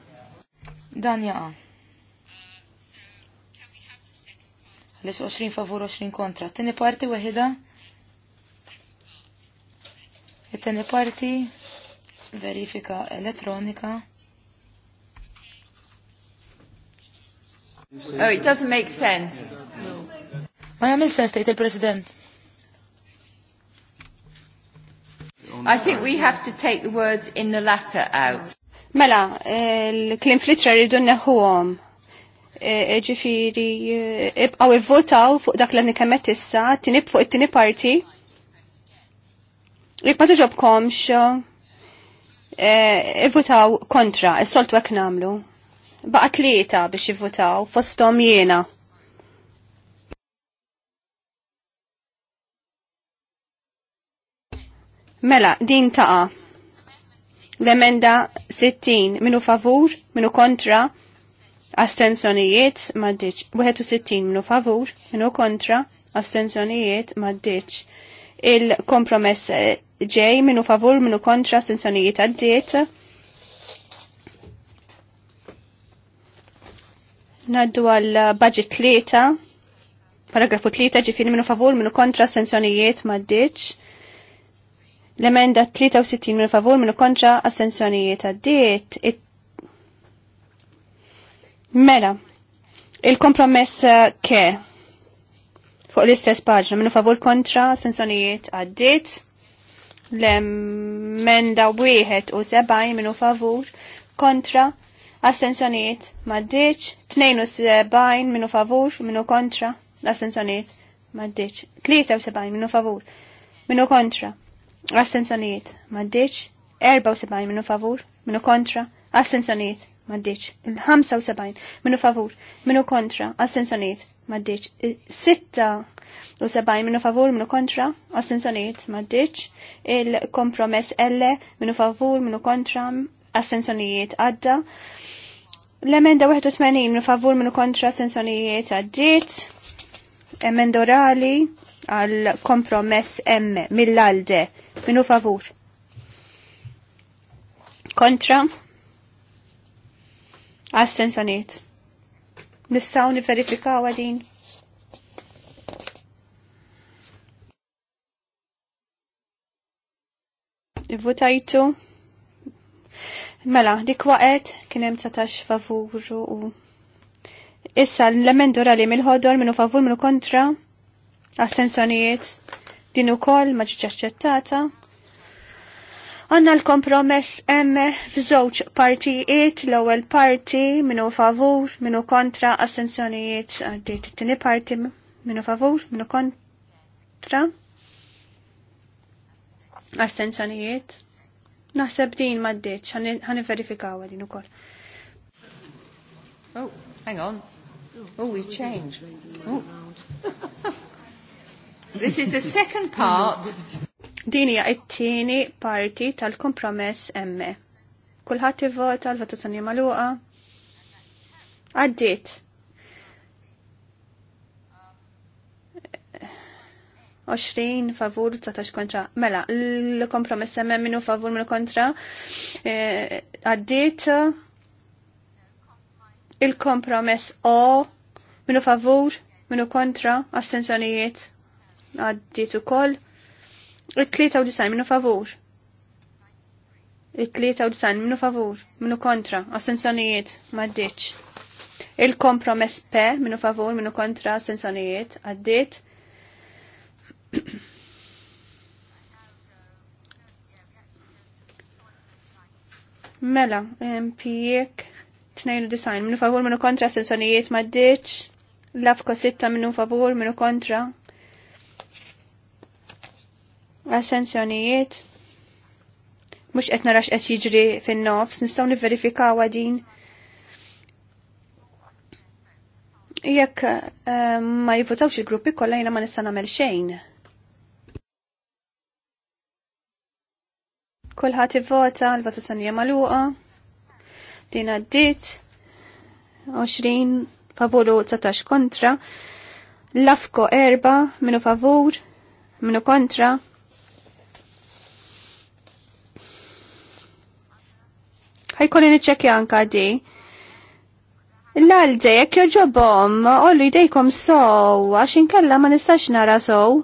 Dan jaqa. Lis 20 favur 20 kontra. Tini parti weħida? It-tini parti verifika elettronika. Oh, it doesn't make sense. No. Ma jamil sens tajt il-President. I think we have to take the words in the latter out. Mela, l-klim flitra rridu neħuhom. E, e, ġifiri, e, ibqaw votaw fuq dak l għadni kemmet issa, tinib fuq it-tini parti. Rik ma tuġobkomx, votaw kontra, s-soltu għek namlu. Baqa tlieta biex jivvotaw fostom jiena. Mela, din taqa. L-emenda 60 minu favur, minu kontra, astensjonijiet maddiċ. 61 minu favur, minu kontra, astensjonijiet maddiċ. Il-kompromess ġej eh, minu favur, minu kontra, astensjonijiet għaddiet. Naddu għal budget tlieta, paragrafu tlieta ġifiri minu favur, minu kontra, astensjonijiet maddiċ L-emenda 63 minn favur minn kontra astensjonijiet għaddiet. Mela, il-kompromess eh, ke fuq l-istess paġna minn favur kontra astensjonijiet għaddiet. L-emenda wieħed u sebgħin minn favur kontra astensjonijiet maddiċ, 72 minu favur, minn kontra, l-astensjonijiet maddiċ, 73 minu favur, minu kontra, Astenzjonijiet maddiċ. 74 minu favur, minu kontra. Astenzjonijiet maddiċ. Il-75 minu favur, minu kontra. Astenzjonijiet maddiċ. Il-76 minu favur, minu kontra. Astenzjonijiet maddiċ. Il-kompromess L minu favur, minu kontra. Astenzjonijiet għadda. L-emenda 81 minu favur, minu kontra. Astenzjonijiet għaddiċ emendorali għal kompromess M mill-alde Minu favur. Kontra. Astenzjoniet. Nistaw niverifikaw għadin. Votajtu. Mela, dik waqet kien hemm satax favuru u issa l-emendura li mill-ħodor minnu favur minnu kontra astensjonijiet din ukoll ma ġietx aċċettata. Għanna l-kompromess emme f'żewġ partijiet, l-ewwel parti minu favur, minu kontra, astenzjonijiet għaddiet it-tieni parti minu favur, minu kontra. Astenzjonijiet. Naħseb din ma ddiċ, ħan verifikaw din ukoll. Oh, hang on. Oh, we changed. Oh. This is the second part. Din hija t-tieni parti tal-kompromess emme. Kulħadd ivvota l-votazzjoni magħluqa. Għaddiet. Oxrin favur, 19 kontra. Mela, l-kompromess emme minu favur minu kontra. Eh, għaddiet il-kompromess o minu favur minu kontra astenzjonijiet għaddit ukoll it disajn minnu favur. it disajn minnu favur, minnu kontra, assenzjonijiet maddiċ. Il-kompromess P minnu favur, minnu kontra, assenzjonijiet għaddit. mela, tnejnu disajn, minnu favur minnu kontra, assenzjonijiet maddiċ. Lafko sitta, minnu favur minnu kontra, assenzjonijiet mux qed narax qed jiġri fin-nofs, nistgħu nivverifikaw għadin. Jekk eh, ma jivvotawx il-gruppi kollha jina ma nista' nagħmel xejn. Kulħadd ivvota, l-votazzjoni hija magħluqa. Din għaddiet 20 u 19 kontra. Lafko erba' minu favur, minu kontra, ħajkolli niċċekja anka di. L-għalde, jekk joġobom, ollu jdejkom sow, għax inkella ma nistax nara sow.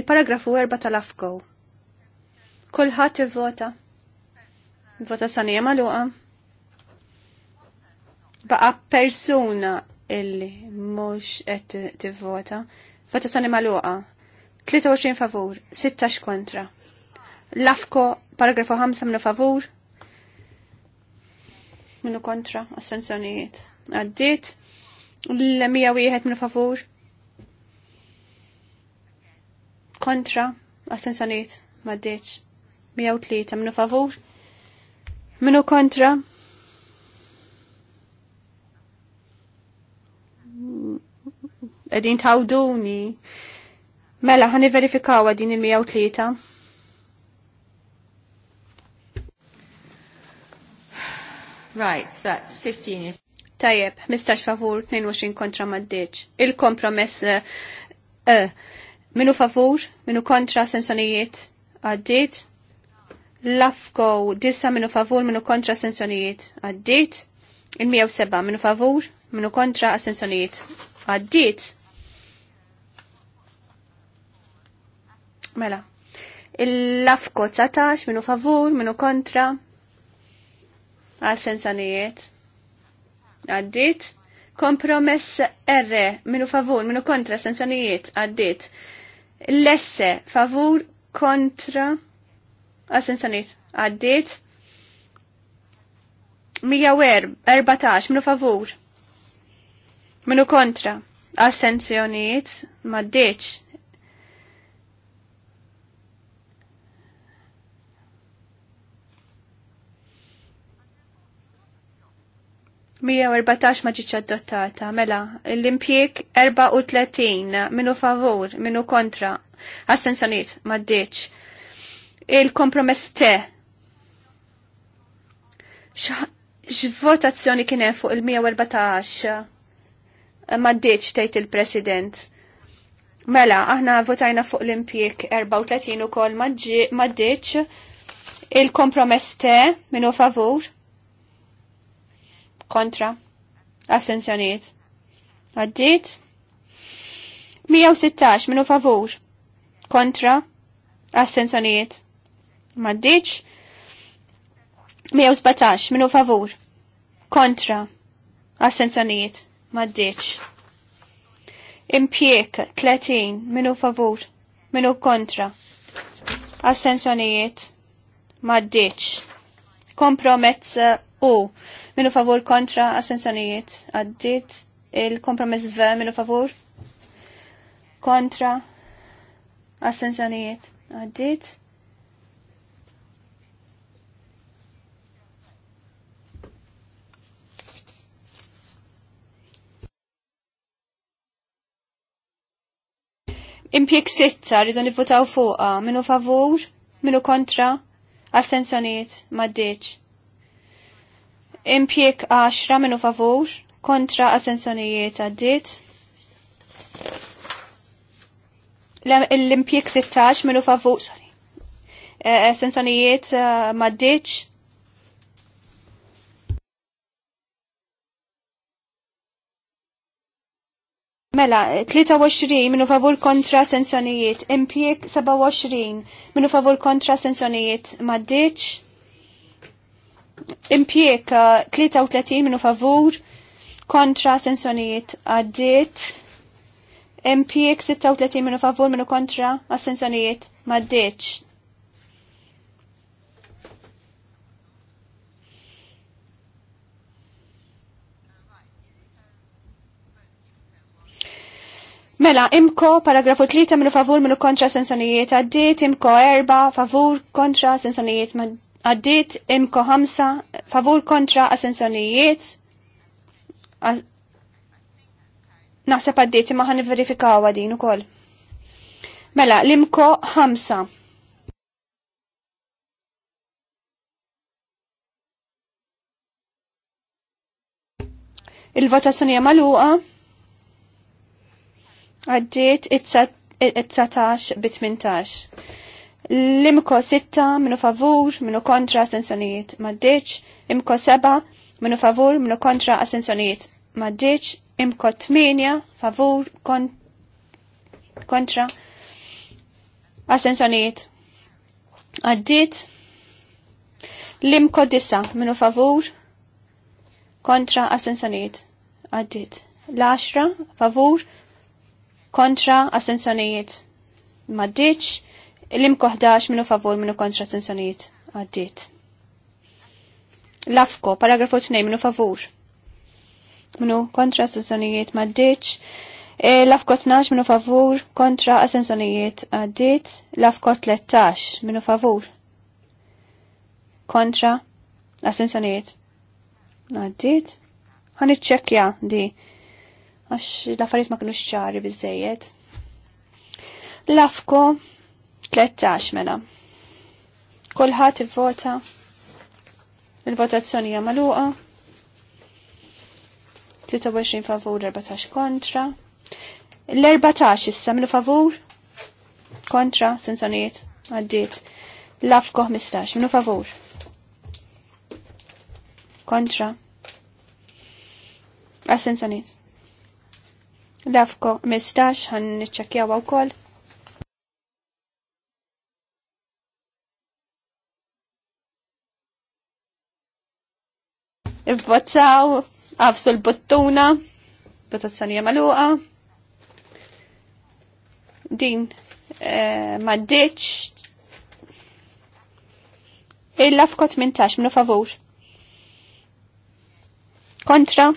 Il-paragrafu 4 tal-afko. il vota Vota sanija maluqa. Baqa persuna illi mux qed tivvota. sanija maluqa. 23 favur, 16 kontra. Lafko, paragrafu 5 minu favur, minu kontra, assenzjonijiet. Għaddit, l-101 minu favur, kontra, assenzjonijiet, maddiċ. 103 minu favur, minu kontra, edin tawduni Mela, ħani verifikawa din il-103. Right, that's 15. Tajjeb, mistax favur, 22 kontra maddeċ. Il-kompromess uh, uh, minu favur, minu kontra sensonijiet għaddit. Lafko, disa minu favur, minu kontra sensonijiet għaddit. Il-107 minu favur, minu kontra sensonijiet għaddit. Mela. Il-lafko tsatax minu favur, minu kontra. Għal sensanijiet. Għaddit. Kompromess R, minu favur, minu kontra, sensanijiet. Għaddit. Lesse, favur, kontra. Għal sensanijiet. Għaddit. 114, minu favur. Minu kontra. Assenzjoniet, deċ. 114 ma adottata, mela, l-impjek 34, minu favur, minu kontra, assenzjoniet, maddeċ. Il-kompromess te. X-votazzjoni kienem fuq il-114, ma ġiċ tejt il-president. Mela, aħna votajna fuq l-impjek 34 u kol maddeċ. il-kompromess te, minu favur, kontra assenzjoniet għaddit 116 minu favur kontra assenzjoniet maddiċ 117 minu favur kontra assenzjoniet maddiċ impjek 30 minu favur, minu kontra. assenzjoniet. maddiċ. Kompromezz u minu favur kontra assenzjonijiet għaddit il-kompromess ve minu favur kontra assenzjonijiet għaddit Impjek sitta rridu nivvotaw fuqa minu favur, minu kontra, assenzjoniet maddeċ impjek 10 minu favur kontra asensonijiet għaddit. L-impjek 16 minu favur, sorry, e, Asensonijiet e, maddiċ. Mela, 23 minu favur kontra sensjonijiet, impjek 27 minu favur kontra sensjonijiet maddiċ impjek 33 minu favur kontra sensonijiet għaddit impjek 36 minu favur minu kontra assenzjonijiet maddeċ. Mela, imko, paragrafu 3 minu favur minu kontra sensonijiet għaddit, imko erba' favur kontra sensonijiet maddeċ għaddit imko ħamsa favur kontra assenzjonijiet. Naħseb għaddit imma ħan verifikaw għadin u koll. Mela, l-imko ħamsa. Il-votazzjoni maluqa għaddit it-19 bit-18. L-imko sitta minu favur, minu kontra ascensionijiet maddeċ, Imko seba minu favur, minu kontra ascensionijiet maddeċ, Imko tminja favur, kon, kontra ascensionijiet għaddit. L-imko disa minu favur, kontra ascensionijiet għaddit. l axra favur, kontra ascensionijiet maddeċ, Il-lim 11 minu favur minu kontra astensjonijiet għaddit. Lafko, paragrafu 2 minu favur. Minu kontra astensjonijiet maddiċ. E, lafko 12 minu favur kontra astensjonijiet għaddit. Lafko 13 minu favur kontra astensjonijiet għaddit. Għan iċċekja di għax l-affarijiet ma kienu ċari bizzejiet. Lafko 13 mela. Kolħat vota Il-votazzjoni hija magħluqa. 23 favur, 14 kontra. L-14 issa mlu favur? Kontra, sensonijiet, għaddiet. Laf 15, minu favur? Kontra. Assenzjoniet. L-afko 15, għan nċakjaw għaw kol. Ivvotaw, għafsu l bottuna votazzjoni maluqa. Din eh, maddiċ. Illa fkot mintax, minu favur. Kontra.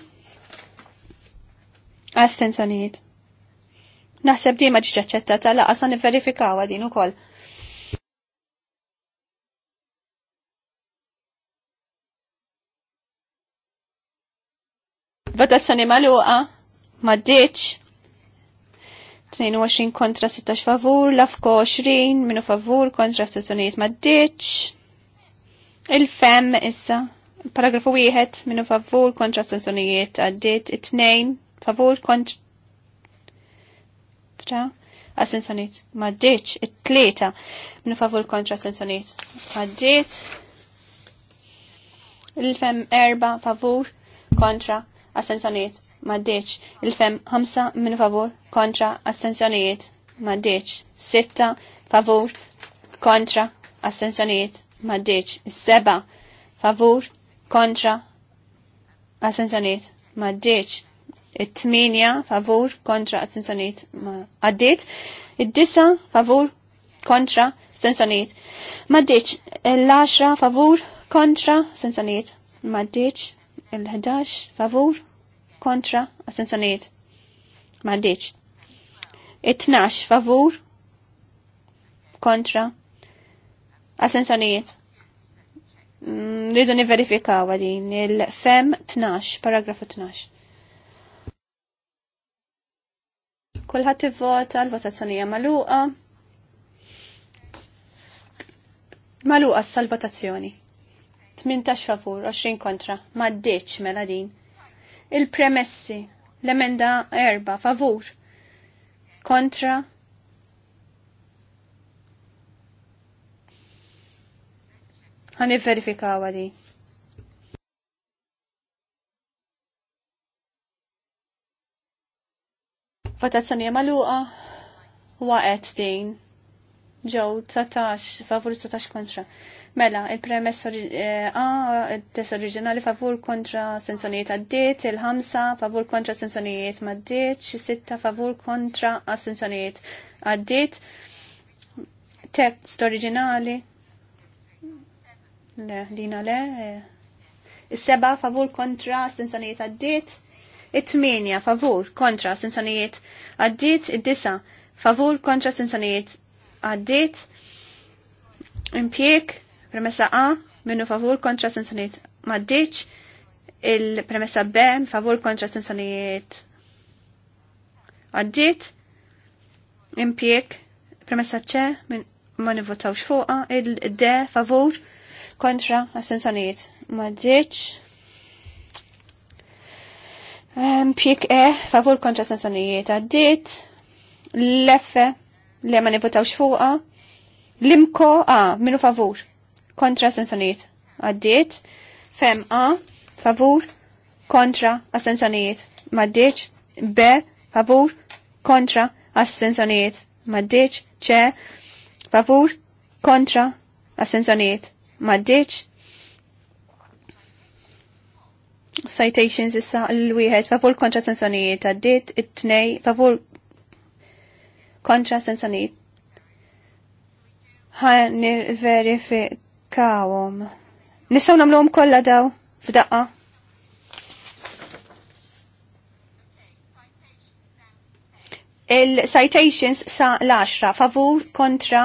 Astenzjonijiet. Naħseb di maġġaċċetta tal-laqqa san verifikawa din u koll. sani maluqa maddiċ 22 kontra 16 favur, lafko 20 minu favur kontra 16 maddiċ. Il-fem issa, paragrafu 1 minu favur kontra 16 għaddit, it-2 favur kontra assenzjoniet maddiċ, it tleta minu favur kontra assenzjoniet maddiċ. Il-fem erba favur kontra astenzjoniet maddeċ. Il-fem 5 min favur kontra astenzjoniet maddeċ. 6 favur kontra astenzjoniet maddeċ. 7 favur kontra astenzjoniet maddeċ. 8 favur kontra astenzjoniet għaddit. Id-9 favur kontra astenzjoniet maddeċ. L-10 favur kontra astenzjoniet maddeċ. Il-11 favur kontra, assenzjoniet, maddiċ. It-tnax favur, kontra, assenzjonijiet? Nridu mm, niverifikaw għadin il-fem tnax, paragrafu tnax Kulħat vota l-votazzjonija maluqa. Maluqa s-salvotazzjoni. 18 favur, 20 kontra. Maddeċ mela din. Il-premessi, l-emenda erba, favur, kontra, ħan verifikaw għadi. Votazzjoni maluqa waqgħet din ġew 19 favur 19 kontra. Mela, il-premess eh, A, il-test oriġinali favur kontra sensonijiet għaddit, il-ħamsa favur kontra sensonijiet maddit, sitta favur kontra sensonijiet għaddit, test oriġinali, le, dina le, eh. il-seba favur kontra sensonijiet għaddit, it-tminja favur kontra sensonijiet għaddit, id-disa favur kontra sensonijiet għaddit, Impiek. Premessa A minnu favur kontra sensonijiet maddiċ. Il-premessa B favur kontra sensonijiet għaddit. Impjek premessa C minn ma nivvotawx fuqa. Il-D favur kontra assenzjonijiet maddiċ. Impjek E favur kontra sensonijiet għaddit. L-F le ma nivvotawx fuqa. imko A minu favur kontra astensjonijiet għaddiet, fem A, favur, kontra astensjonijiet maddiċ, B, favur, kontra astensjonijiet maddiċ, C, favur, kontra astensjonijiet maddiċ, citations issa l-wieħed favur kontra sensonijiet għaddit, it-tnej favur kontra sensonijiet. Ħan verifik. Kawom, Nistgħu nagħmluhom kollha daw f'daqqa. Il-citations sa l-10 favur kontra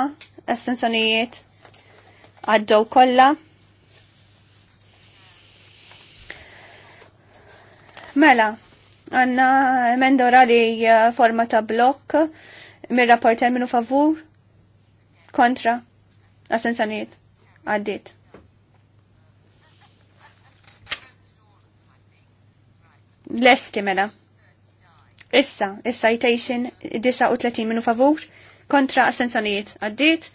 astenzjonijiet għaddew kollha. Mela, għanna mendora li eh, forma ta' blok mir rapport minu favur kontra astenzjonijiet Għaddit. Lesti mela. Issa, issa citation 39 minu favur kontra assenzjonijiet. Għaddit.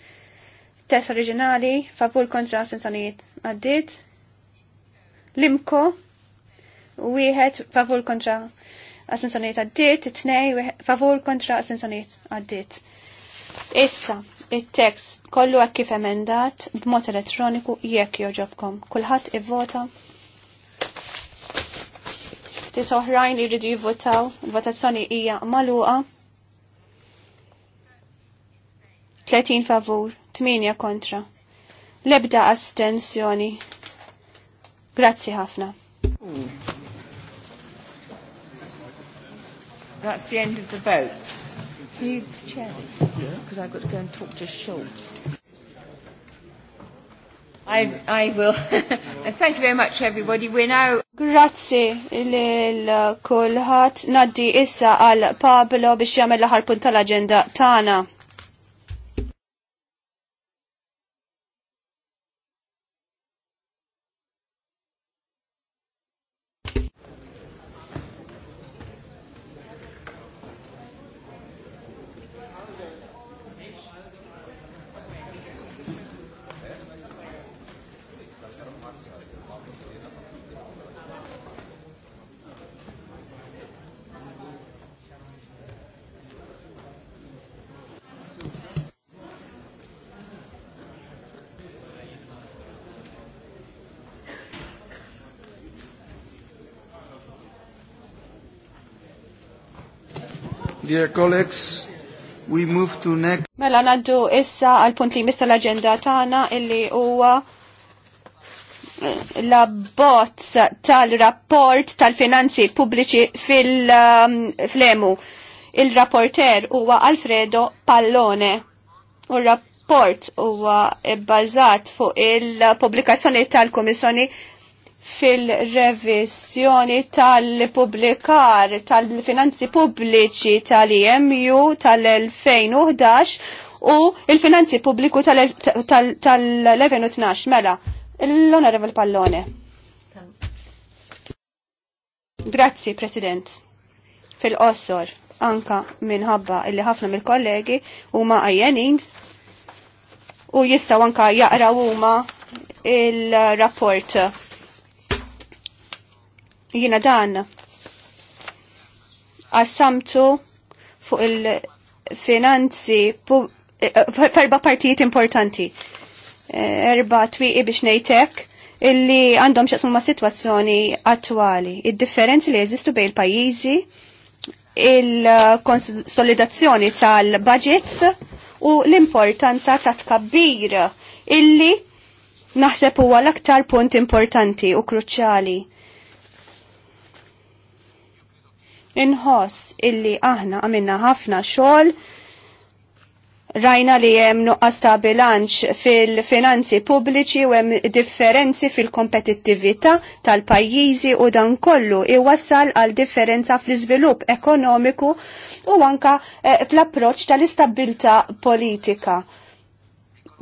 Test oriġinali favur kontra assenzjonijiet. Għaddit. Limko. Wieħed favur kontra assenzjonijiet. Għaddit. Tnej favur kontra assenzjonijiet. Għaddit. Issa, it text kollu hekk kif emendat b'mod elettroniku jekk joġobkom. Kulħadd ivvota. Ftit oħrajn li jridu jivvotaw, votazzjoni hija magħluqa. 30 favur, 8 kontra. Lebda astensjoni. Grazzi ħafna. That's the end of the votes. Can you chair this? Because yeah. I've got to go and talk to Schultz. I, I will. and thank you very much, everybody. We're now... Grazzi lil kulħat Naddi issa għal Pablo biex jagħmel l punt tal aġenda tagħna. Dear colleagues, we move to next. Mela naddu issa għal punt li mista l-agenda tagħna illi huwa la bozz tal-rapport tal-finanzi pubbliċi fil-flemu. Um, Il-rapporter huwa Alfredo Pallone. U rapport huwa bbażat fuq il-pubblikazzjoni tal-Kummissjoni fil-revisjoni tal-publikar tal-finanzi pubbliċi tal-IMU tal-2011 u il-finanzi pubbliku tal-2012 mela. L-Onorevole Pallone. Grazzi, President. Fil-qossor, anka minħabba illi ħafna mill-kollegi huma għajjenin u jistaw anka jaqraw huma il-rapport Jina dan għassamtu fuq il-finanzi eh, f'erba partijiet importanti. Eh, erba twiqi biex nejtek illi għandhom xaqsmu ma' situazzjoni attwali. Id-differenzi li jeżistu bejn il-pajjiżi, il-konsolidazzjoni tal-budgets u l-importanza ta' tkabbir illi naħseb huwa l-aktar punt importanti u kruċjali inħoss illi aħna għamilna ħafna xogħol rajna li hemm nuqqas ta' bilanċ fil-finanzi pubbliċi u hemm differenzi fil-kompetittività tal-pajjiżi u dan kollu iwassal għal differenza fl-iżvilupp ekonomiku u anka eh, fl-approċċ tal-istabilità politika.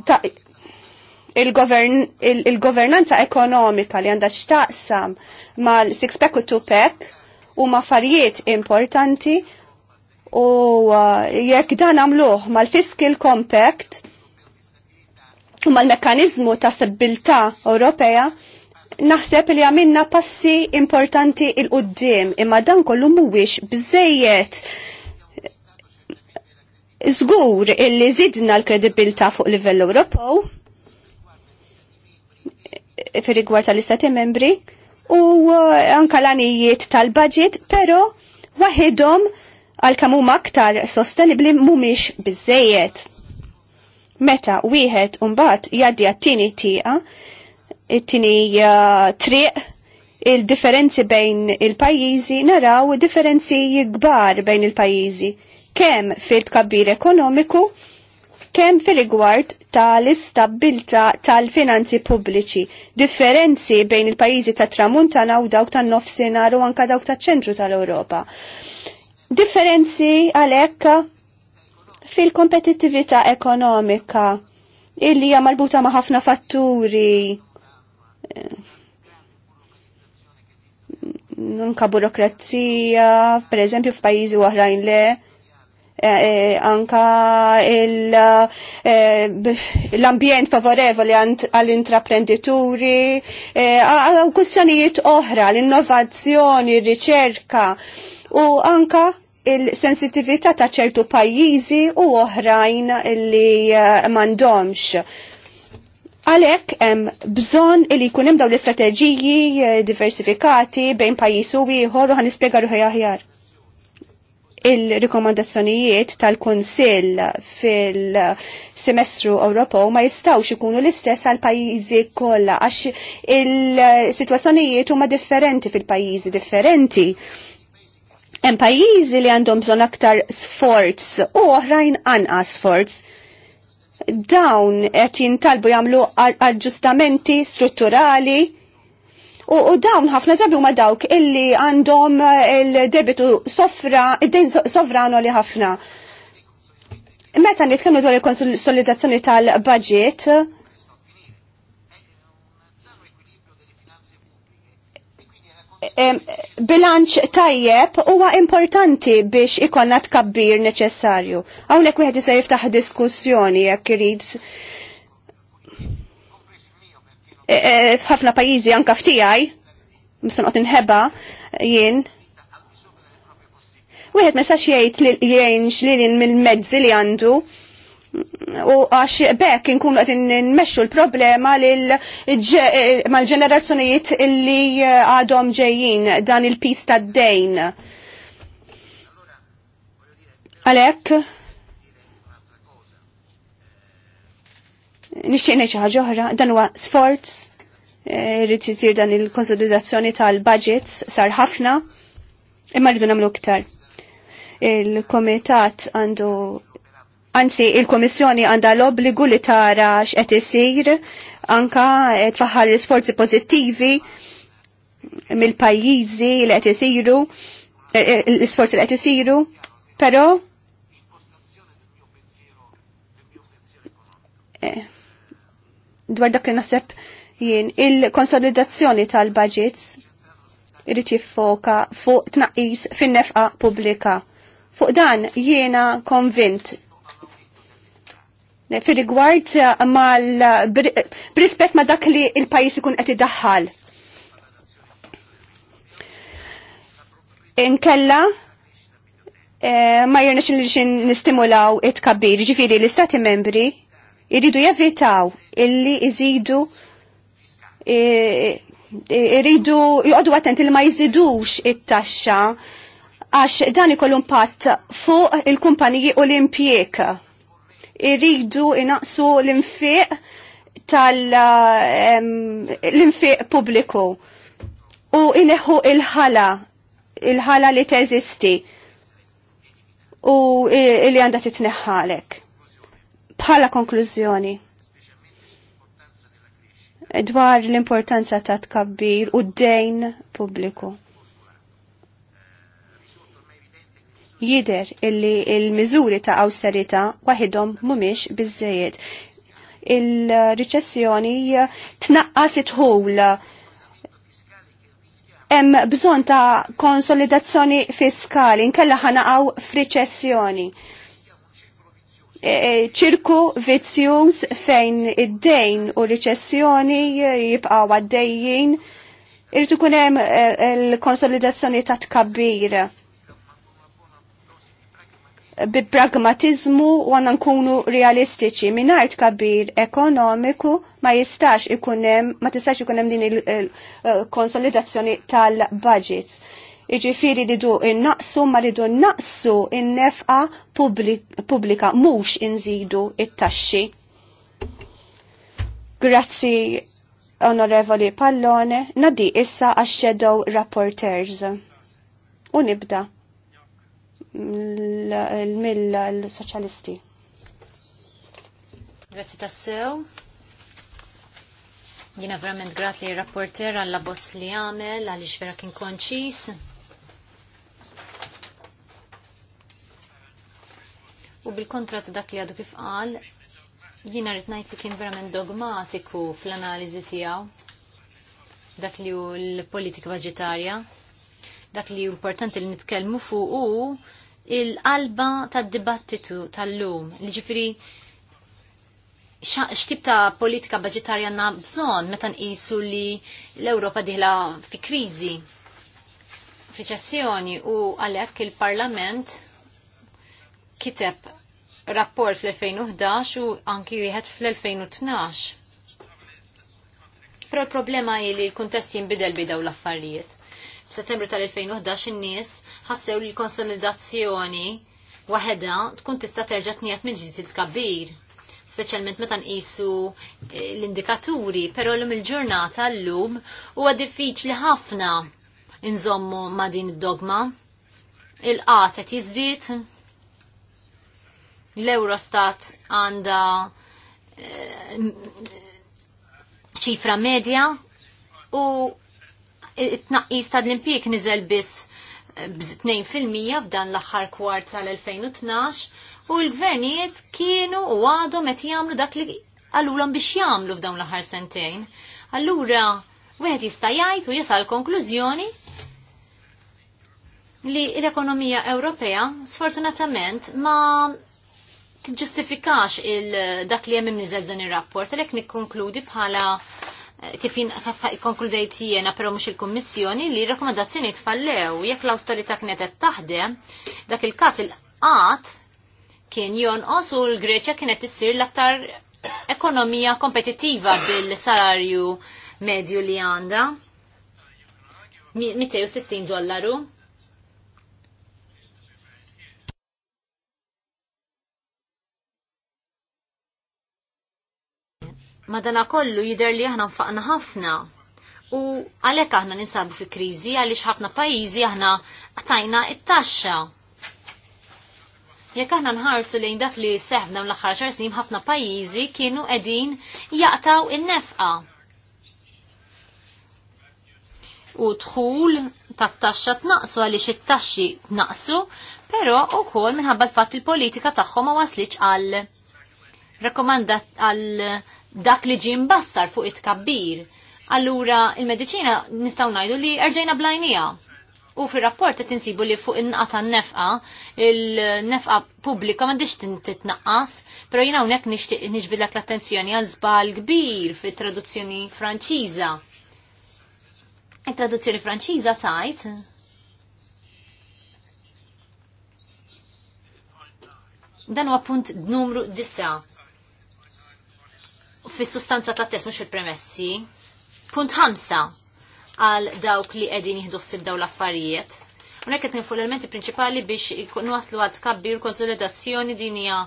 Ta il-governanza il il ekonomika li għandha xtaqsam mal-six pack u two pack u maffarijiet importanti u uh, jekk dan għamluħ mal-Fiscal Compact u mal mekanizmu ta' stabilta Ewropea, naħseb li għamilna passi importanti il-qoddim, imma dan kollu mhuwiex biżejjed Zgur illi zidna l-kredibilta fuq livell Ewropew, fir rigward tal-istati membri, u eh, anka l-anijiet tal-budget, pero waħedhom għal-kamu aktar sostenibli mumiex bizzejiet. Meta wieħed umbat jaddi għattini tiqa, it-tini eh, triq, il-differenzi bejn il-pajizi, naraw differenzi jikbar bejn il-pajizi. Kem fil-tkabbir ekonomiku, kemm fil ta' tal-istabilta tal-finanzi pubbliċi, differenzi bejn il-pajjiżi ta' tramuntana u dawk tan nofsinhar u anka dawk ta' ċentru tal-Ewropa. Differenzi għalhekk fil-kompetittività ekonomika illi hija marbuta ma' ħafna fatturi anka burokrazija, per eżempju f'pajjiżi oħrajn le, Eh, eh, anka eh, l-ambjent favorevoli għall-intraprendituri, għal kustjonijiet oħra, l-innovazzjoni, r-riċerka u anka il-sensitivita ta' ċertu pajjiżi u oħrajn li mandomx. Għalek, bżon li kunem daw l-istrateġiji diversifikati bejn pajjiż u ieħor u għan ruħi aħjar il-rikomandazzjonijiet tal-Kunsill fil-semestru Ewropew ma jistawx ikunu l-istess għal pajjiżi kollha għax il-sitwazzjonijiet huma differenti fil-pajjiżi differenti. Hemm pajjiżi li għandhom bżonn aktar sforz u oħrajn anqas sforz. Dawn qed jintalbu jagħmlu aġġustamenti strutturali U, u dawn ħafna drabi huma dawk illi għandhom eh, il-debitu sofra, id-dejn sofrano li ħafna. Meta nitkellmu dwar il-konsolidazzjoni tal-budget, bilanċ tajjeb huwa importanti biex ikonna tkabbir neċessarju. Hawnhekk wieħed jista' jiftaħ diskussjoni jekk irid Eh, eh, f'ħafna pajjiżi anka ftijaj, noqgħod inħeba jien. Wieħed ma sax jgħid jgħinx lil mill-mezzi li għandu u għax bekk inkunu qed nmexxu l-problema eh, mal-ġenerazzjonijiet illi għadhom ġejjin dan il-pis tad-dejn. Għalhekk nixtieq ngħid xi ħaġa oħra, dan huwa sforz eh, rrid isir dan il-konsolidazzjoni tal-budgets sar ħafna imma rridu nagħmlu iktar. Il-komitat għandu anzi il-Komissjoni għandha l-obbligu li tara x'qed isir anka tfaħħar sforzi pożittivi mill-pajjiżi li qed isiru eh, eh, l-isforzi li qed isiru, però eh, dwar dak li naħseb jien il-konsolidazzjoni tal-budgets irrid jiffoka fuq tnaqqis fin-nefqa pubblika. Fuq dan jiena konvint fil-rigward eh, mal brispet ma dak li il-pajis ikun qed idaħħal. Inkella eh, ma jirnex li xin nistimulaw it kabir ġifiri l-istati membri Iridu jevitaw illi iżidu e, e, iridu jgħodu attenti li ma jżidux it-taxxa għax dan ikollu impatt fuq il-kumpaniji u l-impjek. Iridu inaqsu l-infiq tal-infiq pubbliku u ineħu il-ħala il-ħala li teżisti u e, li għandha titneħħalek bħala konklużjoni dwar l-importanza ta' tkabbir u d-dejn pubbliku. Jider illi il-miżuri ta' austerita waħidhom mumiex biżejjed. Il-riċessjoni tnaqqas it-ħul hemm bżonn ta' konsolidazzjoni fiskali, nkella ħanaqgħu f'riċessjoni. Eh, eh, ċirku vizzjuż fejn id-dejn u riċessjoni eh, jibqaw għaddejjien irtu ikun hemm l-konsolidazzjoni ta' tkabbir bi pragmatizmu u għanna nkunu realistiċi. Minajt kabir ekonomiku ma jistax ikunem, ma tistax ikunem din il-konsolidazzjoni tal-budgets. il konsolidazzjoni tal budgets Iġifiri ridu innaqsu ma ridu naqsu in-nefqa pubblika mhux inżidu it-taxxi. Grazzi Onorevoli Pallone, nadi issa għax-Shadow Rapporteurs. U nibda mill-soċjalisti. Grazzi tassew. Jina verament grat li rapporter għalla bozz li għamel, għalix vera kien konċis U bil-kontra ta' dak li għadu kif qal, jina rrit li kien verament dogmatiku fl-analizi tijaw, dak li u l-politika vegetarja, dak li u importanti li nitkelmu fuq u il-qalba tad dibattitu tal-lum, li ġifiri xtib ta' politika vegetarja na bżon metan isu li l-Europa diħla fi krizi, fi ċessjoni u għalek il-parlament kiteb rapport fl-2011 u anki wieħed fl-2012. Però l-problema hi li l-kuntest jinbidel bidaw l-affarijiet. F'Settembru tal-2011 in-nies ħassew li l-konsolidazzjoni waħedha tkun tista' terġa' tniet minn ġdid il-kabbir specialment meta nqisu eh, l-indikaturi, però l il-ġurnata l-lum huwa diffiċli ħafna inżommu ma' din id-dogma. Il-qatet jiżdied, l-Eurostat għanda eh, ċifra medja u it-naqqis ta' l-impjek nizel bis eh, b-2% f'dan l-axħar kwart tal-2012 u l-gvernijiet kienu u għadhom qed jagħmlu dak li għallulhom biex jagħmlu f'dawn l-aħħar sentejn. Allura wieħed jista' jgħid u jasal konklużjoni li l-ekonomija Ewropea sfortunatament ma tiġġustifikax il-dak li jemmim nizel dan il-rapport, għalek nikkonkludi bħala eh, kif konkludejt jiena però mhux il-Kummissjoni li rekomendazzjoni tfallew jekk l-awtorità kienet qed taħdem dak il-każ il-qatt kien jonqos u l-Greċja kienet issir l-aktar ekonomija kompetittiva bil-salarju medju li għandha 260 dollaru madana kollu jider li aħna nfaqna ħafna. U għalek aħna ninsabu fi krizi għaliex ħafna pajizi aħna għatajna it-taxxa. Jekk aħna nħarsu lejn dak li seħbna l-aħħar xar snin ħafna pajjiżi kienu qegħdin jaqtaw in-nefqa. U dħul tat-taxxa t-naqsu għaliex it-taxxi pero però kol minħabba l fat il-politika tagħhom ma waslitx għal rekomandat għal dak li ġim mbassar fuq it-kabbir. Allura il-medicina nistaw najdu li erġejna blajnija. U fi rapport qed tinsibu li fuq in-naqa nefqa il-nefqa pubblika m'għandix titnaqqas, però jiena hawnhekk niġbidlek l-attenzjoni għal żbal kbir fit-traduzzjoni Franċiża. Il-traduzzjoni Franċiża tajt dan huwa punt numru disa' fis-sustanza ta' test mhux fil-premessi. Punt ħamsa għal dawk li qegħdin jieħdu xsib dawn l-affarijiet. Unek qed nfu l-elementi prinċipali biex nwaslu għad l konsolidazzjoni din hija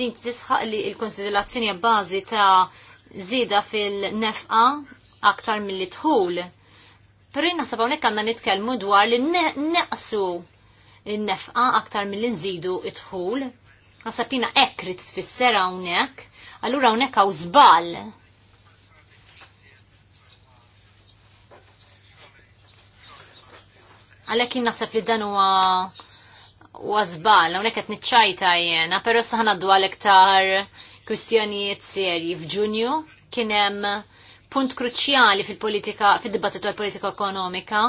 din tisħaq li l-konsiderazzjoni bażi ta' zida fil-nefqa aktar mill-li tħul. Pero jina sabaw nek għanna nitkelmu dwar li neqsu n nefqa aktar mill-li nżidu it-ħul. Għasabina ekrit tfisser unek. Allura hawnhekk hawn żball. Għalhekk jien naħseb li dan huwa huwa żball, hawnhekk qed niċċajta jiena, però sa ħanaddu għal iktar kwistjonijiet serji f'Ġunju kien hemm punt kruċjali fil-politika, fil-dibattitu għal-politika ekonomika,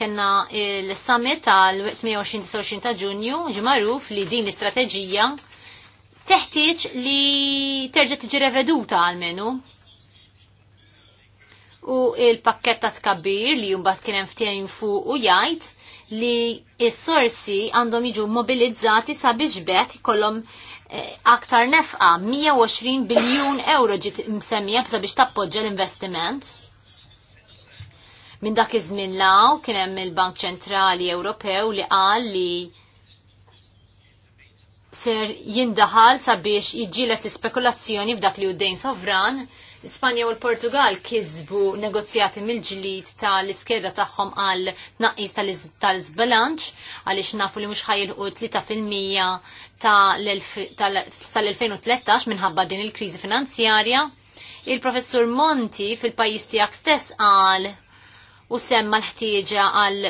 kena il-summit għal-28-29 ta' ġunju, ġimaruf li din l-istrateġija teħtieġ li terġa' tiġi reveduta għalmenu. U il pakketta ta' tkabbir li jumbat kien hemm ftehim fuq u jgħid li s-sorsi għandhom jiġu mobilizzati sabiex bekk kollhom eh, aktar nefqa 120 biljun euro ġiet msemmija sabiex tappoġġa l-investiment. Minn dak iż-żmien law kien hemm il-Bank Ċentrali Ewropew li qal li ser jindaħal sabiex jġilet l-spekulazzjoni f'dak li dejn sovran, l-Ispanja u l-Portugal kizbu negozjati mill-ġlid tal-iskeda tagħhom għal tnaqqis tal zbalanċ għaliex nafu li mhux ħajilqu 3% tal-2013 minħabba din il-kriżi finanzjarja. Il-professur Monti fil-pajjiż tiegħek stess qal u semma l-ħtieġa għal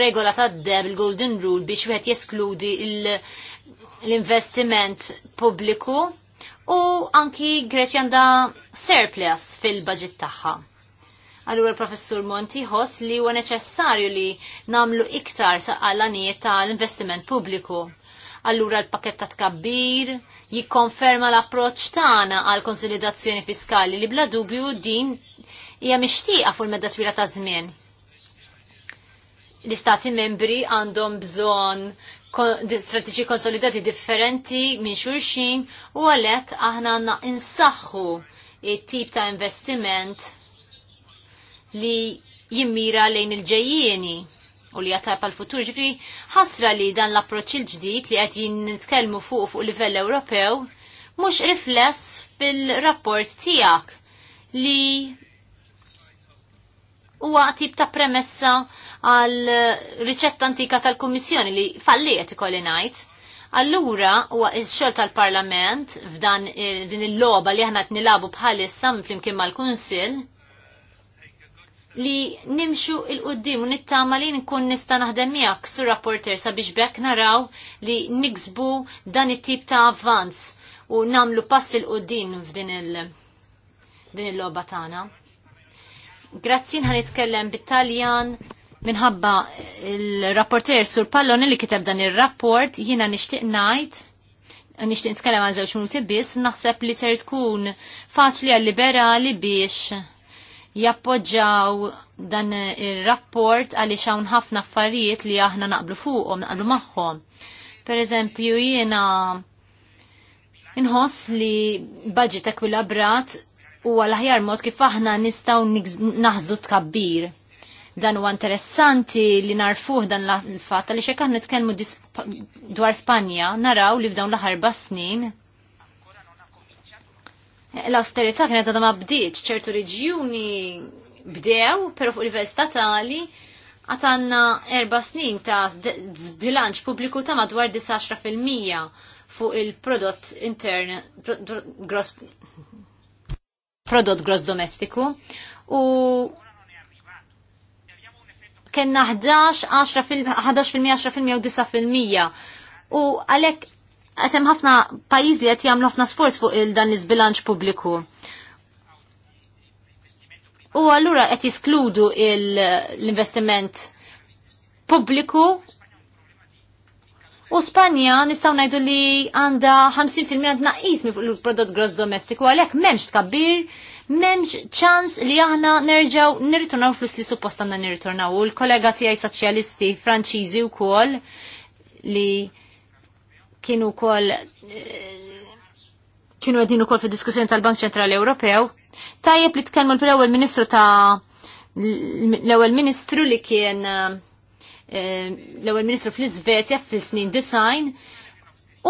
regola tad-deb il-Golden Rule biex wieħed jeskludi il- l-investiment pubbliku u anki Greċja għandha surplus fil-budget tagħha. Allura professur Monti ħoss li huwa neċessarju li namlu iktar saqqalanijiet tal-investiment pubbliku. Allura l pakett ta' tkabbir jikkonferma l-approċ tagħna għal konsolidazzjoni fiskali li bla dubju din hija mixtieqa fuq il-medda twila ta' żmien. L-istati membri għandhom bżonn strategi konsolidati differenti minn xulxin u għalhekk aħna għandna insaħħu it-tip ta' investiment li jimmira lejn il-ġejjieni u li jattar pal futur ġifri ħasra li dan l-approċ il-ġdid li għed jinnitkelmu fuq fuq livell Ewropew mux rifless fil-rapport tijak li huwa tip ta' premessa għal riċetta antika tal-Kummissjoni li falliet ikolli ngħid. Allura huwa x-xogħol tal-Parlament f'dan eh, din il-logħba li aħna qed nilabu bħalissa flimkien mal-Kunsill li nimxu il-qoddim u nittama li nkun nista naħdem miegħek sur rapporter sabiex bekk naraw li niksbu dan it-tip ta' avvanz u namlu pass il-qoddim f'din il- loba il-logħba tagħna. Grazzi nħan itkellem bit-Taljan minħabba il-rapporter sur palloni li kiteb dan il-rapport jina nishtiq najt nishtiq nitkellem għal zewċ minuti biss naħseb li ser tkun faċli għal-liberali biex jappoġġaw dan il-rapport għalli xawn ħafna affarijiet li aħna naqblu fuqhom, naqblu magħhom. Per eżempju jiena inħoss li budget ekwilabrat U l-aħjar mod kif aħna nistgħu naħżu tkabbir dan huwa interessanti li narfuh dan l-fatt li xekan nitkenmu dwar Spanja naraw li f'dawn l-aħħar snin l austerita kienet għadha ma bdiċ ċertu reġjuni bdew, pero fuq livell statali għatanna erba snin ta' zbilanċ pubbliku ta' madwar 10% fuq il-prodott intern, gross prodott gross domestiku u kena 11, 10%, 11%, 10% fil 9% u għalek għatem ħafna pajiz li għet jamlu ħafna sforz fuq il-dan iż-bilanċ publiku. U għallura għet jiskludu l-investiment publiku U Spanja nistaw najdu li għanda 50% naqis il prodott gross domestiku għalhekk m'hemmx tkabbir, m'hemmx ċans li aħna nerġaw nirritornaw flus li suppost għandna nirritornaw. U l-kollega tiegħi soċjalisti Franċiżi wkoll li kienu wkoll kienu għedin ukoll fi diskussjoni tal-Bank Ċentrali Ewropew. Tajjeb li tkellmu l-ewwel Ministru ta' l-ewwel Ministru li kien l-ewwel Ministru fl-Iżvezja fl snin design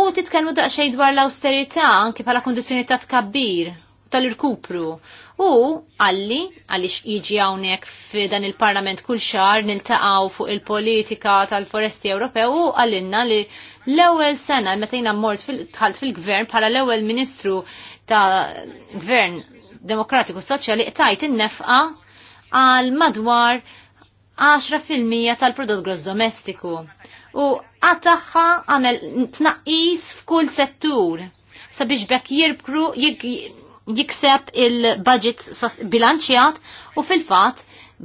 u titkellmu daqsxejn dwar l-austerità anke bħala kondizzjoni ta' tkabbir tal-irkupru. U għalli, għalli jiġi għawnek f'dan il-parlament kull xar niltaqaw fuq il-politika tal-foresti Ewropew u għallinna li l-ewel sena, metajna mort tħalt fil-gvern bħala l-ewel ministru ta' gvern demokratiku soċjali tajt innefqa għal madwar 10% tal-prodott gross domestiku. U għataħħa għamel tnaqqis f'kull settur sabiex bekk jirbkru jikseb il-budget bilanċjat u fil-fat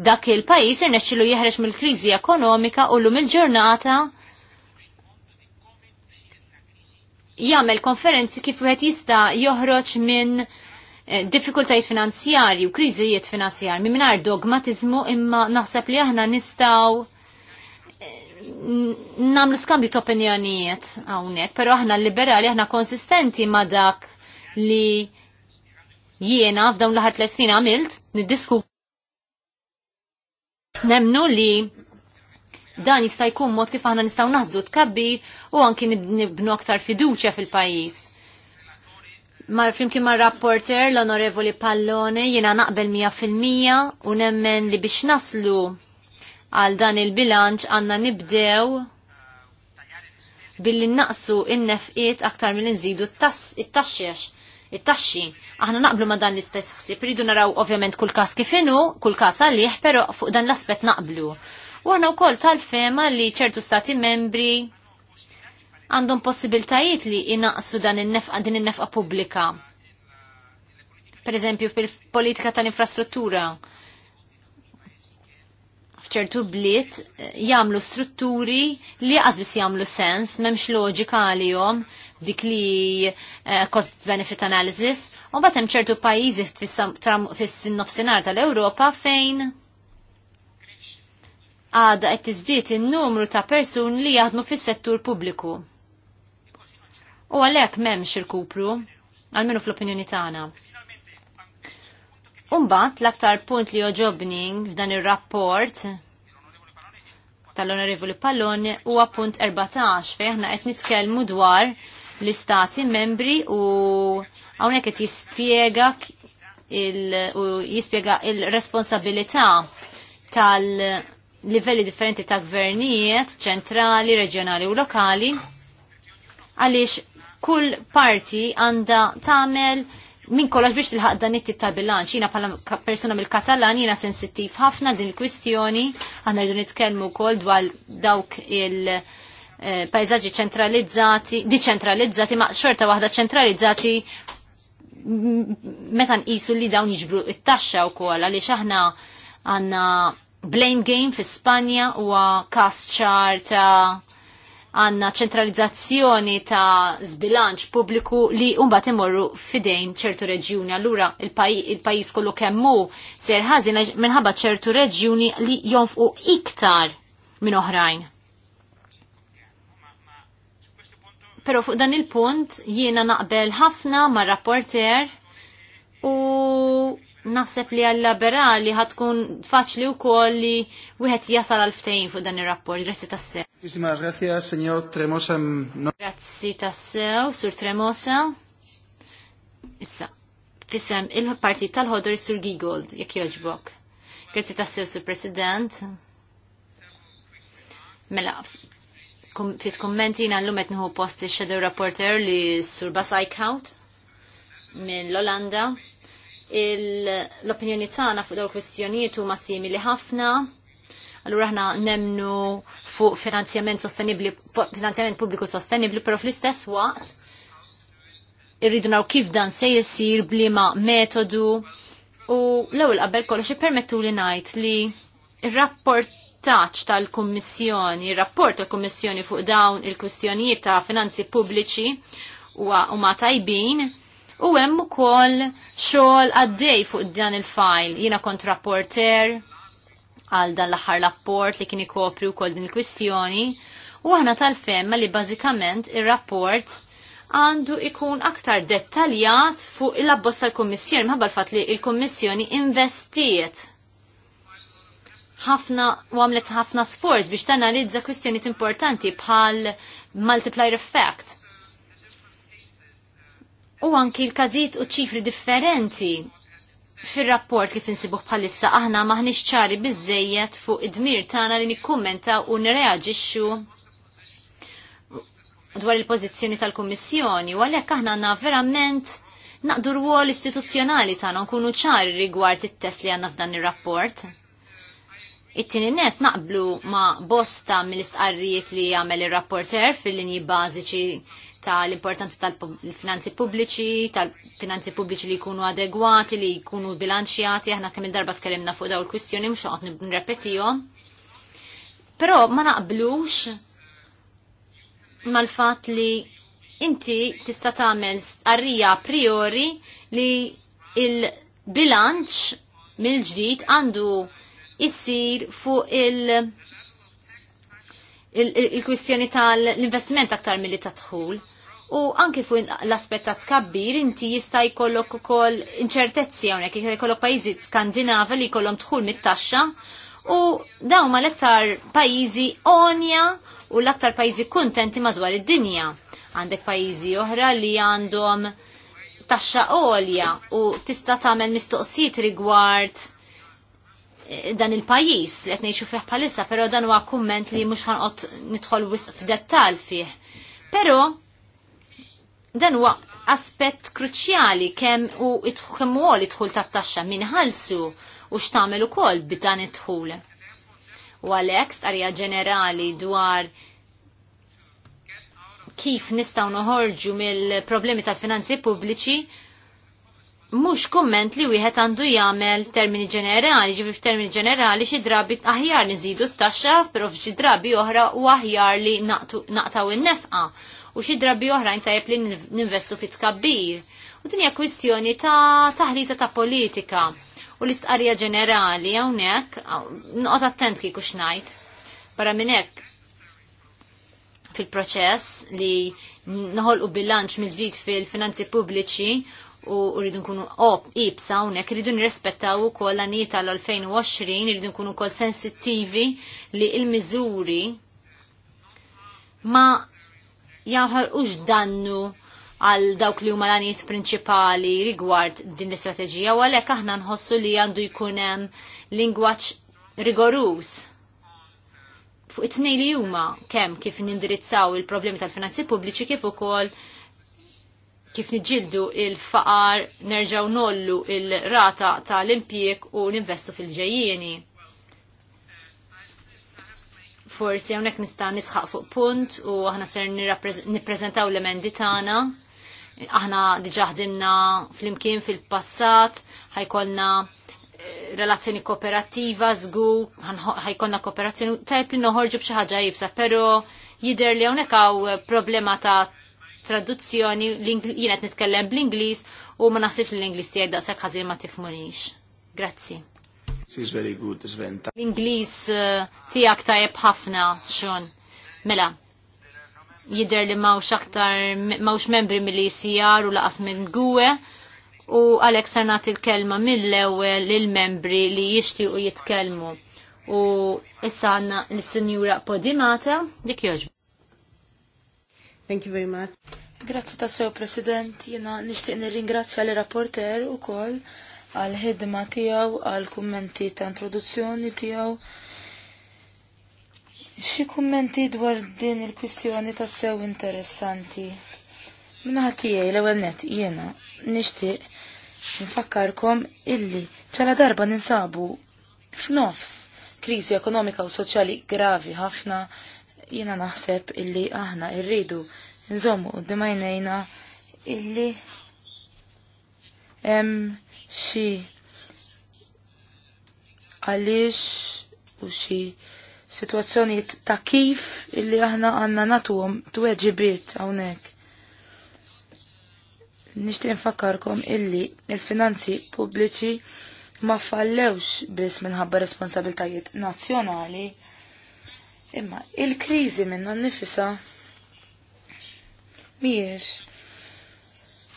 dak il-pajis irnexxilu jeħreġ mill-kriżi ekonomika u lum il-ġurnata jagħmel konferenzi kif wieħed jista' joħroġ minn Eh, diffikultajiet finanzjarji u kriżijiet finanzjarji mingħajr dogmatizmu imma naħseb li aħna nistgħu eh, namlu skambju ta' opinjonijiet hawnhekk, però aħna liberali aħna konsistenti ma' dak li jiena f'dawn l-aħħar tliet għamilt niddisku nemnu li dan jista' jkun mod kif aħna nistgħu naħżdu tkabbir u anki nibnu aktar fiduċja fil-pajjiż. Mar flimkien mar rapporter l-onorevoli Pallone jiena naqbel 100% u nemmen li biex naslu għal dan il-bilanċ għanna nibdew billi naqsu in-nefqiet aktar mill nżidu it taxxex it-taxxi. Aħna naqblu ma dan l-istess ħsieb, rridu naraw ovvjament kull każ kifinu, kull każ għalih, però fuq dan l-aspett naqblu. U aħna wkoll tal-fema li ċertu stati membri għandhom possibiltajiet li inaqsu dan il-nefqa din il-nefqa pubblika. Per eżempju, fil-politika tal-infrastruttura. F'ċertu bliet eh, jagħmlu strutturi li għazbis jagħmlu sens, m'hemmx loġika għalihom dik li eh, cost benefit analysis, u batem hemm ċertu pajjiżi fis-nofsinhar tal-Ewropa fejn għada qed tiżdied in-numru ta' persuni li jaħdmu fis-settur pubbliku. U għalhekk m'hemmx kupru għalmenu fl-opinjoni tagħna. Umbat, l-aktar punt li oġobni f'dan ir-rapport tal-Onorevoli Pallone huwa punt 14 fejn aħna qed nitkellmu dwar l-istati membri u hawnhekk qed jispjega il u jispjega il-responsabilità tal-livelli differenti ta' gvernijiet ċentrali, reġjonali u lokali għaliex kull parti għandha tagħmel minn kollox biex tilħaq dan it-tip ta' bilanċ. Jiena bħala persuna mill-Katalan jiena sensittiv ħafna din il-kwistjoni, aħna rridu nitkellmu wkoll dwar dawk il- eh, pajzaġġi ċentralizzati, diċentralizzati, ma xorta waħda ċentralizzati meta nqisu li dawn jiġbru it-taxxa wkoll għaliex aħna għandna blame game fi Spanja huwa kas ċarta għanna ċentralizzazzjoni ta' zbilanċ pubbliku li umbat imorru fidejn ċertu reġjuni. Allura il-pajis kollu kemmu ser ħażin minħabba ċertu reġjuni li jonfqu iktar minn oħrajn. Pero fuq dan il-punt jiena naqbel ħafna ma' rapporter u naħseb li għal-liberali ħatkun faċli u koll li wieħed jasal għal-ftejn fuq dan ir-rapport. Grazzi tassew. Muchísimas Tremosa. Grazzi tassew, sur Tremosa. Issa, fissem il-parti tal ħodur sur Gigold, jekk joġbok. Grazzi tassew, sur President. Mela, fit kommenti jina l-lumet nħu posti shadow rapporter li sur Basai Kaut minn l-Olanda l-opinjoni tagħna fuq dawn kwistjonijiet huma simili ħafna. Allura aħna nemnu fuq finanzjament sostenibli, finanzjament pubbliku sostenibli, però fl-istess waqt irridu naw kif dan se jisir bliema metodu u l-ewwel qabel kollox ippermettu li ngħid li r rapportaġġ tal-Kummissjoni, r rapport tal-Kummissjoni fuq dawn il-kwistjonijiet ta' finanzi pubbliċi huwa huma tajbin U hemm ukoll xogħol għaddej fuq dan il file Jiena kont rapporter għal dan l-aħħar rapport li kien ikopri wkoll din il-kwistjoni. U aħna tal-femma li bażikament ir-rapport għandu ikun aktar dettaljat fuq il-abbozz tal-Kummissjoni, mħabba l-fatt li l kummissjoni investiet ħafna u għamlet ħafna sforz biex tanalizza kwistjonijiet importanti bħal multiplier effect u anki l-kazit u ċifri differenti fil-rapport kif insibuħ bħalissa aħna maħniex ċari biżejjed fuq id-dmir tagħna li nikkummenta u nreaġixxu dwar il-pożizzjoni tal-Kummissjoni u għalhekk aħna għanna verament naqdu rwol istituzzjonali tagħna nkunu ċari rigward it-test li għandna f'dan ir-rapport. It-tieni net naqblu ma' bosta mill-istqarrijiet li jagħmel ir-rapporter fil-linji bażiċi tal-importanza tal-finanzi pubbliċi, tal-finanzi pubbliċi li jkunu adegwati, li jkunu bilanċjati, aħna kemm il-darba tkellimna fuq daw il-kwistjoni mhux qed nirrepetihom. Però ma naqblux mal-fatt li inti tista' tagħmel arrija a priori li il-bilanċ mill-ġdid għandu issir fuq il- il-kwistjoni il il tal-investiment aktar mill-li tadħul. U anki fuq l-aspett ta' tkabbir inti jista' jkollok ukoll inċertezzi hawnhekk jista' jkollok pajjiżi Skandinavi li jkollhom dħul mit-taxxa u dawn ma l-aktar pajjiżi onja u l-aktar pajjiżi kuntenti madwar id-dinja. Għandek pajjiżi oħra li għandhom taxxa għolja u tista' tagħmel mistoqsijiet rigward eh, dan il-pajjiż li qed ngħixu fih bħalissa, però dan huwa kumment li mhux ħanqod nidħol wisq f'dettall fih. Però Dan huwa aspett kruċjali kemm u kemm ukoll dħul tat-taxxa min ħalsu u x'tagħmel ukoll b'dan id-dħul. U għalhekk stqarrija ġenerali dwar kif nistgħu noħorġu mill-problemi tal-finanzi pubbliċi mux komment li wieħed għandu jagħmel termini ġenerali, ġifri f'termini ġenerali xi drabi aħjar niżidu t-taxxa, però f'xi drabi oħra u aħjar li naqtaw in-nefqa u xi drabi oħrajn tajjeb li ninvestu fit tkabbir. U din hija kwistjoni ta' taħlita ta' politika u l-istqarrija ġenerali hawnhekk noqgħod attent kieku ngħid, Barra minn hekk fil-proċess li noħolqu bilanċ mill-ġdid fil-finanzi pubbliċi u rridu nkunu op ibsa hawnhekk rridu nirrispettaw ukoll l-għanijiet tal-2020 rridu nkunu wkoll sensittivi li l-miżuri ma jaħolqux dannu għal dawk li huma l prinċipali rigward din l-istrateġija u għalhekk aħna nħossu li għandu jkun hemm lingwaġġ rigorus fuq it-tnej li huma kemm kif nindirizzaw il-problemi tal-finanzi pubbliċi kif ukoll kif niġildu il-faqar nerġaw nollu il-rata tal-impjek u ninvestu fil-ġejjieni forsi hawnhekk nista' nisħaq fuq punt u aħna ser nippreżentaw l-emendi tagħna. Aħna diġà ħdimna flimkien fil-passat, ħajkolna eh, relazzjoni kooperattiva, żgur, ħajkolna kooperazzjoni tajb li noħorġu b'xi ħaġa jibsa, però jidher li hawnhekk hawn problema ta' traduzzjoni jienet qed nitkellem bl-Ingliż u ma naħsibx li l inglis tijaj daqshekk ħażin ma tifmunix. Grazzi. She's very good, Sven. L-Inglis eh, tijak tajab ħafna, xon. Mela, jider li mawx aktar, mawx membri mill-ICR u laqas minn gwe u e Alex sarnat il-kelma mill-ewel il-membri li jishti u jitkelmu. U issa għanna l-Senjura Podimata, dik joġbu. Thank you very much. Grazzi ta' sew, President. Jena nishtiq nirringrazzja l rapporter u koll għal-ħidma tiegħu, għal-kummenti ta' introduzzjoni tiegħu. Xi kummenti dwar din il-kwistjoni ta' sew interessanti. Minnaħat tiegħi l-ewwel net jiena nixtieq nfakkarkom illi ċala darba ninsabu f'nofs kriżi ekonomika u soċjali gravi ħafna jiena naħseb illi aħna irridu nżommu u dimajnejna illi xi għaliex u xi situazzjoni ta' kif illi aħna għanna natuhom tweġibiet hawnhekk. Nixtieq nfakkarkom illi il-finanzi pubbliċi ma fallewx biss minħabba responsabiltajiet nazzjonali imma il-kriżi minna nifisa mhijiex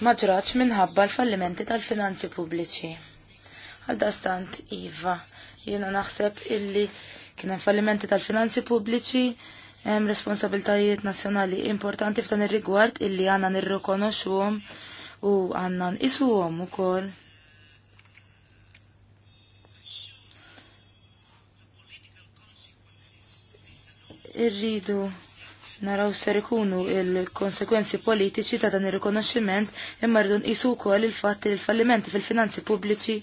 ma minħabba l-fallimenti tal-finanzi pubbliċi. Għaldastant, Iva, jiena naħseb illi kien hemm fallimenti tal-finanzi pubbliċi, hemm responsabiltajiet nazzjonali importanti f'dan ir-rigward illi għandna nirrikonoxxuhom u għandna nqisuhom ukoll. Irridu naraw ser ikunu il-konsekwenzi politiċi ta' dan ir-rikonoxximent imma rridu nqisu wkoll il-fatt li l-fallimenti fil-finanzi pubbliċi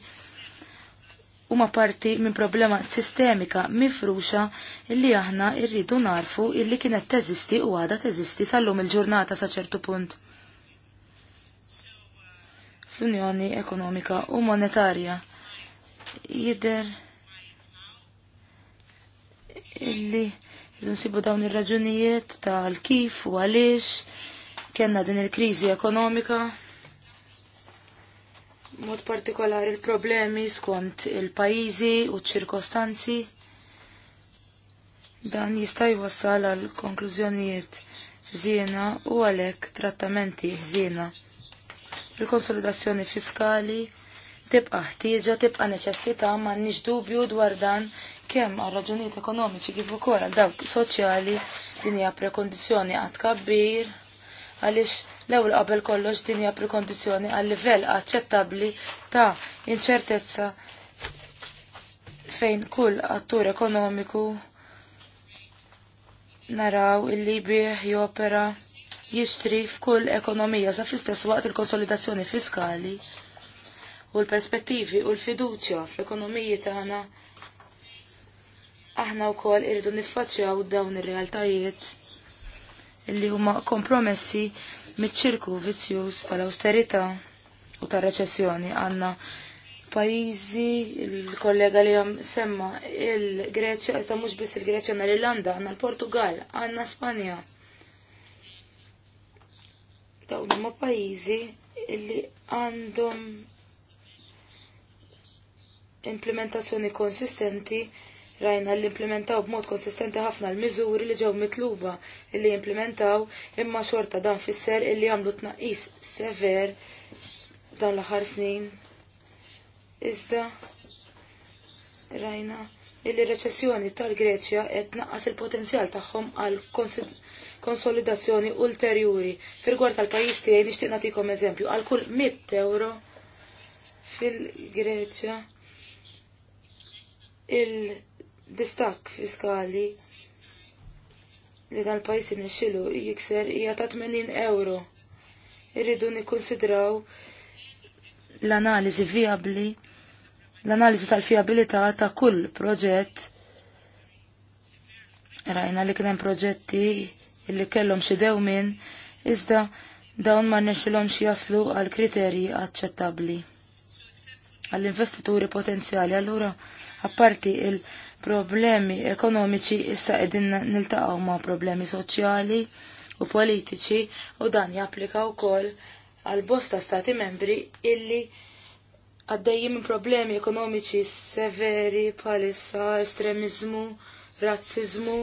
huma parti minn problema sistemika mifruxa illi aħna rridu narfu illi kienet teżisti u għada teżisti sal-lum il-ġurnata sa ċertu punt fl-Unjoni Ekonomika u Monetarja jidher illi Nsibu dawn ir-raġunijiet tal-kif u għaliex kena din il-kriżi ekonomika. Mod partikolari il-problemi skont il-pajjiżi u ċ-ċirkostanzi. Dan jista' jwassal għal konklużjonijiet ħżiena u għalhekk trattamenti ħżiena. Il-konsolidazzjoni fiskali tibqa' ħtieġa tibqa' neċessità m'għandniex dubju dwar dan kemm għal raġunijiet ekonomiċi kif ukoll għal dawk soċjali din hija prekondizzjoni għad kabbir għaliex l-ewwel qabel kollox din hija prekondizzjoni għal livell aċċettabbli ta' inċertezza fejn kull attur ekonomiku naraw illi bih jopera jixtri f'kull ekonomija sa fl-istess waqt il-konsolidazzjoni fiskali u l-perspettivi u l-fiduċja fl-ekonomiji tagħna aħna wkoll irridu niffaċċjaw dawn ir-realtajiet illi huma kompromessi miċ-ċirku vizzjuż tal austerita u tar-reċessjoni għandna pajizi, il-kollega li għam semma, il-Greċja, għazda mux biss il-Greċja għanna l-Irlanda, għanna l-Portugal, għanna Spanja. Dawn huma pajizi illi għandhom implementazzjoni konsistenti rajna li implementaw b'mod konsistenti ħafna l-miżuri li ġew mitluba li implementaw imma xorta dan fisser illi għamlu tnaqis sever dan l-aħħar snin. Iżda rajna illi reċessjoni tal-Greċja qed tnaqqas il-potenzjal tagħhom għal konsolidazzjoni ulterjuri. Fil-gwar tal-pajjiż tiegħi nixtieq nagħtikom eżempju għal kull 100 euro fil-Greċja il- distakk fiskali li dan pajis nixilu jikser hija ta' 80 euro. Irridu nikkonsidraw l-analiżi viabli, l-analiżi tal-fiabilità ta' kull proġett. Rajna li kien hemm proġetti li kellhom xi dewmin, iżda dawn ma nexilhomx jaslu għal kriterji aċċettabbli għall-investituri potenzjali. Allura, apparti il- problemi ekonomiċi issa edin niltaqgħu ma' problemi soċjali u politiċi u dan japplika wkoll għal bosta stati membri illi għaddejjim minn problemi ekonomiċi severi bħalissa estremizmu, razzizmu,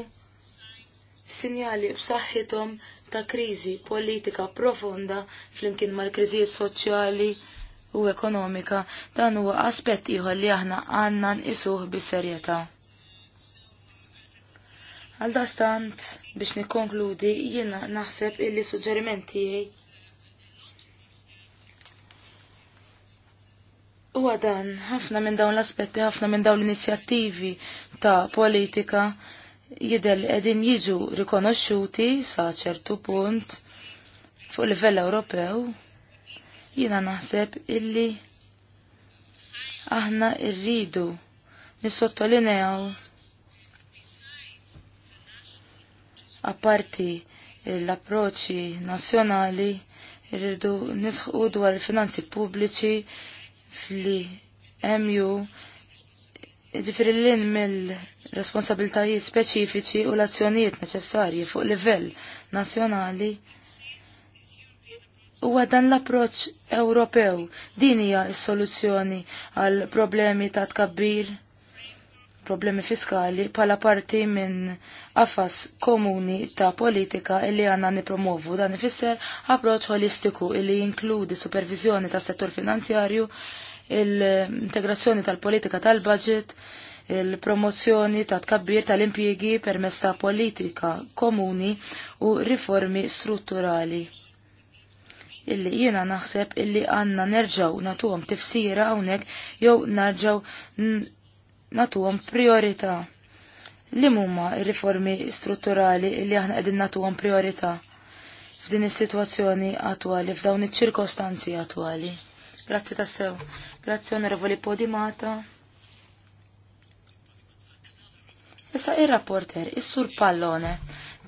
sinjali b'saħħithom ta' kriżi politika profonda flimkien mal-kriżijiet soċjali u ekonomika dan huwa aspett ieħor li aħna għandna nqisuh bis-serjetà. Għal dastant biex nikonkludi jiena naħseb illi suġġerimenti tiegħi huwa dan ħafna minn dawn l-aspetti, ħafna minn dawn l-inizjattivi ta' politika jidher qegħdin jiġu rikonoxxuti sa ċertu punt fuq livell Ewropew. Jiena naħseb illi aħna rridu nissottolinjaw apparti l-approċċi nazzjonali irridu nisħu dwar il-finanzi pubbliċi fli MU ġifri l-in mill-responsabiltajiet speċifiċi u l-azzjonijiet neċessarji fuq livell nazzjonali huwa dan l-approċ Ewropew. Din hija s-soluzzjoni għal problemi ta' tkabbir problemi fiskali pala parti minn affas komuni ta' politika illi għanna nipromovu dan ifisser approċ holistiku illi jinkludi supervizjoni ta' settur finanzjarju, l-integrazzjoni tal-politika tal-budget, il-promozzjoni ta' tkabbir tal-impjiegi permess ta' politika komuni u riformi strutturali. Illi jiena naħseb illi għanna nerġaw natuhom tifsira hawnhekk jew narġaw natuhom priorità. Li huma r-riformi strutturali li aħna qegħdin natuhom priorità f'din is-sitwazzjoni attwali, f'dawn iċ-ċirkostanzi attwali. Grazzi tassew. Grazzi onorevoli Podimata. Issa ir-rapporter, is-sur Pallone,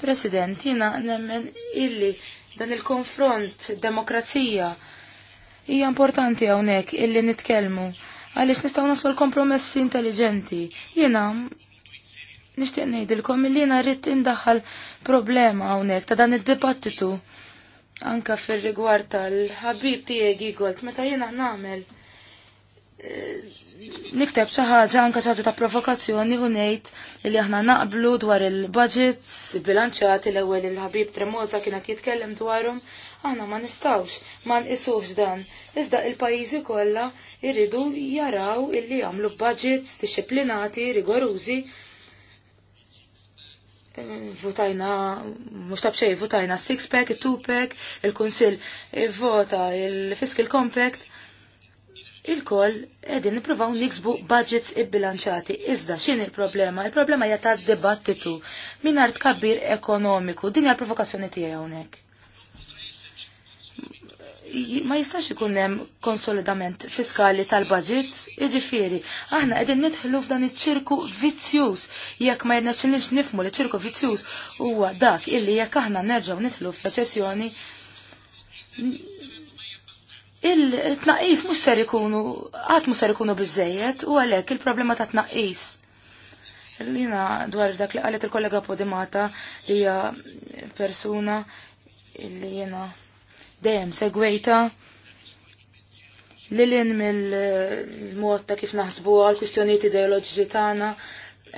President, jina nemmen illi dan il-konfront demokrazija hija importanti hawnhekk illi nitkellmu għaliex nistgħu naslu l-kompromessi intelligenti. Jiena nixtieq ngħidilkom li jena rrit indaħħal problema hawnhekk ta' dan id-dibattitu anka fir-rigward tal-ħabib tiegħi Gigolt meta jiena nagħmel eh, nikteb xi ħaġa anke ta' provokazzjoni u ngħid li aħna naqblu dwar il-budgets bilanċjati l-ewwel il-ħabib Tremosa kienet jitkellem dwarhom Aħna ma nistawx ma nqisux dan. Iżda il-pajjiżi kollha jridu jaraw illi jagħmlu budgets disciplinati, rigorużi. Votajna, mux tabxej, votajna six-pack, two-pack, il konsil vota il-Fiscal Compact il-koll edin niprofaw niksbu budgets i-bilanċati. Iżda, xin il-problema? Il-problema hija ta' dibattitu minar tkabbir ekonomiku. Din hija l-provokazzjoni tiegħi hawnhekk ma jistax ikun hemm konsolidament fiskali tal-budget, jiġifieri, aħna qegħdin nidħlu f'dan iċ-ċirku vizzjuż jekk ma jirnexxinix nifmu li ċirku vizzjuż huwa dak illi jekk aħna nerġgħu nidħlu f'reċessjoni il-tnaqis mhux ser ikunu qatt mhux ser ikunu biżejjed u għalhekk il-problema ta' tnaqis Lina dwar dak li qalet il-kollega Podimata hija persuna illi jiena dejjem segwejta lilin mill-mod ta' kif naħsbu għal kwistjonijiet ideoloġiċi tagħna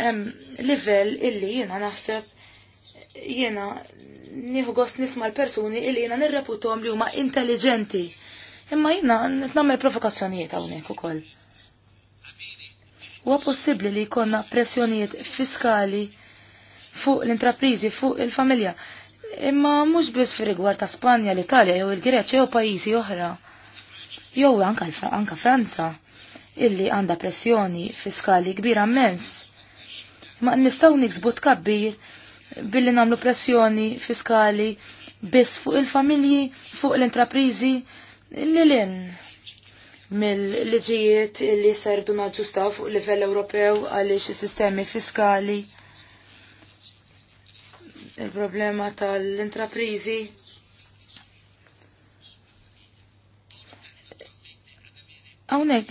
hemm livell illi jiena naħseb jiena nieħu gost nisma' l-persuni illi jiena nirreputhom li huma intelligenti. Imma jiena nagħmel provokazzjonijiet hawnhekk ukoll. Huwa possibbli li jkollna pressjonijiet fiskali fuq l-intraprizi, fuq il-familja. Imma mhux biss fi rigward ta' Spanja, l-Italja jew il-Greċja jew pajjiżi oħra. Jew anka, anka Franza illi għandha pressjoni fiskali kbira immens. Ma nistgħu niksbu tkabbir billi nagħmlu pressjoni fiskali biss fuq il-familji, fuq l-intraprizi li l mill-liġijiet li serdu naġġustaw fuq livell Ewropew għaliex is-sistemi fiskali il-problema tal-intraprizi Għawnek,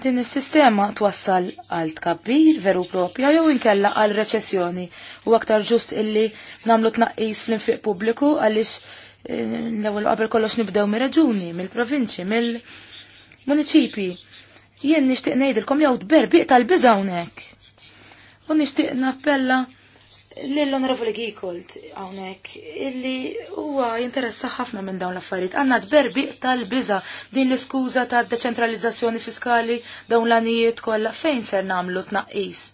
din is-sistema twassal għal tkabbir veru propja jew inkella għal reċessjoni u aktar ġust illi namlu tnaqqis fl-infiq pubbliku għaliex eh, l-ewwel qabel kollox nibdew mir reġuni mill-provinċi, mill-muniċipi. Jien nixtieq ngħidilkom jew tberbiq tal-biża hawnhekk. U nixtieq nappella l-Onorevoli Gikolt għonek, illi huwa jinteressa ħafna minn dawn l-affarijiet. Għandna tberbi tal-biża din l-iskuża ta' deċentralizzazzjoni fiskali dawn l-anijiet kollha fejn ser nagħmlu tnaqqis.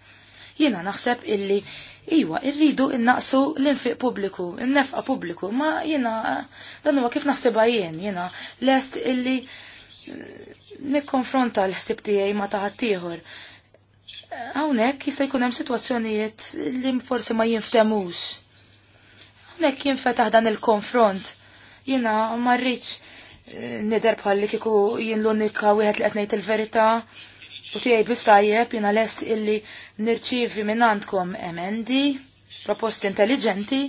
Jiena naħseb illi Iwa, irridu innaqsu l-infiq pubbliku, n publiku, pubbliku, ma jiena dan huwa kif naħsebha jien, jiena lest illi nikkonfronta l-ħsib tiegħi ma taħat tieħor. Hawnhekk jista' jkun hemm sitwazzjonijiet li forsi ma jinftemux. Hawnhekk jinfetaħ dan il-konfront. Jiena ma rridx eh, nider bħalli kieku jien l-unika wieħed li għetnejt ngħid il-verità. U tiegħi bistajjeb jiena lest illi nirċievi minn għandkom emendi, proposti intelligenti,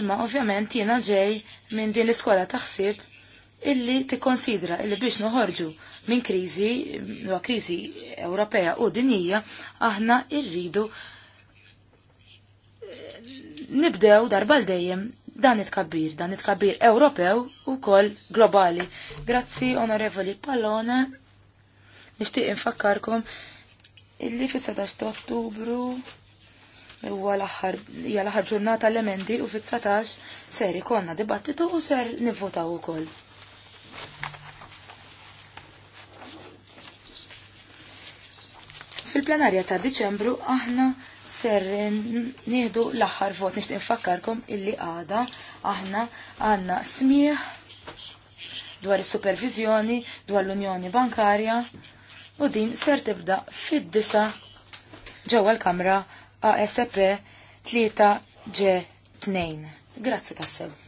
imma ovvjament jiena ġej minn din l-iskola taħsib illi tikkonsidra illi biex noħorġu minn kriżi, wa kriżi Ewropea u dinija, aħna irridu eh, nibdew darba l-dejjem dan it-kabbir, dan it-kabbir Ewropew u kol globali. Grazzi, onorevoli Pallone, nishtiq infakkarkom illi fi 17 ottubru huwa l-aħħar ġurnata l-emendi u fit 17 ser ikonna dibattitu u ser nivvotaw ukoll. Fil-plenarja ta' Diċembru aħna ser nieħdu l-aħħar vot nixtieq nfakkarkom illi għada aħna għandna smieħ dwar is-supervizjoni dwar l-Unjoni Bankarja u din ser tibda fid-disa ġewwa l-Kamra ASP 3 g 2. Grazzi tassew.